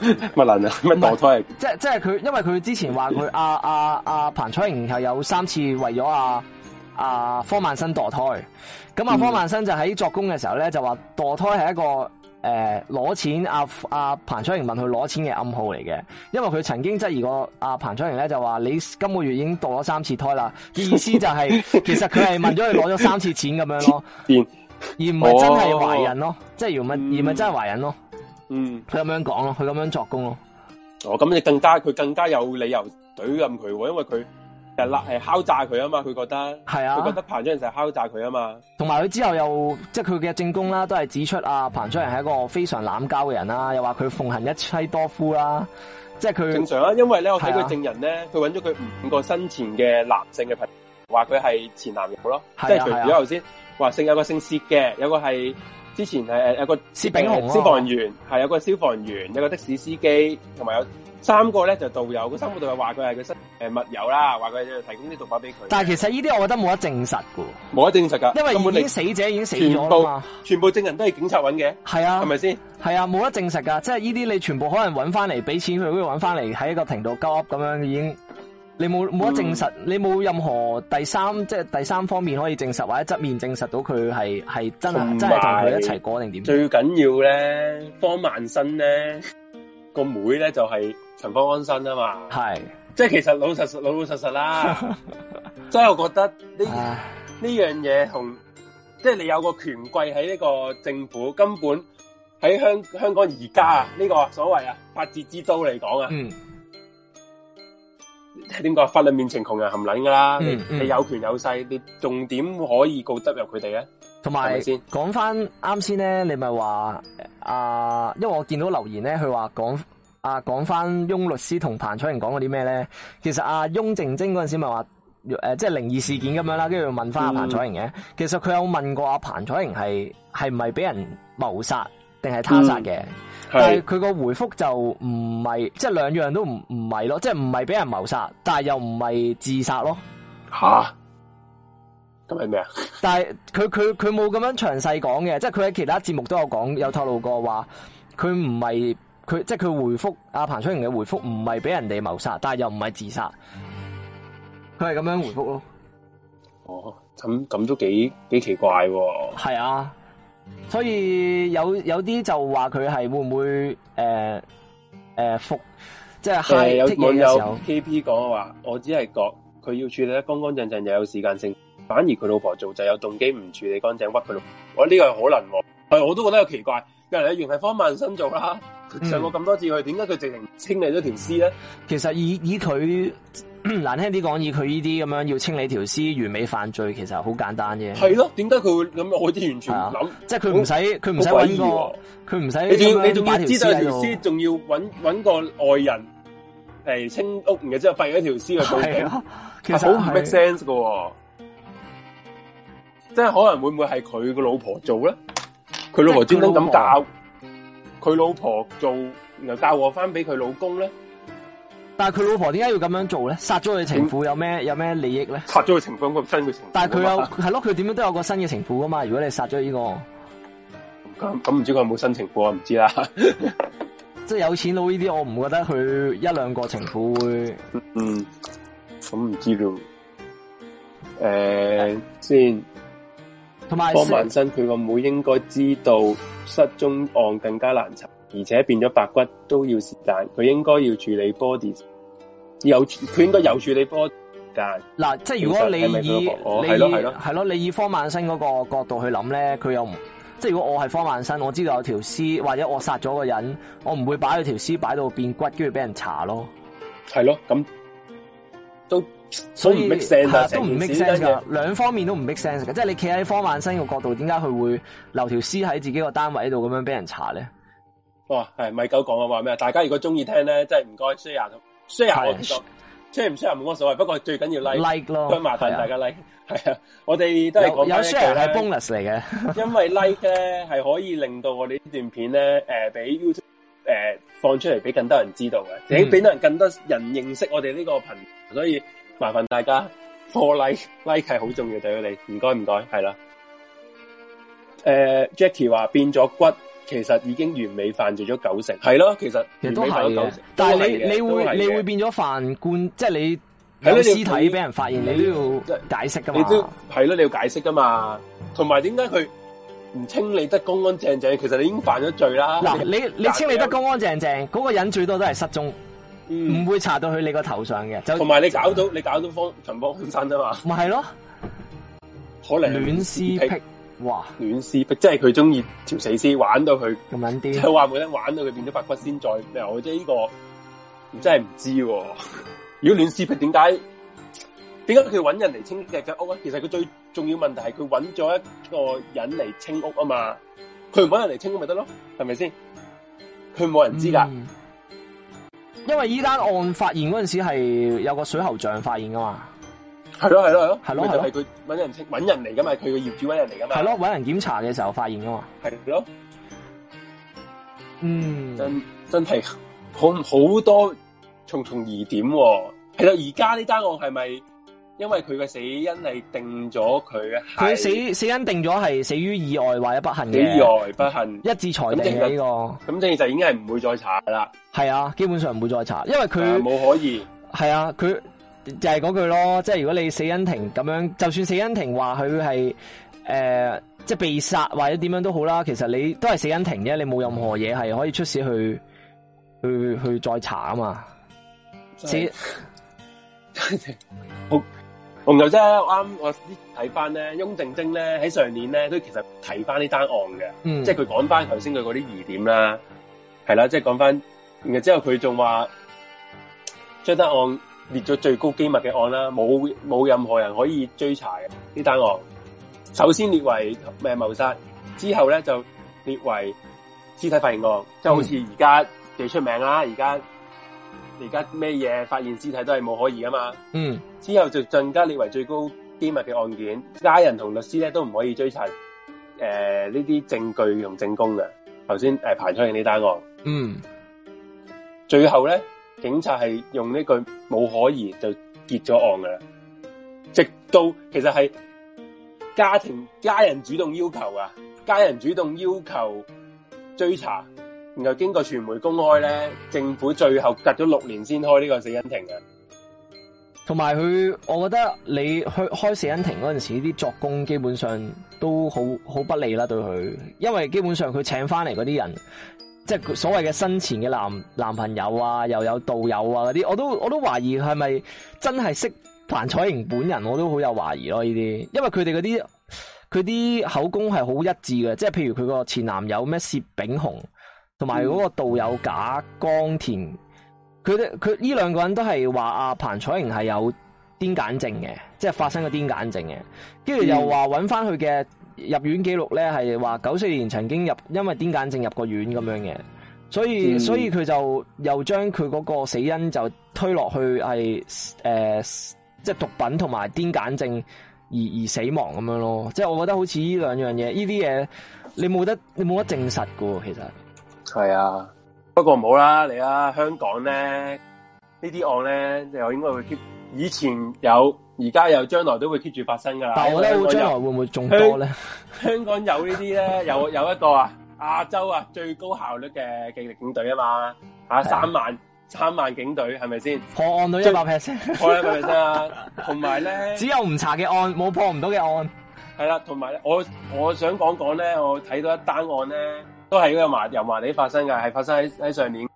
咪難咪咪墮胎？唔係即係即係佢，因為佢之前話佢阿阿阿彭楚盈係有三次為咗阿阿方萬生墮胎。咁啊，方萬生、啊嗯、生就喺作供嘅時候咧，就話墮胎係一個。誒，攞、呃、錢阿阿、啊啊、彭楚盈問佢攞錢嘅暗號嚟嘅，因為佢曾經質疑過阿、啊、彭楚盈咧，就話你今個月已經墮咗三次胎啦，意思就係、是、 其實佢係問咗佢攞咗三次錢咁樣 咯，哦、而唔係、嗯、真係懷孕咯，即係而唔係真係懷孕咯，嗯，佢咁樣講咯，佢咁樣作供咯，哦，咁你更加佢更加有理由懟撚佢喎，因為佢。係啦，係敲詐佢啊嘛，佢覺得係啊，佢覺得彭楚盈成係敲詐佢啊嘛。同埋佢之後又即係佢嘅證供啦，都係指出啊，彭楚盈係一個非常濫交嘅人啦、啊，又話佢奉行一妻多夫啦、啊，即係佢正常啊。因為咧，我睇佢證人咧，佢揾咗佢五個生前嘅男性嘅朋友，話佢係前男友咯，啊、即係除咗頭先話姓有個姓薛嘅，有個係之前係誒有個薛炳雄、啊、消防員，係有個消防員，有個的士司機，同埋有，有。三個咧就道友，嗰三個道友話佢係佢室誒密友啦，話佢係提供啲毒品俾佢。但係其實呢啲我覺得冇得證實嘅，冇得證實㗎。因為已經死者已經死咗全，部嘛全部證人都係警察揾嘅，係啊，係咪先？係啊，冇得證實㗎。即係呢啲你全部可能揾翻嚟俾錢佢，都揾翻嚟喺一個亭度交握咁樣已經，你冇冇得證實？嗯、你冇任何第三即係第三方面可以證實或者側面證實到佢係係真係有真係同佢一齊過定點？最緊要咧，方萬新咧個妹咧就係、是。陳方安生啊嘛，係，即係其實老實實老老實實啦， 所以我覺得呢呢 樣嘢同，即係你有個權貴喺呢個政府，根本喺香香港而家啊，呢、這個所謂啊法治之都嚟講啊，點講、嗯、法律面前窮人含卵撚噶啦、嗯你，你有權有勢，你仲點可以告得入佢哋啊。同埋先講翻啱先咧，你咪話啊，因為我見到留言咧，佢話講。啊，講翻翁律師同彭彩瑩講嗰啲咩咧？其實阿、啊、翁靜晶嗰陣時咪話，誒、呃，即係靈異事件咁樣啦。跟住問翻阿彭彩瑩嘅，嗯、其實佢有問過阿、啊、彭彩瑩係係唔係俾人謀殺，定係他殺嘅、嗯就係？但係佢個回復就唔係，即係兩樣都唔唔係咯，即係唔係俾人謀殺，但係又唔係自殺咯。吓，咁係咩啊？但係佢佢佢冇咁樣詳細講嘅，即係佢喺其他節目都有講，有透露過話佢唔係。佢即係佢回覆阿彭楚盈嘅回覆，唔係俾人哋謀殺，但係又唔係自殺，佢係咁樣回覆咯。哦，咁咁都幾幾奇怪喎、哦。係啊，所以有有啲就話佢係會唔會誒誒复，即係係、嗯、有網友 K P 講嘅話，我只係覺佢要處理得乾乾淨淨，又有時間性。反而佢老婆做就有動機唔處理乾淨屈佢咯。我呢個係可能、哦，我都覺得有奇怪。有人原袁世方萬新做啦。上過咁多次去，點解佢直情清理咗條屍咧？其實以以佢難聽啲講，以佢呢啲咁樣要清理條屍，完美犯罪其實好簡單啫。係咯、啊？點解佢會咁？我啲完全唔諗、啊，即係佢唔使佢唔使揾佢唔使你仲你仲要知道條屍，仲要揾揾個外人嚟清屋，然之後廢咗條屍去報警其實好唔 make sense 噶。的即係是可能會唔會係佢個老婆做咧？佢是老婆專登咁搞。佢老婆做又教和翻俾佢老公咧，但係佢老婆點解要咁樣做咧？殺咗佢情婦、嗯、有咩有咩利益咧？殺咗佢情婦 有個新嘅情，但係佢有係咯，佢點樣都有個新嘅情婦噶嘛？如果你殺咗呢、這個，咁咁唔知佢有冇新情婦啊？唔知啦， 即係有錢佬呢啲，我唔覺得佢一兩個情婦會嗯，嗯，咁唔知道，誒，誒先，同埋方萬新佢個妹應該知道。失蹤案更加難查，而且變咗白骨都要時間，佢應該要處理 body，有佢應該有處理波間。嗱、啊，即係如果你，說你以個，哦、你係咯，你以方萬生嗰個角度去諗咧，佢又唔即係如果我係方萬生，我知道有條屍或者我殺咗個人，我唔會擺佢條屍擺到變骨，跟住俾人查咯，係咯咁。所以 sense 都唔 make sense 兩方面都唔 make sense 噶。即係你企喺方萬生嘅角度，點解佢會留條屍喺自己個單位度咁樣俾人查咧？哇、哦，係咪狗講啊，話咩啊？大家如果中意聽咧，真係唔該 share，share s h a r e 唔 share 冇乜所謂享。不過最緊要 like, like 咯，麻煩的大家 like。係啊，我哋都係講有 share 係 bonus 嚟嘅， 因為 like 咧係可以令到我哋呢段片咧，誒、呃、俾 YouTube 誒、呃、放出嚟俾更多人知道嘅，俾俾到人更多人認識我哋呢個頻道，所以。麻煩大家，破例 like 係、like、好重要對佢你唔該唔該，係啦。誒、uh,，Jackie 話變咗骨，其實已經完美犯罪咗九成。係咯，其實都係，但係你你會你會變咗犯冠，即係你喺屍體俾人發現，你都要解釋噶嘛？你都係咯，你要解釋噶嘛？同埋點解佢唔清理得乾乾淨淨？其實你已經犯咗罪啦。嗱，你你清理得乾乾淨淨，嗰、那個人最多都係失蹤。唔、嗯、會查到去你個頭上嘅，就同埋你搞到、啊、你搞到方秦風本身啊嘛，咪係咯？可能亂撕癖、癖。哇，亂撕癖，即係佢中意條死屍玩到佢咁捻癲，樣就話每粒玩到佢變咗白骨仙在，又即係呢個真係唔知、啊。 如果亂撕癖點解點解佢揾人嚟清只間屋啊？其實佢最重要問題係佢揾咗一個人嚟清屋啊嘛，佢唔揾人嚟清屋咪得咯，係咪先？佢冇人知噶。嗯因為依單案發現嗰陣時係有個水喉匠發現噶嘛，係咯，係咯，係咯，係咯就係佢搵人清，搵人嚟噶嘛，佢個業主揾人嚟噶嘛，係咯搵人檢查嘅時候發現噶嘛，係咯，嗯，真真係好好多重重疑點，係囉，而家呢單案係咪？因為佢嘅死因係定咗佢，佢死死因定咗係死於意外或者不幸嘅意外不幸，一致裁定呢個咁，正其實已經係唔會再查啦。係啊，基本上唔會再查，因為佢冇、呃、可疑。係啊，佢就係、是、嗰句咯，即係如果你死因庭咁樣，就算死因庭話佢係誒，即係被殺或者點樣都好啦，其實你都係死因庭啫，你冇任何嘢係可以出示去去去，去再查啊嘛。真，是死真好。紅來真我啱我睇翻，咧，翁靜晶咧，喺上年咧，都其實提翻呢單案嘅，嗯、即係佢講翻頭先佢嗰啲疑點啦，係啦，即係講翻，然後之後佢仲話將單案列咗最高機密嘅案啦，冇冇任何人可以追查嘅呢單案。首先列為咩謀殺，之後咧，就列為屍體發現案，就好似而家最出名啦，而家、嗯。而家咩嘢發現屍體都係冇可疑啊嘛，嗯，之後就更加列為最高機密嘅案件，家人同律師咧都唔可以追查，誒呢啲證據用證供嘅，頭先誒排出嚟呢單案，嗯，最後咧警察係用呢句冇可疑就結咗案噶啦，直到其實係家庭家人主動要求啊，家人主動要求追查。然後經過傳媒公開咧，政府最後隔咗六年先開呢個死因庭嘅。同埋佢，我覺得你去開死因庭嗰陣時候，啲作工基本上都好好不利啦，對佢，因為基本上佢請翻嚟嗰啲人，即係所謂嘅生前嘅男男朋友啊，又有導友啊嗰啲，我都我都懷疑係咪真係識樊彩瑩本人，我都好有懷疑咯。呢啲，因為佢哋嗰啲佢啲口供係好一致嘅，即係譬如佢個前男友咩薛炳雄。同埋嗰個道友假江田，佢哋佢呢兩個人都係話阿彭楚盈係有癲癇症嘅，嗯、即係發生過癲癇症嘅，跟住又話搵翻佢嘅入院記錄咧，係話九四年曾經入因為癲癇症入過院咁樣嘅，所以、嗯、所以佢就又將佢嗰個死因就推落去係誒、呃、即係毒品同埋癲癇症，症而而死亡咁樣咯，即係我覺得好似呢兩樣嘢，呢啲嘢你冇得你冇得證實噶，其實。係是啊，不過唔好啦，嚟啊，香港咧呢啲案咧就應該會 keep 以前有，而家有，將來都會 keep 住發生噶啦。但係我咧，將來會唔會仲多咧？香港有會會呢啲咧，有有一個啊，亞洲啊最高效率嘅警力警隊啊嘛，吓是、啊、三萬三萬警隊係咪先破案到一百 percent？係咪先啊？同埋咧，只有唔查嘅案，冇破唔到嘅案。係啦，同埋咧，我我想講講咧，我睇到一單案咧。都係嗰個油油麻地發生嘅，係發生喺喺上年。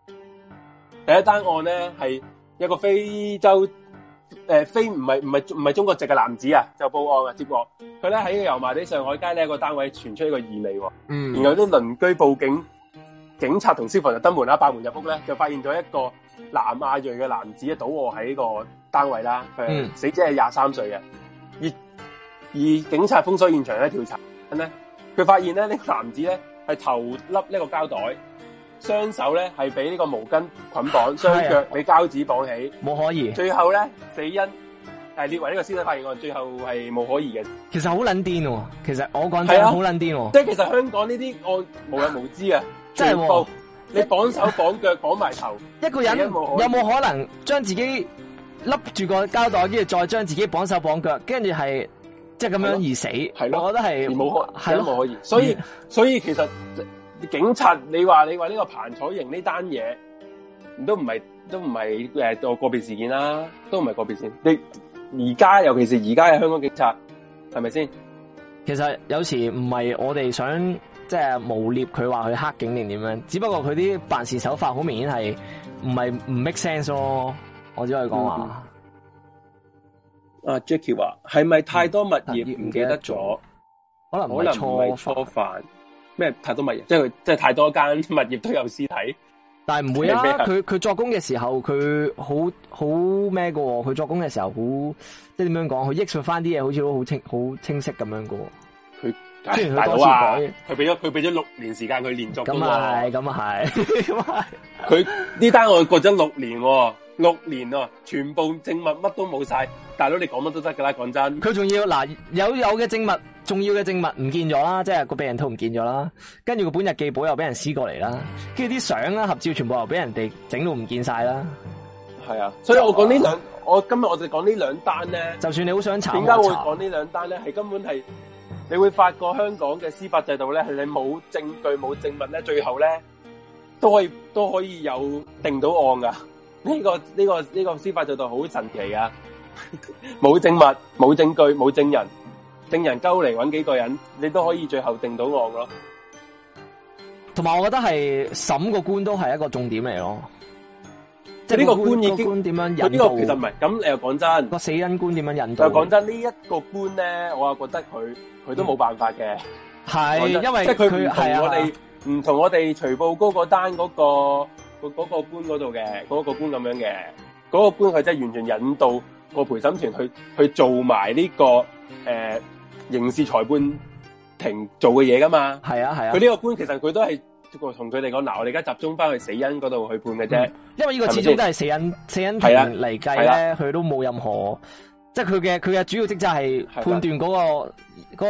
第一單案咧，係一個非洲誒、呃、非唔係唔係唔係中國籍嘅男子啊，就報案啊，接過佢咧喺油麻地上海街咧個單位傳出一個異味，嗯，然後啲鄰居報警，警察同消防就登門啦，爆門入屋咧就發現咗一個南亞裔嘅男子啊倒卧喺呢個單位啦，佢死者係廿三歲嘅，嗯、而而警察封鎖現場咧調查，咁咧佢發現咧呢、這個男子咧。係頭笠呢個膠袋，雙手咧係俾呢個毛巾捆綁，雙腳俾膠紙綁起，冇可疑。最後咧死因係列為呢個屍體發現案，最後係冇可疑嘅。其實好捻癲，其實我講真好捻癲。即係、啊、其實香港呢啲案我無人無知啊，即係、啊、你綁手綁腳綁埋頭，一個人有冇可能將自己笠住個膠袋，跟住再將自己綁手綁腳，跟住係。即係咁樣而死，係咯了，我覺得係而冇可係都冇可以。所以所以其實警察，你話你話呢個彭楚盈呢單嘢都唔係都唔係誒個別事件啦，都唔係個別先。你而家尤其是而家嘅香港警察，係咪先？其實有時唔係我哋想即係污蔑佢話佢黑警定點樣，只不過佢啲辦事手法好明顯係唔係唔 make sense 咯。我只可以講話。嗯啊、uh，Jackie 話係咪太多物業唔、嗯、記得咗？可能錯可能係錯犯咩？太多物業，即係即係太多間物業都有屍體，但係唔會啊！佢佢麼作供嘅時候，佢好好咩嘅、哦？佢作供嘅時候好，即係點樣講？佢憶述翻啲嘢，好似都好清好清晰咁樣嘅。佢佢他、啊、多次改，佢俾咗佢俾咗六年時間佢連續咁係，咁啊係。佢呢單案過咗六年、哦，六年啊，全部證物乜都冇晒。大佬，你講乜都得噶啦，講真。佢仲要嗱、啊，有有嘅證物，重要嘅證物唔見咗啦，即係個病人都唔見咗啦，跟住個本日記簿又俾人撕過嚟啦，跟住啲相啦，合照全部又俾人哋整到唔見晒啦。係啊，所以我講呢兩，我今日我哋講呢兩單咧，就算你好想查，查，點解會講呢兩單咧？係根本係你會發覺香港嘅司法制度咧，係你冇證據冇證物咧，最後咧都可以都可以有定到案噶。呢、 呢個呢、呢個呢、呢個司法制度好神奇啊！冇 證物，冇證據，冇證人，證人勾嚟揾幾個人，你都可以最後定到我咯。同埋，我覺得係審個官都係一個重點嚟咯。即係呢個官已經點點樣呢個其實唔係咁。你又講真個死因官點樣引導？又講真呢一個官咧，我又覺得佢佢都冇辦法嘅。係因為即係佢係我哋唔同我哋徐步高個單嗰個嗰嗰個官嗰度嘅嗰個官咁樣嘅嗰個官，係真係完全引導。個陪審團去去做埋、這、呢個誒、呃、刑事裁判庭做嘅嘢噶嘛？係啊係啊，佢呢、啊、個官其實佢都係，同佢哋講嗱，我哋而家集中翻去死因嗰度去判嘅啫、嗯。因為呢個始終都係死因死因庭嚟計咧，佢、啊啊、都冇任何，啊、即係佢嘅佢嘅主要職責係判斷嗰、那個、啊、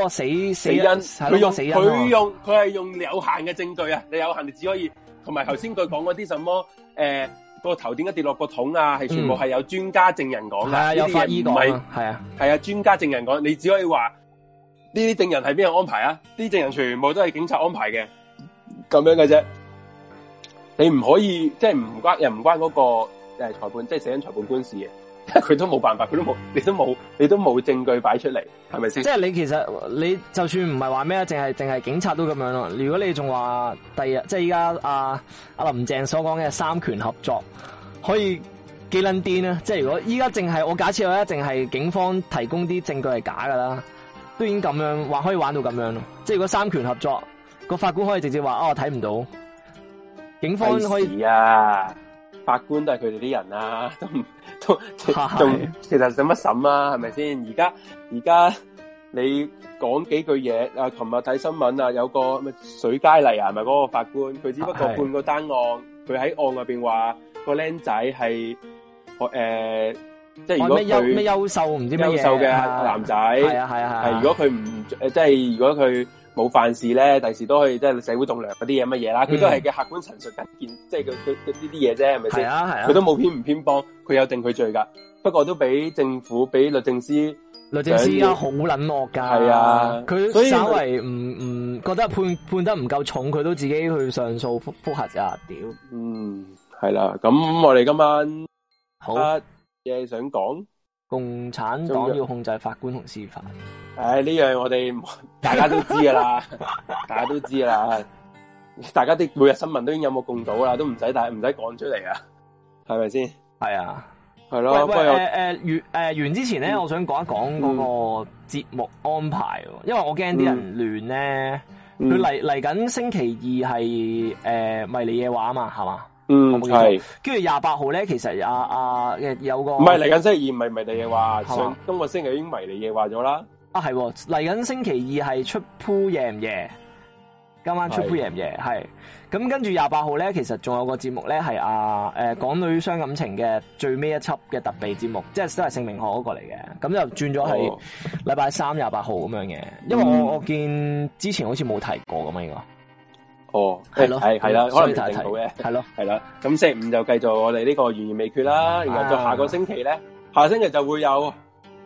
個死死因。佢用死因，佢用佢係、啊、用，用有限嘅證據啊！你有限，你只可以同埋頭先佢講嗰啲什麼誒。呃個頭點解跌落個桶啊？係全部係有專家證人講噶，有法醫講，係啊，係啊，專、啊、家證人講，啊、你只可以話呢啲證人係邊人安排啊？啲證人全部都係警察安排嘅，咁樣嘅啫。你唔可以即係唔關，又唔關嗰、那個誒裁判，即、就、係、是、死因裁判官事嘅。佢都冇辦法，佢都冇，你都冇，你都冇證據擺出嚟，係咪先？即係你其實你就算唔係話咩啊，淨係淨係警察都咁樣咯。如果你仲話第日，即係依家阿阿林鄭所講嘅三權合作，可以幾撚癲啊！即係如果依家淨係我假設，我而家淨係警方提供啲證據係假噶啦，都已經咁樣，話可以玩到咁樣咯。即係如果三權合作，個法官可以直接話哦，我睇唔到，警方可以。法官都係佢哋啲人啊，都唔都，仲其實使乜審啊？係咪先？而家而家你講幾句嘢啊？琴日睇新聞啊，有個咩水佳麗啊，係咪嗰個法官？佢只不過判個單案，佢喺案嗰邊話個僆仔係誒，即係如果佢咩優秀唔知咩嘅、啊、男仔，係啊係啊係，啊啊如果佢唔，即係如果佢。冇犯事咧，第時都可以即係社會棟梁嗰啲嘢乜嘢啦。佢都係嘅客觀陳述一件，即係佢佢呢啲嘢啫，係咪先？係啊係啊。佢、啊、都冇偏唔偏幫，佢有定佢罪㗎。不過都俾政府、俾律政司、律政司惡啊，好冷落㗎。係啊，佢稍微唔唔覺得判判得唔夠重，佢都自己去上訴覆覆核啊。屌，嗯，係啦。咁我哋今晚好嘢想講。共產黨要控制法官同司法。唉、哎，呢、這、樣、個、我哋大家都知噶啦， 大家都知啦，大家啲每日新聞都已經有目共睹啦，都唔使大唔使講出嚟是啊了，係咪先？係啊，係咯。喂喂，誒、呃呃，完誒、呃，完之前咧，我想講一講嗰個節目安排，因為我驚啲人亂咧。佢嚟嚟緊星期二係誒、呃、迷你嘅話啊嘛，係嘛？嗯係，跟住廿八號咧，其實阿、啊啊、有個唔係嚟緊星期二，唔係迷你嘅話，吧上今個星期已經迷你嘅話咗啦。啊係，嚟緊星期二係出鋪夜唔夜，今晚出鋪夜唔夜係。咁跟住廿八號咧，其實仲有個節目咧係啊，誒、呃、港女相感情嘅最尾一輯嘅特別節目，即係都係姓名學嗰個嚟嘅。咁就轉咗係禮拜三廿八號咁樣嘅。哦、因為我、嗯、我見之前好似冇提過咁樣。哦，係咯，係係啦，可能就定好嘅。係咯，係啦。咁星期五就繼續我哋呢個懸疑未決啦。然後就下個星期咧，下星期就會有。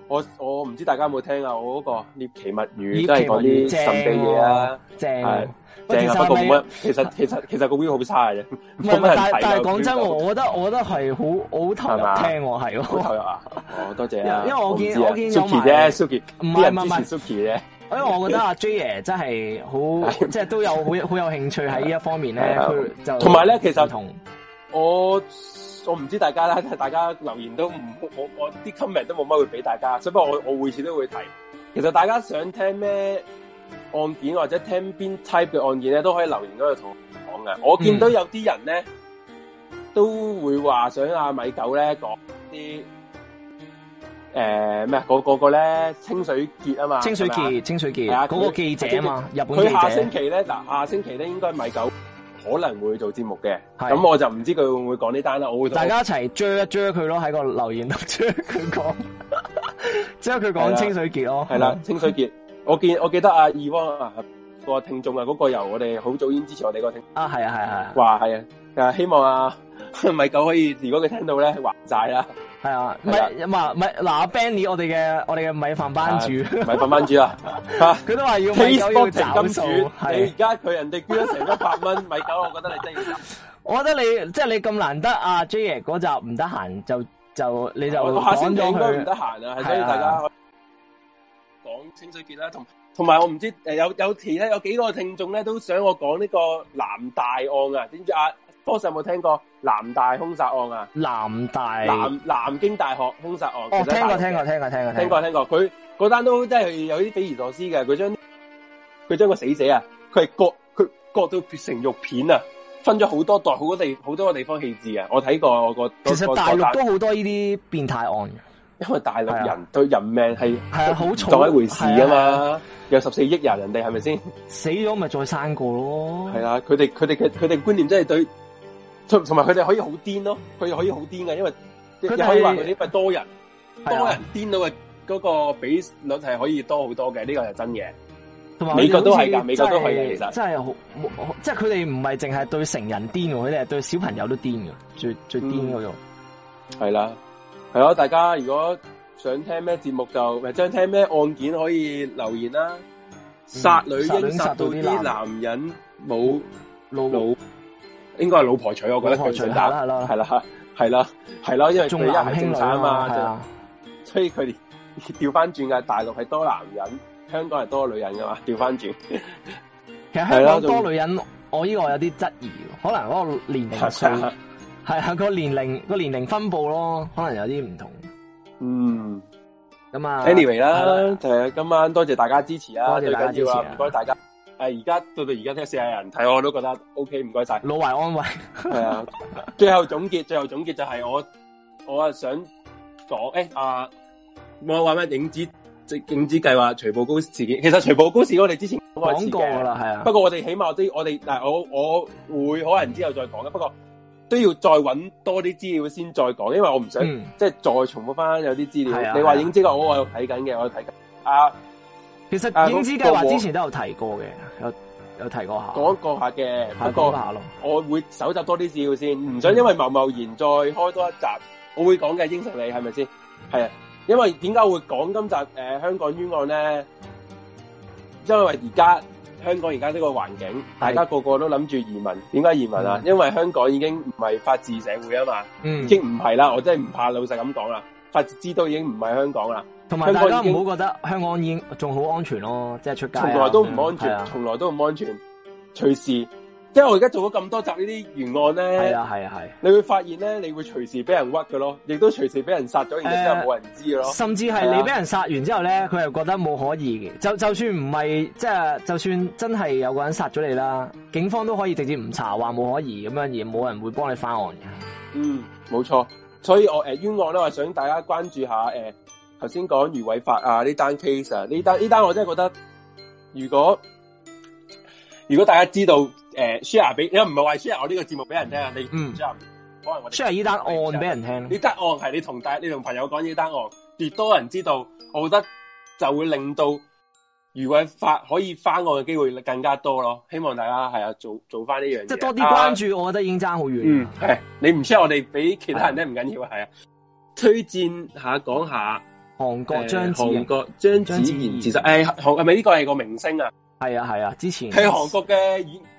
我我唔知大家有冇聽啊？我嗰個獵奇物語，都係講啲神秘嘢啊，正正。不過冇乜，其實其實其實個 view 好差嘅啫。唔但係講真，我我覺得我覺得係好，好投入聽。我係，好投入啊！哦，多謝啊。因為，我見 Suki 啫，Suki，唔係 Suki 啫。所以 我覺得阿 J 爺真係好， 即係都有好好有興趣喺呢一方面咧。佢 他就同埋咧，其實同我我唔知大家咧，大家留言都唔，我我啲 comment 都冇乜會俾大家。所以不過我我每次都會睇。其實大家想聽咩案件或者聽邊 type 嘅案件咧，都可以留言嗰度同我講嘅。我見到有啲人咧都會話想阿米狗咧講啲。誒咩？呃那個個個咧清水潔啊嘛，清水潔，清水潔，嗰個記者啊嘛，日本記者。佢下星期咧，嗱下星期咧，應該米九可能會做節目嘅。咁是我就唔知佢會唔會講呢單啦。我會大家一齊追一追佢咯，喺個留言度追佢講，即係佢講清水潔咯。係啦、啊 啊，清水潔，我見我記得阿二汪啊，啊、那個聽眾啊，嗰個由我哋好早已經支持我哋個聽眾啊，係啊係啊係啊，話係啊，誒、啊、希望啊，米九可以，如果佢聽到咧還債啦。係啊，唔係唔係，嗱，Benny，我哋嘅我哋嘅米飯、啊、班主，啊、米飯班主啊，佢、啊、都話要米九要找數，係而、啊啊啊、家佢人哋捐咗成一百蚊米九，我覺得你真係、就是啊啊，我覺得你即係你咁難得啊 J 嗰集唔得閒就就你就講就應該唔得閒啊，係所以大家可講、啊、清水節啦，同同埋我唔知誒有有時咧有幾個聽眾咧都想我講呢個南大案啊，點知啊，Fox 有冇聽過？南大凶殺案啊！南大南南京大學凶殺案，哦，聽過聽過聽過聽過聽過聽過，佢嗰單都真係有啲匪夷所思嘅，佢將佢將個死者啊，佢係割佢割到裂成肉片啊，分咗好多袋，好多地好多個地方棄置啊，我睇過我覺。其實大陸都好多呢啲變態案，因為大陸人對人命係係啊好重一回事啊嘛，有十四億人，人哋係咪先死咗咪再生過咯。係啊，佢哋佢哋嘅佢哋觀念真係對。同埋佢哋可以好癲咯，佢哋可以好癲嘅，因為佢哋可以話佢哋咪多人，多人癲到嘅嗰個比率係可以多好多嘅，呢個係真嘅。美國都係，美國都係，真係好，即係佢哋唔係淨係對成人癲，佢哋係對小朋友都癲嘅，最最癲嗰種。係啦，係咯，大家如果想聽咩節目就，想聽咩案件可以留言啦。殺女嬰殺到啲男人冇老婆。應該係老婆娶，我覺得佢娶得係啦，係啦，係啦，因為佢一係正啊嘛，所以佢調翻轉，嘅大陸係多男人，香港係多女人噶嘛，調翻轉。其實香港多女人，我呢個有啲質疑，可能個年齡上係啊個年齡個年齡分布咯，可能有啲唔同。嗯，咁啊，anyway 啦，就係今晚多謝大家支持啊，多謝大家支持，唔該大家。誒，而家到到而家聽四廿人睇，我都覺得 O K，唔該晒。老懷安慰係 啊。最後總結，最後總結就係我，我想、欸、啊想講誒，阿，我話咩影子，影子計劃徐步高事件。其實徐步高事我哋之前講過啦，係啊。不過我哋起碼都要，我哋嗱，我我，我會可能之後再講啦。不過都要再揾多啲資料先再講，因為我唔想、嗯、即係再重複翻有啲資料。啊、你話影子個、啊，我我睇緊嘅，我睇緊。阿、啊其實影子計劃之前都有提過嘅，啊那個、有有提過一下，講過下嘅，講下咯。我會搜集多啲資料先，唔想因為貿貿然再開多一集，嗯、我會講嘅，應承你係咪先？係啊，因為點解我會講今集誒、呃、香港冤案咧？因為而家香港而家呢個環境，對大家個個都諗住移民。點解移民啊？嗯、因為香港已經唔係法治社會啊嘛，嗯，已經唔係啦。我真係唔怕老實咁講啦，法治都已經唔係香港啦。同埋大家唔好覺得香港已經仲好安全咯，即係出街從來都唔安全，從、啊、來都唔安全，隨、啊、時，因為我而家做咗咁多集呢啲冤案咧，係啊係啊係，啊你會發現咧，你會隨時俾人屈㗎咯，亦都隨時俾人殺咗，然之後冇人知嘅咯、啊。甚至係你俾人殺完之後咧，佢又覺得冇可疑，就就算唔係，即、就、係、是、就算真係有個人殺咗你啦，警方都可以直接唔查，話冇可疑咁樣，而冇人會幫你翻案。嘅。嗯，冇錯，所以我誒冤案咧，我想大家關注下誒。欸頭先講余偉發啊，呢單 case 啊，呢單呢單我真係覺得，如果如果大家知道誒，share 俾，又唔係話 share 我呢個節目俾人聽啊，你 share 可能 share 呢單案俾人聽，呢單案係你同大你同朋友講呢單案，越多人知道，我覺得就會令到余偉發可以翻案嘅機會更加多咯。希望大家係啊，做做翻呢樣嘢，即係多啲關注，我覺得已經爭好遠。嗯，係你唔 share 我哋俾其他人聽唔緊要啊，係啊，推薦下講下。韓國張子韓國張子賢其實誒韓係咪呢個係個明星啊？係啊係啊，之前喺韓國嘅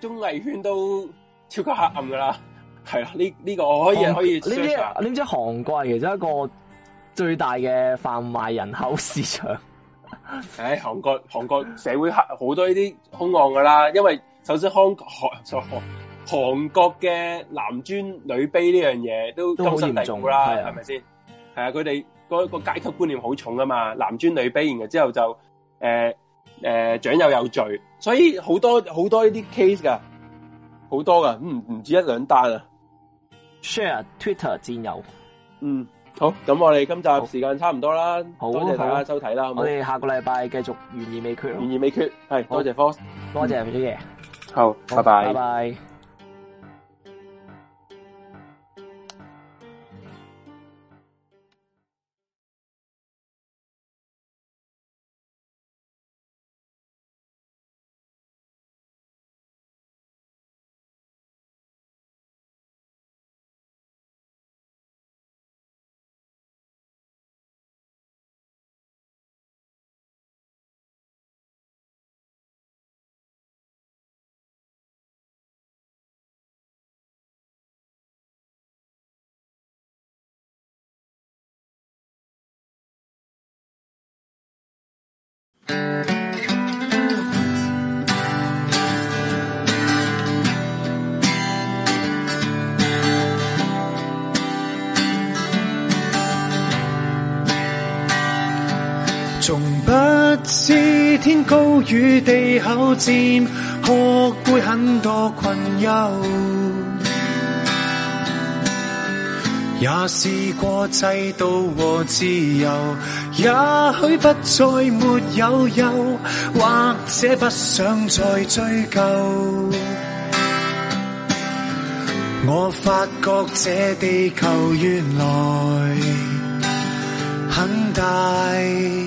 綜藝圈都超級黑暗噶啦。係、嗯、啊，呢、這、呢個可以韓可以呢啲呢啲韓國其實一個最大嘅販賣人口市場。誒、哎，韓國韓國社會黑好多呢啲凶案噶啦，因為首先韓韓韓國嘅男尊女卑呢樣嘢都根深蒂固啦，係咪先？係啊，佢哋、啊。個個階級觀念好重啊嘛，男尊女卑，然之後就誒誒，長、呃、幼、呃、有序，所以好多好多呢啲 case 噶，好多噶，唔、嗯、唔止一兩單啊。Share Twitter 戰友，嗯，好，咁我哋今集時間差唔多啦，好，多謝大家收睇啦，好好我哋下個禮拜繼續懸疑未決，懸疑未決，係好多謝 Fox，多謝肥豬爺，好，拜拜，拜拜。天高與地厚，漸學會很多困憂。也試過制度和自由，也許不再沒有憂，或者不想再追究。我發覺這地球原來很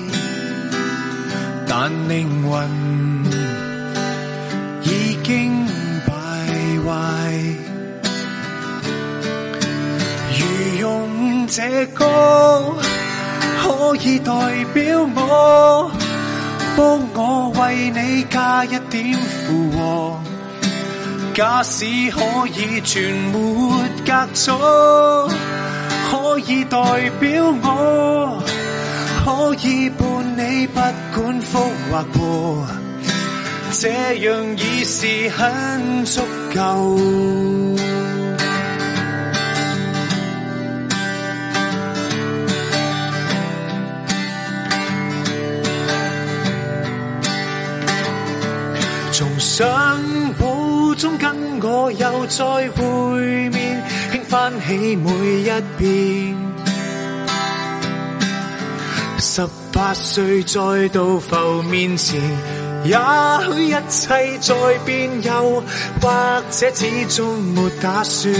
大。但靈魂已經敗壞，如用這歌可以代表我，幫我為你加一點負荷。假使可以全沒隔阻，可以代表我。可以伴你不管福或禍，這樣已是很足夠。從相簿中跟我又再會面，輕翻起每一篇。十八歲再到浮面前，也許一切在變又或者始終沒打算。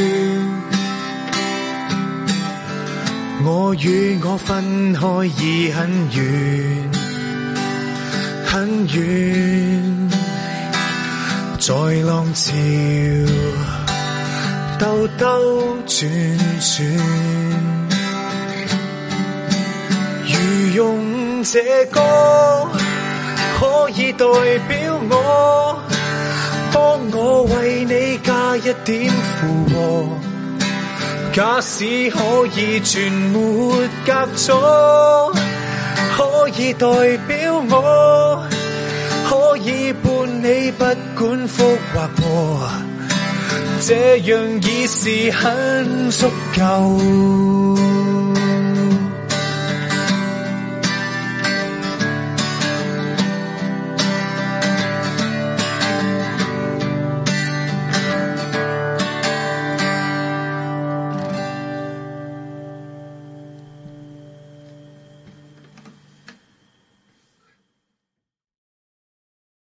我與我分開已很遠，很遠，在浪潮兜兜轉轉。逗逗轉轉如用這歌可以代表我，幫我為你加一點負荷。假使可以全沒隔阻，可以代表我，可以伴你不管福或禍，這樣已是很足夠。